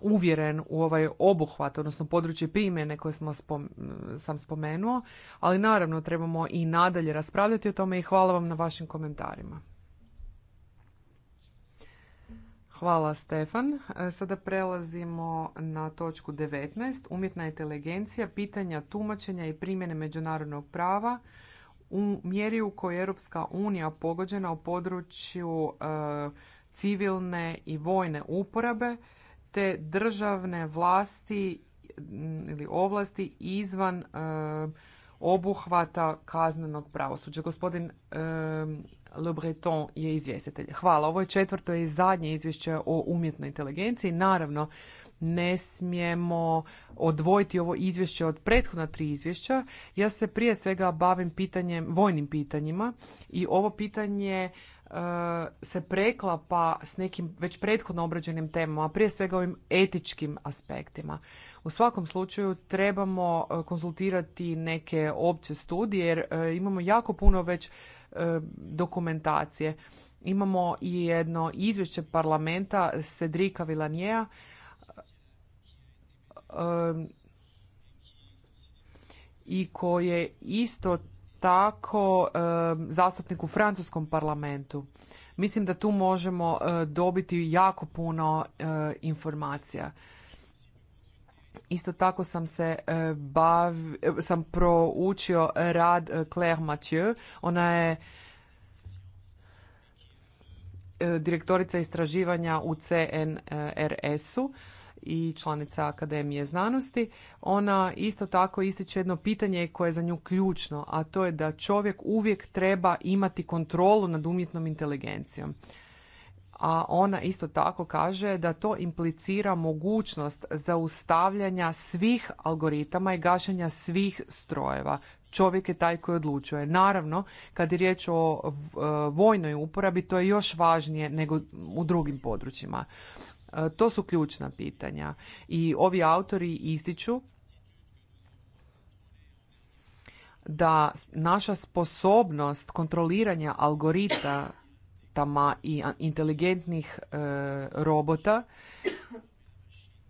[SPEAKER 2] uvjeren u ovaj obuhvat, odnosno područje primjene koje smo sam spomenuo, ali naravno trebamo i nadalje raspravljati o tome i hvala vam na vašim komentarima. Hvala Stefan. E, sada prelazimo na točku 19. Umjetna inteligencija, pitanja tumačenja i primjene međunarodnog prava u mjeri u kojoj je Europska unija pogođena u području e, civilne i vojne uporabe te državne vlasti mm, ili ovlasti izvan e, obuhvata kaznenog pravosuđa. Gospodin e, Le Breton je izvjestitelj. Hvala. Ovo je četvrto i zadnje izvješće o umjetnoj inteligenciji. Naravno, ne smijemo odvojiti ovo izvješće od prethodna tri izvješća. Ja se prije svega bavim pitanjem, vojnim pitanjima i ovo pitanje E, se preklapa s nekim već prethodno obrađenim temama, prije svega ovim etičkim aspektima. U svakom slučaju trebamo e, konzultirati neke opće studije jer e, imamo jako puno već dokumentacije. Imamo i jedno izvješće parlamenta Sedrika Vilanjeja i koje isto tako zastupnik u francuskom parlamentu. Mislim da tu možemo e, dobiti jako puno e, informacija. Isto tako sam se e, bav, sam proučio rad Claire Mathieu. Ona je direktorica istraživanja u CNRS-u i članica Akademije znanosti. Ona isto tako ističe jedno pitanje koje je za nju ključno, a to je da čovjek uvijek treba imati kontrolu nad umjetnom inteligencijom. A ona isto tako kaže da to implicira mogućnost zaustavljanja svih algoritama i gašenja svih strojeva. Čovjek je taj koji odlučuje. Naravno, kad je riječ o e, vojnoj uporabi, to je još važnije nego u drugim područjima. E, to su ključna pitanja i ovi autori ističu da naša sposobnost kontroliranja algoritama i inteligentnih e, robota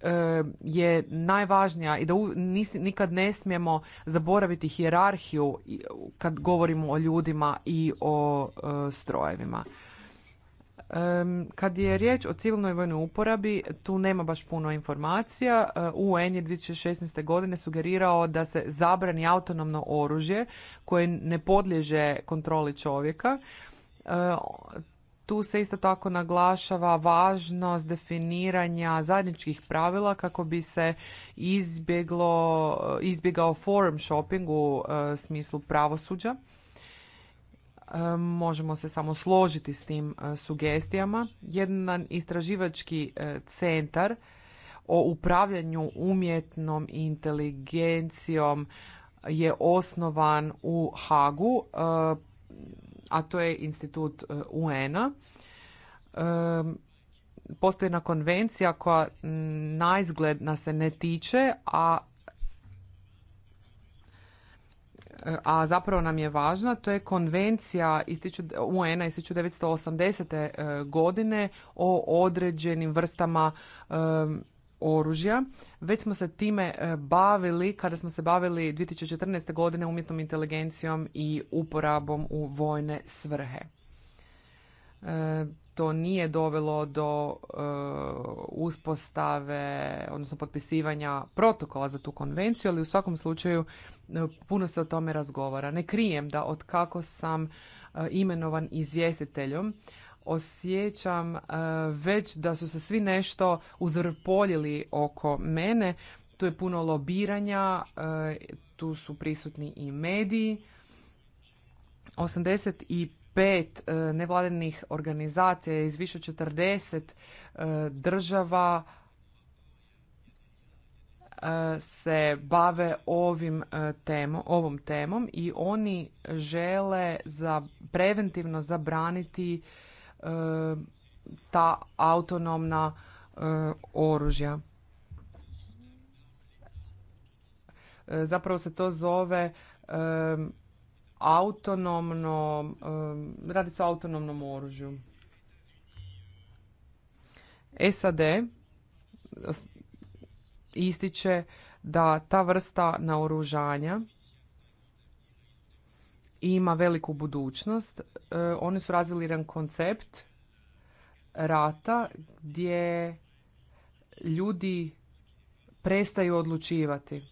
[SPEAKER 2] e, je najvažnija i da nikad ne smijemo zaboraviti hijerarhiju kad govorimo o ljudima i o strojevima. Kad je riječ o civilnoj vojnoj uporabi, tu nema baš puno informacija. UN je 2016. godine sugerirao da se zabrani autonomno oružje koje ne podliježe kontroli čovjeka. Tu se isto tako naglašava važnost definiranja zajedničkih pravila kako bi se izbjeglo, izbjegao forum shopping u smislu pravosuđa možemo se samo složiti s tim e, sugestijama. Jedan istraživački e, centar o upravljanju umjetnom inteligencijom je osnovan u Hagu, e, a to je institut UN-a. Postoji jedna konvencija koja naizgled se ne tiče, a a zapravo nam je važna, to je konvencija UN-a iz 1980. E, godine o određenim vrstama e, oružja. Već smo se time e, bavili kada smo se bavili 2014. godine umjetnom inteligencijom i uporabom u vojne svrhe. E, to nije dovelo do e, uspostave, odnosno potpisivanja protokola za tu konvenciju, ali u svakom slučaju e, puno se o tome razgovara. Ne krijem da od kako sam imenovan izvjestiteljom, osjećam već da su se svi nešto uzvrpoljili oko mene. Tu je puno lobiranja, tu su prisutni i mediji. i pet e, nevladinih organizacija iz više 40 e, država e, se bave ovim temom, ovom temom i oni žele za preventivno zabraniti ta autonomna oružja. Zapravo se to zove autonomno, radi se o autonomnom oružju. SAD ističe da ta vrsta naoružanja ima veliku budućnost. E, oni su razvili jedan koncept rata gdje ljudi prestaju odlučivati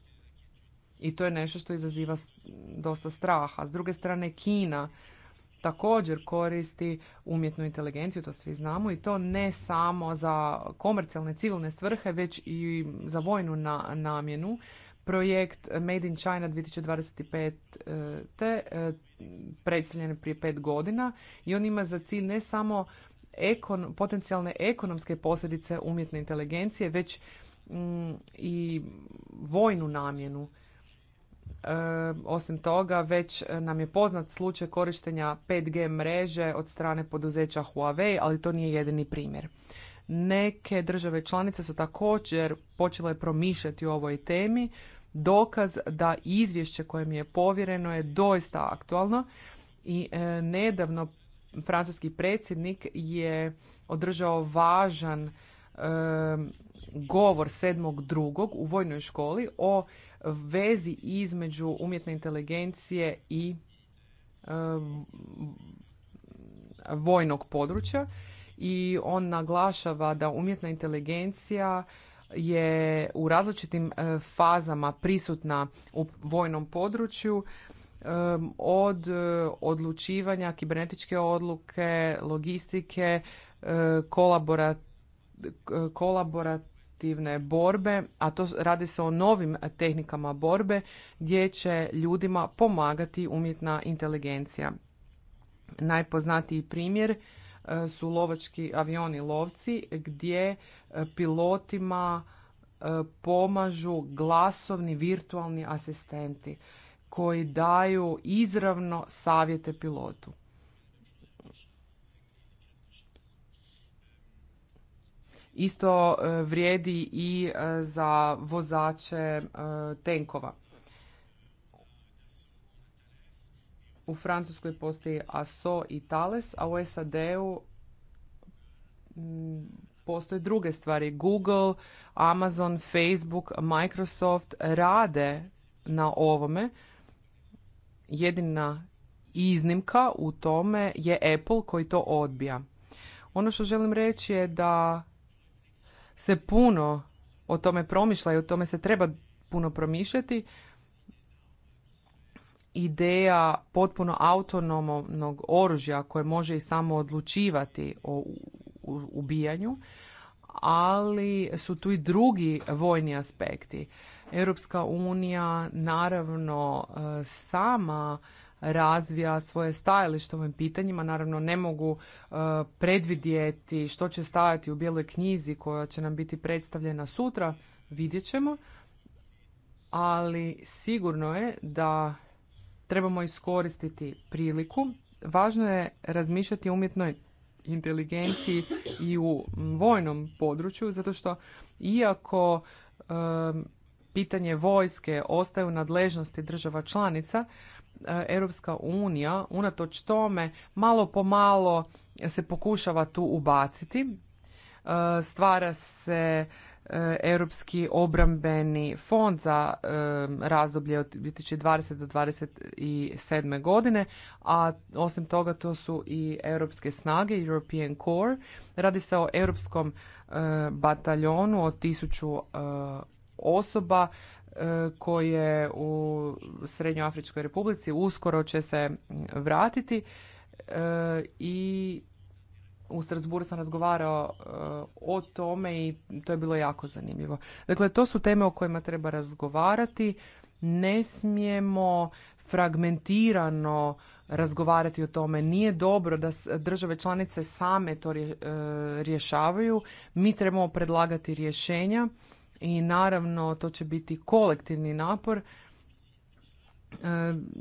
[SPEAKER 2] i to je nešto što izaziva dosta straha. S druge strane, Kina također koristi umjetnu inteligenciju, to svi znamo, i to ne samo za komercijalne civilne svrhe, već i za vojnu na, namjenu. Projekt Made in China 2025 te e, predstavljen prije pet godina i on ima za cilj ne samo ekon, potencijalne ekonomske posljedice umjetne inteligencije, već mm, i vojnu namjenu E, osim toga, već nam je poznat slučaj korištenja 5G mreže od strane poduzeća Huawei, ali to nije jedini primjer. Neke države članice su također počele promišljati o ovoj temi. Dokaz da izvješće koje mi je povjereno je doista aktualno i e, nedavno francuski predsjednik je održao važan e, govor 7.2. u vojnoj školi o vezi između umjetne inteligencije i e, vojnog područja i on naglašava da umjetna inteligencija je u različitim e, fazama prisutna u vojnom području e, od odlučivanja, kibernetičke odluke, logistike, kolaborat, aktivne borbe, a to radi se o novim tehnikama borbe gdje će ljudima pomagati umjetna inteligencija. Najpoznatiji primjer e, su lovački avioni lovci gdje e, pilotima e, pomažu glasovni virtualni asistenti koji daju izravno savjete pilotu. Isto e, vrijedi i e, za vozače e, tenkova. U Francuskoj postoji ASO i Thales, a u SAD-u postoje druge stvari. Google, Amazon, Facebook, Microsoft rade na ovome. Jedina iznimka u tome je Apple koji to odbija. Ono što želim reći je da se puno o tome promišlja i o tome se treba puno promišljati. Ideja potpuno autonomnog oružja koje može i samo odlučivati o ubijanju, ali su tu i drugi vojni aspekti. Europska unija naravno e, sama razvija svoje stajalište ovim pitanjima. Naravno, ne mogu e, predvidjeti što će stajati u bijeloj knjizi koja će nam biti predstavljena sutra, vidjet ćemo. Ali sigurno je da trebamo iskoristiti priliku. Važno je razmišljati o umjetnoj inteligenciji i u vojnom području, zato što iako e, pitanje vojske ostaje u nadležnosti država članica, E, Europska unija unatoč tome malo po malo se pokušava tu ubaciti. E, stvara se e, Europski obrambeni fond za razdoblje od 2020 do 2027. godine, a osim toga to su i europske snage, European Corps. Radi se o europskom bataljonu od tisuću osoba koje u Srednjoafričkoj republici uskoro će se vratiti e, i u Strasburu sam razgovarao e, o tome i to je bilo jako zanimljivo. Dakle, to su teme o kojima treba razgovarati. Ne smijemo fragmentirano razgovarati o tome. Nije dobro da države članice same to e, rješavaju. Mi trebamo predlagati rješenja i naravno to će biti kolektivni napor. E,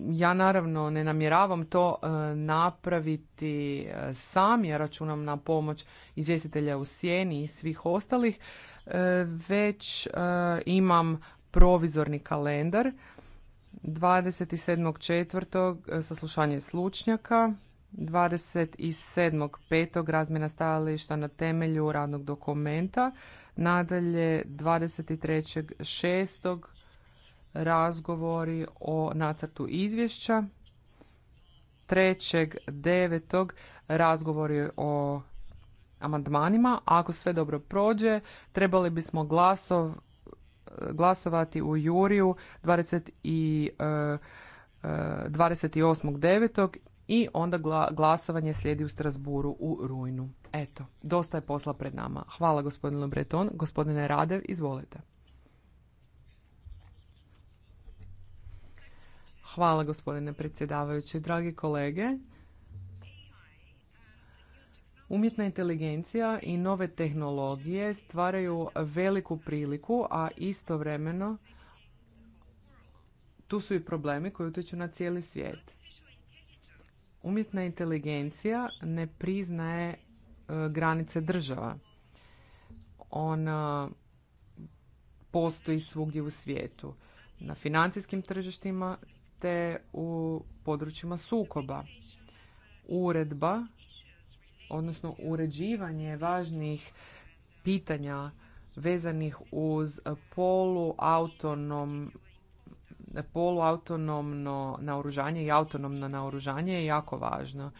[SPEAKER 2] ja naravno ne namjeravam to e, napraviti e, sam, ja računam na pomoć izvjestitelja u sjeni i svih ostalih, već imam provizorni kalendar 27.4. saslušanje slučnjaka, 27.5. razmjena stajališta na temelju radnog dokumenta, Nadalje, 23.6. razgovori o nacrtu izvješća. 3.9. razgovori o amandmanima. Ako sve dobro prođe, trebali bismo glasov, glasovati u Juriju 20 i, e, 28.9. E, i onda glasovanje slijedi u Strasburu u rujnu. Eto, dosta je posla pred nama. Hvala gospodinu Breton. Gospodine Radev, izvolite. Hvala gospodine predsjedavajući. Dragi kolege, Umjetna inteligencija i nove tehnologije stvaraju veliku priliku, a istovremeno tu su i problemi koji utječu na cijeli svijet. Umjetna inteligencija ne priznaje e, granice država. Ona postoji svugdje u svijetu. Na financijskim tržištima te u područjima sukoba. Uredba, odnosno uređivanje važnih pitanja vezanih uz poluautonom, poluautonomno naoružanje i autonomno naoružanje je jako važno.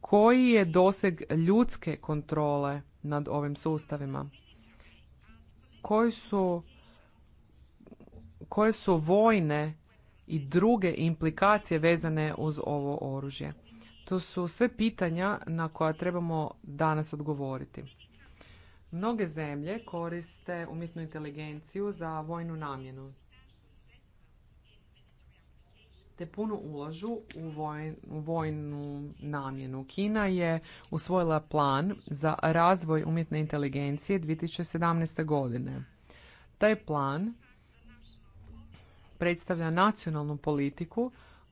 [SPEAKER 2] Koji je doseg ljudske kontrole nad ovim sustavima? Koji su, koje su vojne i druge implikacije vezane uz ovo oružje? To su sve pitanja na koja trebamo danas odgovoriti. Mnoge zemlje koriste umjetnu inteligenciju za vojnu namjenu te puno ulažu u vojnu namjenu. Kina je usvojila plan za razvoj umjetne inteligencije 2017. godine. Taj plan predstavlja nacionalnu politiku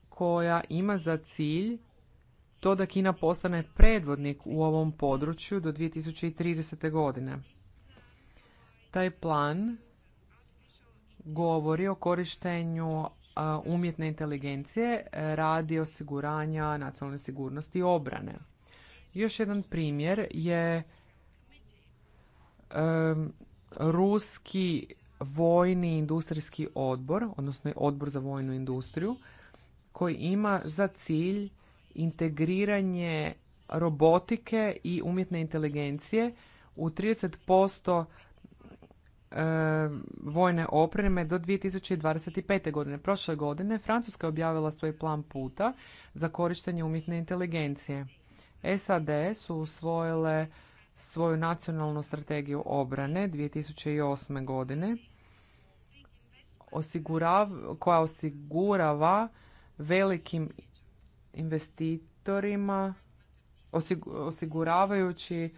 [SPEAKER 2] koja ima za cilj to da Kina postane predvodnik u ovom području do 2030. godine. Taj plan govori o korištenju umjetne inteligencije e, radi osiguranja nacionalne sigurnosti i obrane. Još jedan primjer je ruski vojni industrijski odbor, odnosno odbor za vojnu industriju, koji ima za cilj integriranje robotike i umjetne inteligencije u 30% E, vojne opreme do 2025. godine. Prošle godine Francuska je objavila svoj plan puta za korištenje umjetne inteligencije. SAD su usvojile svoju nacionalnu strategiju obrane 2008. godine osigurav, koja osigurava velikim investitorima osiguravajući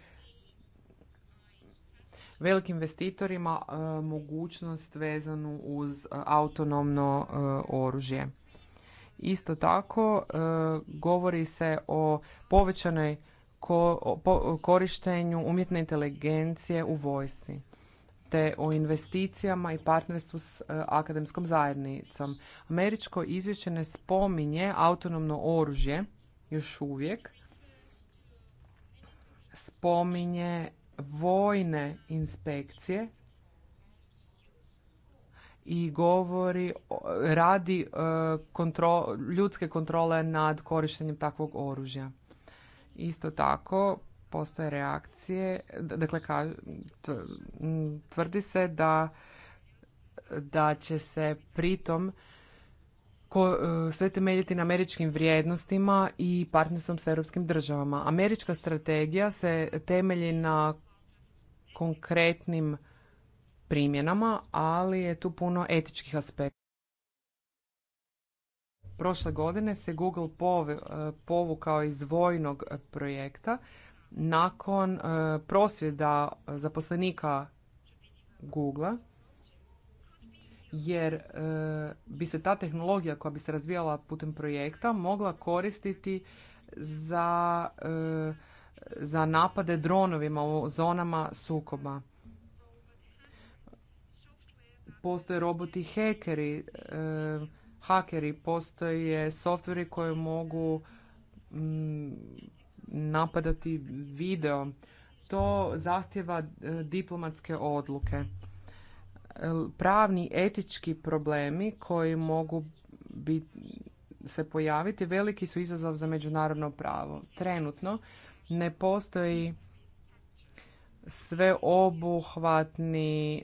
[SPEAKER 2] velikim investitorima e, mogućnost vezanu uz e, autonomno e, oružje. Isto tako govori se o povećanoj korištenju umjetne inteligencije u vojsci te o investicijama i partnerstvu s akademskom zajednicom. Američko izvješće ne spominje autonomno oružje još uvijek. Spominje vojne inspekcije i govori radi e, ljudske kontrole nad korištenjem takvog oružja. Isto tako postoje reakcije, dakle tvrdi se da će se pritom e, sve temeljiti na američkim vrijednostima i partnerstvom s europskim državama. Američka strategija se temelji na konkretnim primjenama, ali je tu puno etičkih aspekta. Prošle godine se Google eh, povukao iz vojnog projekta nakon eh, prosvjeda zaposlenika Google jer eh, bi se ta tehnologija koja bi se razvijala putem projekta mogla koristiti za za napade dronovima u zonama sukoba. Postoje roboti hekeri, e, hakeri, postoje softveri koji mogu mm, napadati video. To zahtjeva e, diplomatske odluke. E, pravni, etički problemi koji mogu biti se pojaviti, veliki su izazov za međunarodno pravo. Trenutno ne postoji sveobuhvatni e,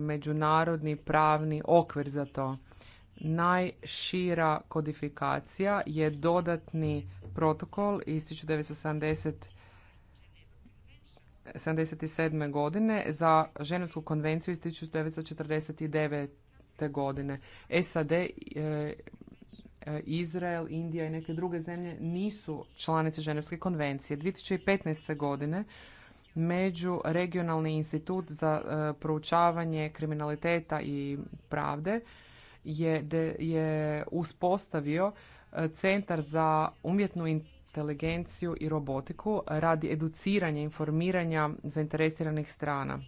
[SPEAKER 2] međunarodni pravni okvir za to. Najšira kodifikacija je dodatni protokol iz 1977. godine za Ženevsku konvenciju iz 1949. godine. SAD e, E, Izrael, Indija i neke druge zemlje nisu članice Ženevske konvencije. 2015. godine među regionalni institut za e, proučavanje kriminaliteta i pravde je, je uspostavio e, centar za umjetnu inteligenciju i robotiku radi educiranja, informiranja zainteresiranih strana.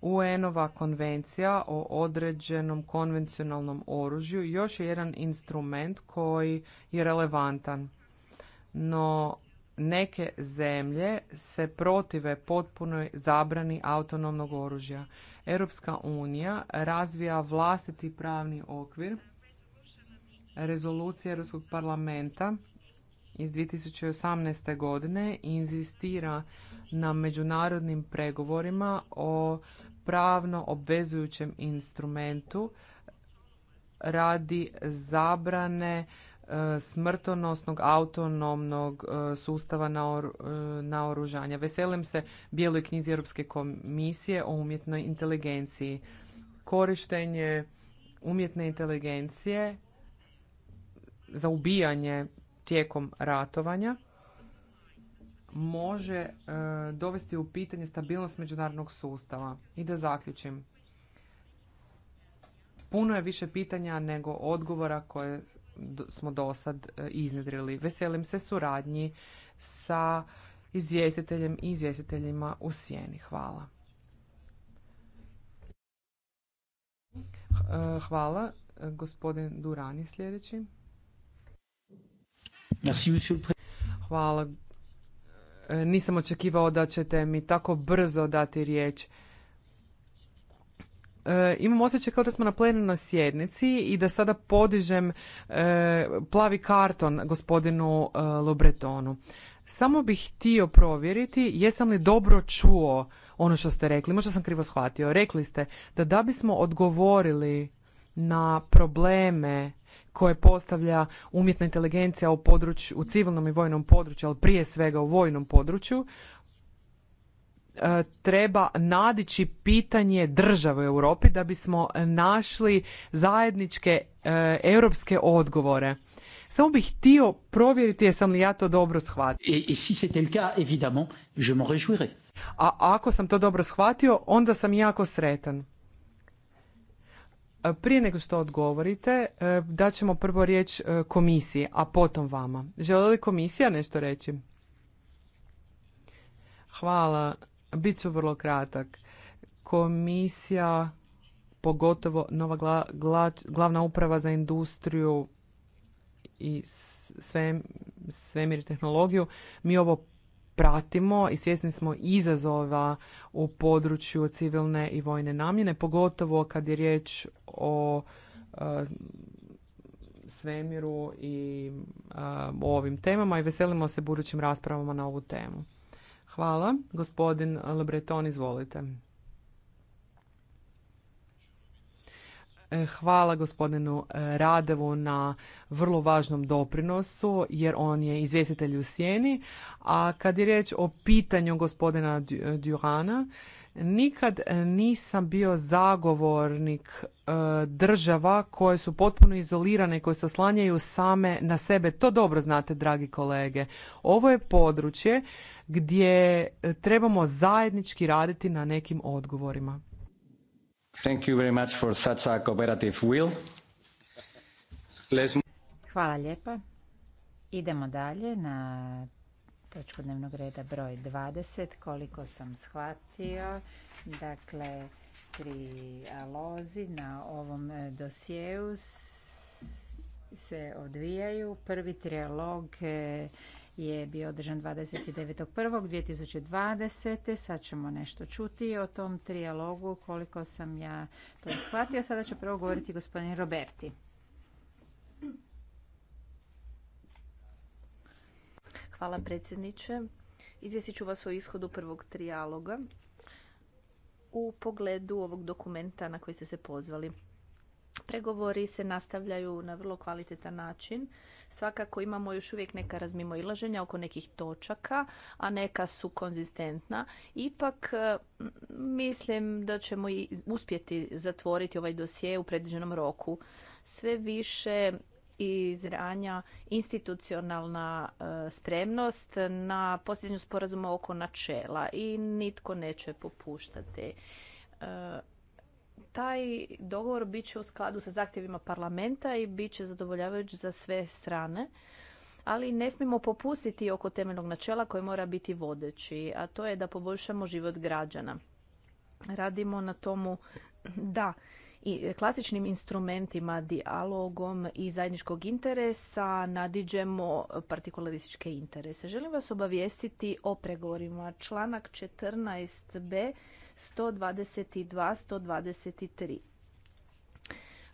[SPEAKER 2] UN-ova konvencija o određenom konvencionalnom oružju još je jedan instrument koji je relevantan. No neke zemlje se protive potpunoj zabrani autonomnog oružja. Europska unija razvija vlastiti pravni okvir rezolucije Europskog parlamenta iz 2018. godine inzistira na međunarodnim pregovorima o pravno obvezujućem instrumentu radi zabrane e, smrtonosnog autonomnog e, sustava e, naoružanja. Veselim se bijeloj knjizi Europske komisije o umjetnoj inteligenciji. Korištenje umjetne inteligencije za ubijanje tijekom ratovanja može e, dovesti u pitanje stabilnost međunarodnog sustava. I da zaključim. Puno je više pitanja nego odgovora koje smo do sad e, iznedrili. Veselim se suradnji sa izvjestiteljem i izvjestiteljima u sjeni. Hvala. E, hvala. Gospodin Durani sljedeći. Hvala E, nisam očekivao da ćete mi tako brzo dati riječ. E, imam osjećaj kao da smo na plenarnoj sjednici i da sada podižem e, plavi karton gospodinu e, Lobretonu. Samo bih htio provjeriti jesam li dobro čuo ono što ste rekli. Možda sam krivo shvatio. Rekli ste da da bismo odgovorili na probleme koje postavlja umjetna inteligencija u, području, u civilnom i vojnom području, ali prije svega u vojnom području, e, treba nadići pitanje države u Europi da bismo našli zajedničke e, europske odgovore. Samo bih htio provjeriti jesam li ja to dobro shvatio. A ako sam to dobro shvatio, onda sam jako sretan. E, prije nego što odgovorite, e, ćemo prvo riječ e, komisiji, a potom vama. Želi li komisija nešto reći? Hvala. bit ću vrlo kratak. Komisija, pogotovo nova glavna uprava za industriju i svemir i tehnologiju, mi ovo pratimo i svjesni smo izazova u području civilne i vojne namjene, pogotovo kad je riječ o e, svemiru i e, ovim temama i veselimo se budućim raspravama na ovu temu. Hvala. Gospodin Lebreton, izvolite. E, hvala gospodinu e, Radevu na vrlo važnom doprinosu jer on je izvjestitelj u sjeni. A kad je riječ o pitanju gospodina e, Durana, nikad nisam bio zagovornik država koje su potpuno izolirane i koje se oslanjaju same na sebe. To dobro znate, dragi kolege. Ovo je područje gdje trebamo zajednički raditi na nekim odgovorima.
[SPEAKER 1] Thank you very much
[SPEAKER 3] Hvala lijepa. Idemo dalje na točku dnevnog reda broj 20, koliko sam shvatio. Dakle, tri alozi na ovom dosjeu se odvijaju. Prvi trialog je bio održan 29.1.2020. Sad ćemo nešto čuti o tom trijalogu, koliko sam ja to shvatio. Sada će prvo govoriti gospodin Roberti.
[SPEAKER 4] Hvala predsjedniče. Izvjestit ću vas o ishodu prvog trijaloga u pogledu ovog dokumenta na koji ste se pozvali. Pregovori se nastavljaju na vrlo kvalitetan način. Svakako imamo još uvijek neka razmimoilaženja oko nekih točaka, a neka su konzistentna. Ipak e, mislim da ćemo i uspjeti zatvoriti ovaj dosije u predviđenom roku. Sve više izranja institucionalna e, spremnost na posljednju sporazuma oko načela i nitko neće popuštati e, taj dogovor bit će u skladu sa zahtjevima parlamenta i bit će zadovoljavajuć za sve strane. Ali ne smijemo popustiti oko temeljnog načela koje mora biti vodeći, a to je da poboljšamo život građana. Radimo na tomu da i klasičnim instrumentima, dialogom i zajedničkog interesa nadiđemo partikularističke interese. Želim vas obavijestiti o pregovorima. Članak 14b 122 123.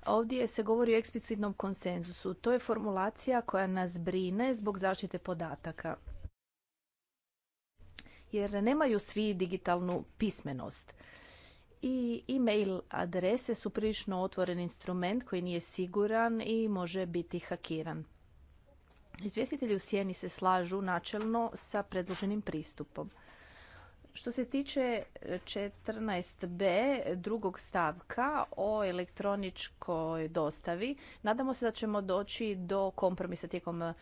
[SPEAKER 4] Ovdje se govori o eksplicitnom konsenzusu. To je formulacija koja nas brine zbog zaštite podataka. Jer nemaju svi digitalnu pismenost i e-mail adrese su prilično otvoren instrument koji nije siguran i može biti hakiran. Izvjestitelji u sjeni se slažu načelno sa predloženim pristupom. Što se tiče 14b drugog stavka o elektroničkoj dostavi, nadamo se da ćemo doći do kompromisa tijekom e,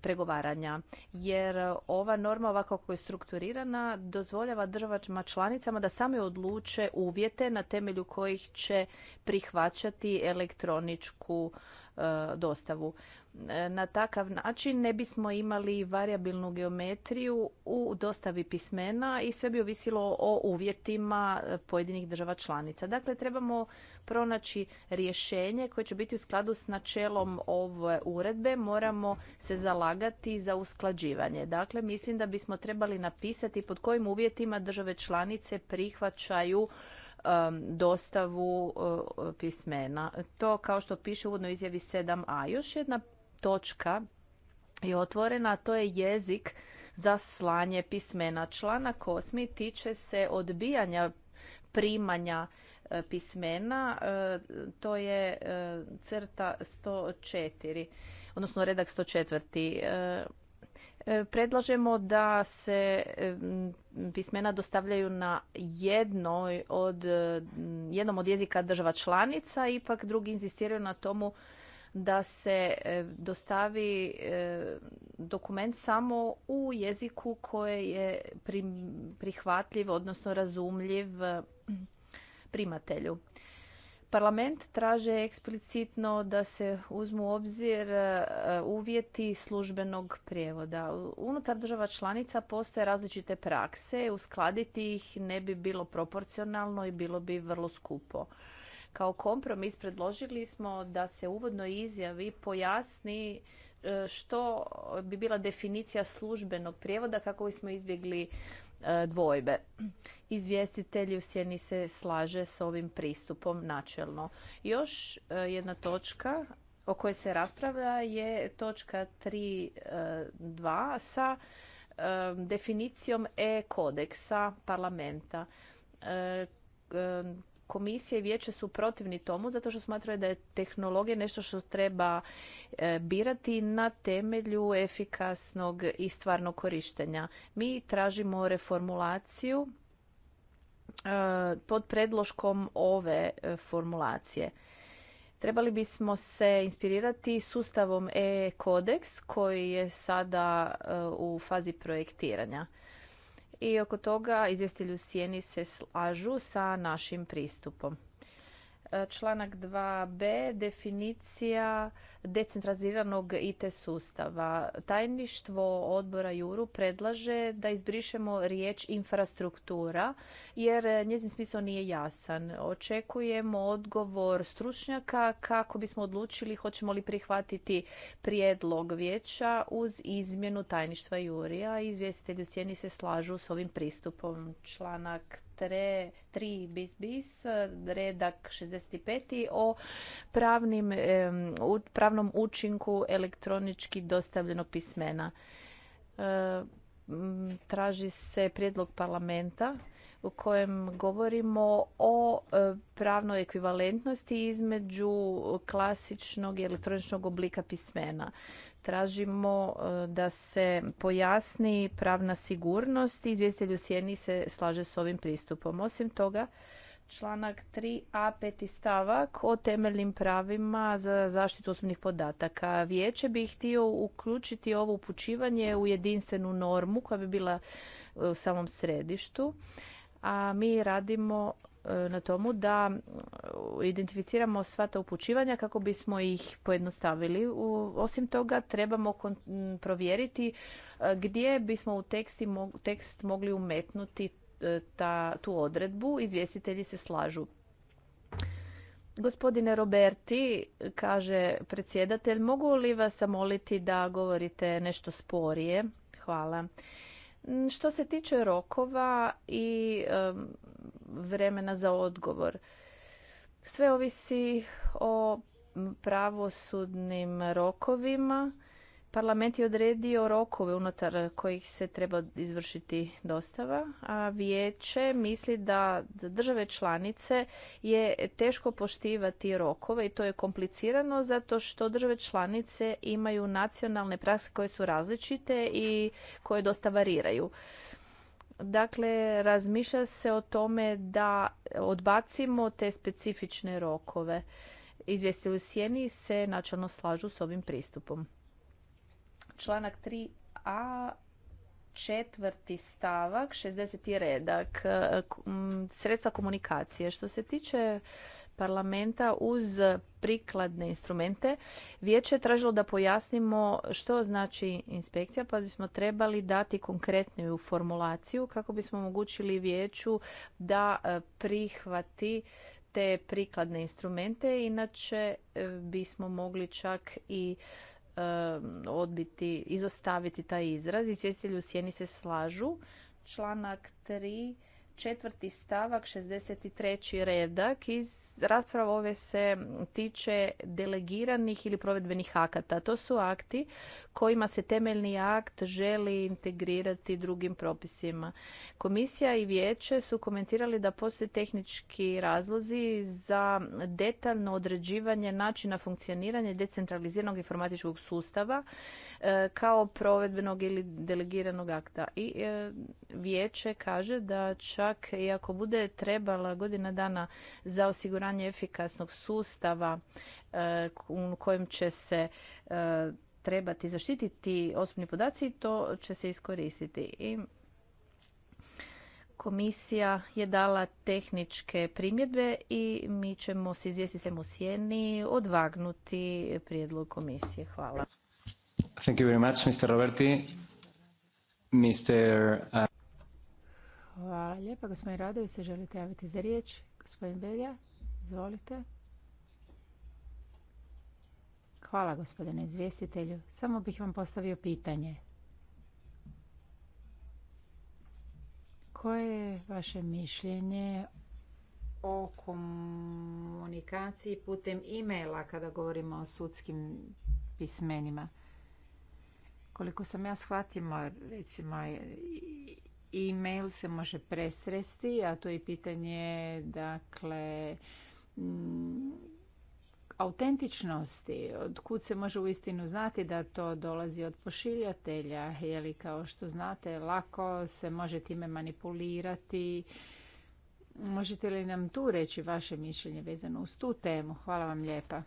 [SPEAKER 4] pregovaranja, jer ova norma ovako kako je strukturirana dozvoljava državama članicama da same odluče uvjete na temelju kojih će prihvaćati elektroničku E, dostavu. E, na takav način ne bismo imali variabilnu geometriju u dostavi pismena i sve bi ovisilo o uvjetima e, pojedinih država članica. Dakle, trebamo pronaći rješenje koje će biti u skladu s načelom ove uredbe. Moramo se zalagati za usklađivanje. Dakle, mislim da bismo trebali napisati pod kojim uvjetima države članice prihvaćaju Um, dostavu uh, pismena. To kao što piše u uvodnoj izjavi 7a. Još jedna točka je otvorena, a to je jezik za slanje pismena. Članak 8. tiče se odbijanja primanja uh, pismena, uh, to je crta 104, odnosno redak 104. E, predlažemo da se e, pismena dostavljaju na jednoj od, e, jednom od jezika država članica, ipak drugi inzistiraju na tomu da se dostavi dokument samo u jeziku koje je prihvatljiv, odnosno razumljiv primatelju. Parlament traže eksplicitno da se uzmu u obzir e, uvjeti službenog prijevoda. Unutar država članica postoje različite prakse, uskladiti ih ne bi bilo proporcionalno i bilo bi vrlo skupo. Kao kompromis predložili smo da se uvodno izjavi pojasni e, što bi bila definicija službenog prijevoda kako bismo izbjegli E, dvojbe. Izvjestitelji u sjeni se slaže s ovim pristupom načelno. Još e, jedna točka o kojoj se raspravlja je točka 3.2 e, sa definicijom e-kodeksa parlamenta komisije i vijeće su protivni tomu zato što smatraju da je tehnologija nešto što treba e, birati na temelju efikasnog i stvarnog korištenja. Mi tražimo reformulaciju e, pod predloškom ove e, formulacije. Trebali bismo se inspirirati sustavom e-kodeks koji je sada u fazi projektiranja i oko toga izvjestilju u sjeni se slažu sa našim pristupom. E, članak 2b definicija decentraliziranog IT sustava. Tajništvo odbora Juru predlaže da izbrišemo riječ infrastruktura jer njezin smisao nije jasan. Očekujemo odgovor stručnjaka kako bismo odlučili hoćemo li prihvatiti prijedlog vijeća uz izmjenu tajništva Jurija. Izvjestitelji u sjeni se slažu s ovim pristupom. Članak tre, 3 bis bis, redak 65. o pravnim, pravnom učinku elektronički dostavljenog pismena. E, traži se prijedlog parlamenta u kojem govorimo o e, pravnoj ekvivalentnosti između klasičnog i elektroničnog oblika pismena tražimo e, da se pojasni pravna sigurnost i izvjestitelj u sjeni se slaže s ovim pristupom. Osim toga, članak 3a peti stavak o temeljnim pravima za zaštitu osobnih podataka. Vijeće bi htio uključiti ovo upućivanje u jedinstvenu normu koja bi bila u samom središtu a mi radimo E, na tomu da identificiramo sva ta upućivanja kako bismo ih pojednostavili. Osim toga, trebamo provjeriti e, gdje bismo u teksti, tekst mogli umetnuti e, ta, tu odredbu. Izvjestitelji se slažu. Gospodine Roberti, kaže predsjedatelj, mogu li vas zamoliti da govorite nešto sporije? Hvala. Što se tiče rokova i vremena za odgovor, sve ovisi o pravosudnim rokovima Parlament je odredio rokove unutar kojih se treba izvršiti dostava, a vijeće misli da države članice je teško poštivati rokove i to je komplicirano zato što države članice imaju nacionalne prakse koje su različite i koje dosta variraju. Dakle, razmišlja se o tome da odbacimo te specifične rokove. Izvjestitelji u sjeni se načelno slažu s ovim pristupom članak 3a četvrti stavak, 60. redak, e, sredstva komunikacije. Što se tiče parlamenta uz prikladne instrumente, vijeće je tražilo da pojasnimo što znači inspekcija, pa bismo trebali dati konkretniju formulaciju kako bismo omogućili vijeću da e, prihvati te prikladne instrumente, inače e, bismo mogli čak i odbiti, izostaviti taj izraz. Izvjestitelji u sjeni se slažu. Članak 3 četvrti stavak 63. redak iz rasprave ove se tiče delegiranih ili provedbenih akata. To su akti kojima se temeljni akt želi integrirati drugim propisima. Komisija i vijeće su komentirali da postoje tehnički razlozi za detaljno određivanje načina funkcioniranja decentraliziranog informatičkog sustava e, kao provedbenog ili delegiranog akta. I e, vijeće kaže da će čak i ako bude trebala godina dana za osiguranje efikasnog sustava e, u kojem će se e, trebati zaštititi osobni podaci, to će se iskoristiti. I komisija je dala tehničke primjedbe i mi ćemo s izvjestitem u sjeni odvagnuti prijedlog komisije. Hvala.
[SPEAKER 1] Thank Mr. Roberti. Uh,
[SPEAKER 3] Hvala lijepa. Gospodin Radović, se želite javiti za riječ? Gospodin Belja, izvolite. Hvala gospodine izvjestitelju. Samo bih vam postavio pitanje. Koje je vaše mišljenje o komunikaciji putem e-maila kada govorimo o sudskim pismenima? Koliko sam ja shvatimo, recimo, e-mail se može presresti, a to je pitanje dakle mm, autentičnosti, od kud se može uistinu znati da to dolazi od pošiljatelja, je kao što znate lako se može time manipulirati. Možete li nam tu reći vaše mišljenje vezano uz tu temu? Hvala vam lijepa.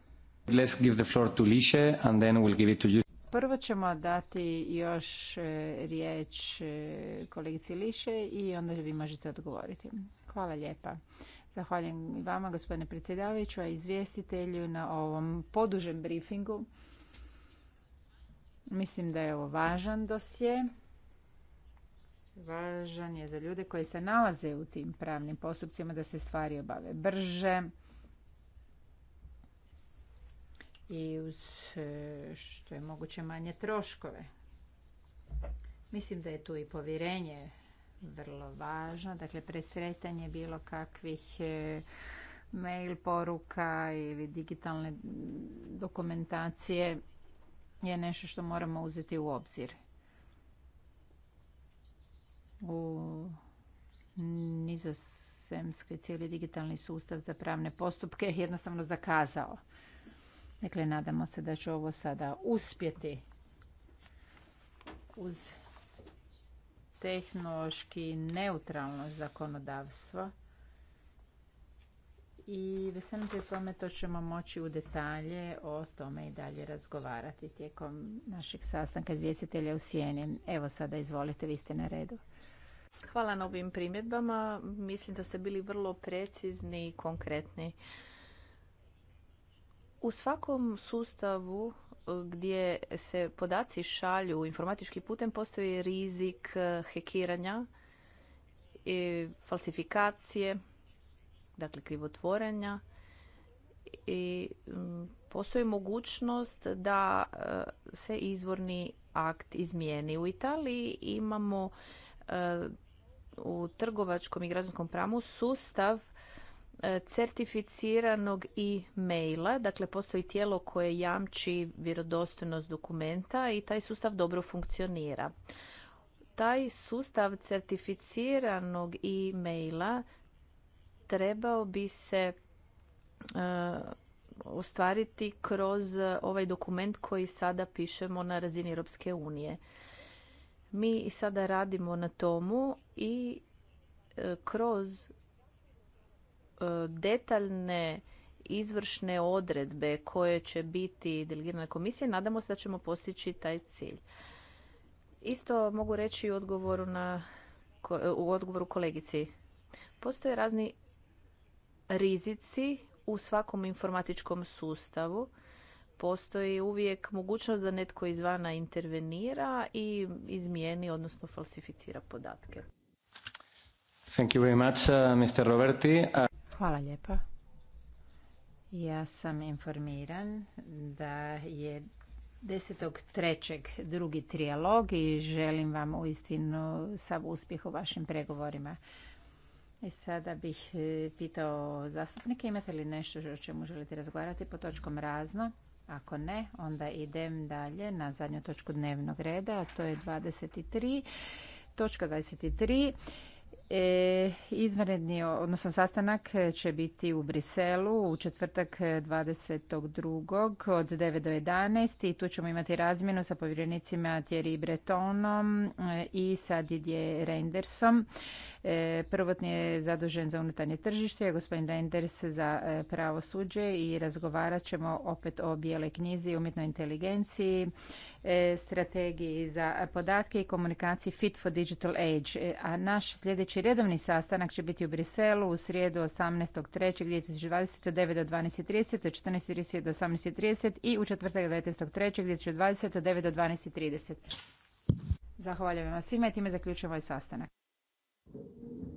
[SPEAKER 1] Let's give the floor to Liše and then we'll give it to
[SPEAKER 3] Prvo ćemo dati još e, riječ e, kolegici Liše i onda vi možete odgovoriti. Hvala lijepa. Zahvaljujem i vama, gospodine predsjedavajuću, a izvjestitelju na ovom podužem briefingu. Mislim da je ovo važan dosje. Važan je za ljude koji se nalaze u tim pravnim postupcima da se stvari obave brže, i uz e, što je moguće manje troškove. Mislim da je tu i povjerenje vrlo važno, dakle presretanje bilo kakvih e, mail poruka ili digitalne dokumentacije je nešto što moramo uzeti u obzir. U nizozemskoj cijeli digitalni sustav za pravne postupke jednostavno zakazao. Dakle, nadamo se da će ovo sada uspjeti uz tehnološki neutralno zakonodavstvo i veselim se tome to ćemo moći u detalje o tome i dalje razgovarati tijekom našeg sastanka izvjestitelja u Sijeni. Evo sada izvolite, vi ste na redu.
[SPEAKER 4] Hvala na ovim primjedbama. Mislim da ste bili vrlo precizni i konkretni. U svakom sustavu e, gdje se podaci šalju informatički putem postoji rizik e, hekiranja, i falsifikacije, dakle krivotvorenja i postoji mogućnost da e, se izvorni akt izmijeni. U Italiji imamo u trgovačkom i građanskom pravu sustav E, certificiranog e-maila, dakle postoji tijelo koje jamči vjerodostojnost dokumenta i taj sustav dobro funkcionira. Taj sustav certificiranog e-maila trebao bi se e, ostvariti kroz ovaj dokument koji sada pišemo na razini Europske unije. Mi i sada radimo na tomu i e, kroz E, detaljne izvršne odredbe koje će biti delegirane komisije, nadamo se da ćemo postići taj cilj. Isto mogu reći u odgovoru, na, e, u odgovoru kolegici. Postoje razni rizici u svakom informatičkom sustavu. Postoji uvijek mogućnost da netko izvana intervenira i izmijeni, odnosno falsificira podatke.
[SPEAKER 1] Thank you very much, uh, Mr. Roberti. Uh,
[SPEAKER 4] Hvala lijepa.
[SPEAKER 3] Ja sam informiran da je 10.3. drugi trijalog i želim vam uistinu sav uspjeh u vašim pregovorima. I e, sada bih e, pitao zastupnike imate li nešto o čemu želite razgovarati po točkom razno? Ako ne, onda idem dalje na zadnju točku dnevnog reda, a to je 23. Točka 23. E, izvanredni, odnosno sastanak će biti u Briselu u četvrtak 22. od 9 do 11 i tu ćemo imati razmjenu sa povjerenicima Thierry Bretonom e, i sa Didier Reindersom. E, prvotni je zadužen za unutarnje tržište, gospodin Renders za e, pravo suđe i razgovarat ćemo opet o bijeloj knjizi, umjetnoj inteligenciji, e, strategiji za podatke i komunikaciji Fit for Digital Age. A naš sljedeći redovni sastanak će biti u Briselu u srijedu 18.3.2020 od 9 do 12.30, od 14.30 do 18.30 i u četvrtak 19.3.2020 od 9 do 12.30. Zahvaljujem vam svima i time zaključujem ovaj sastanak. Hvala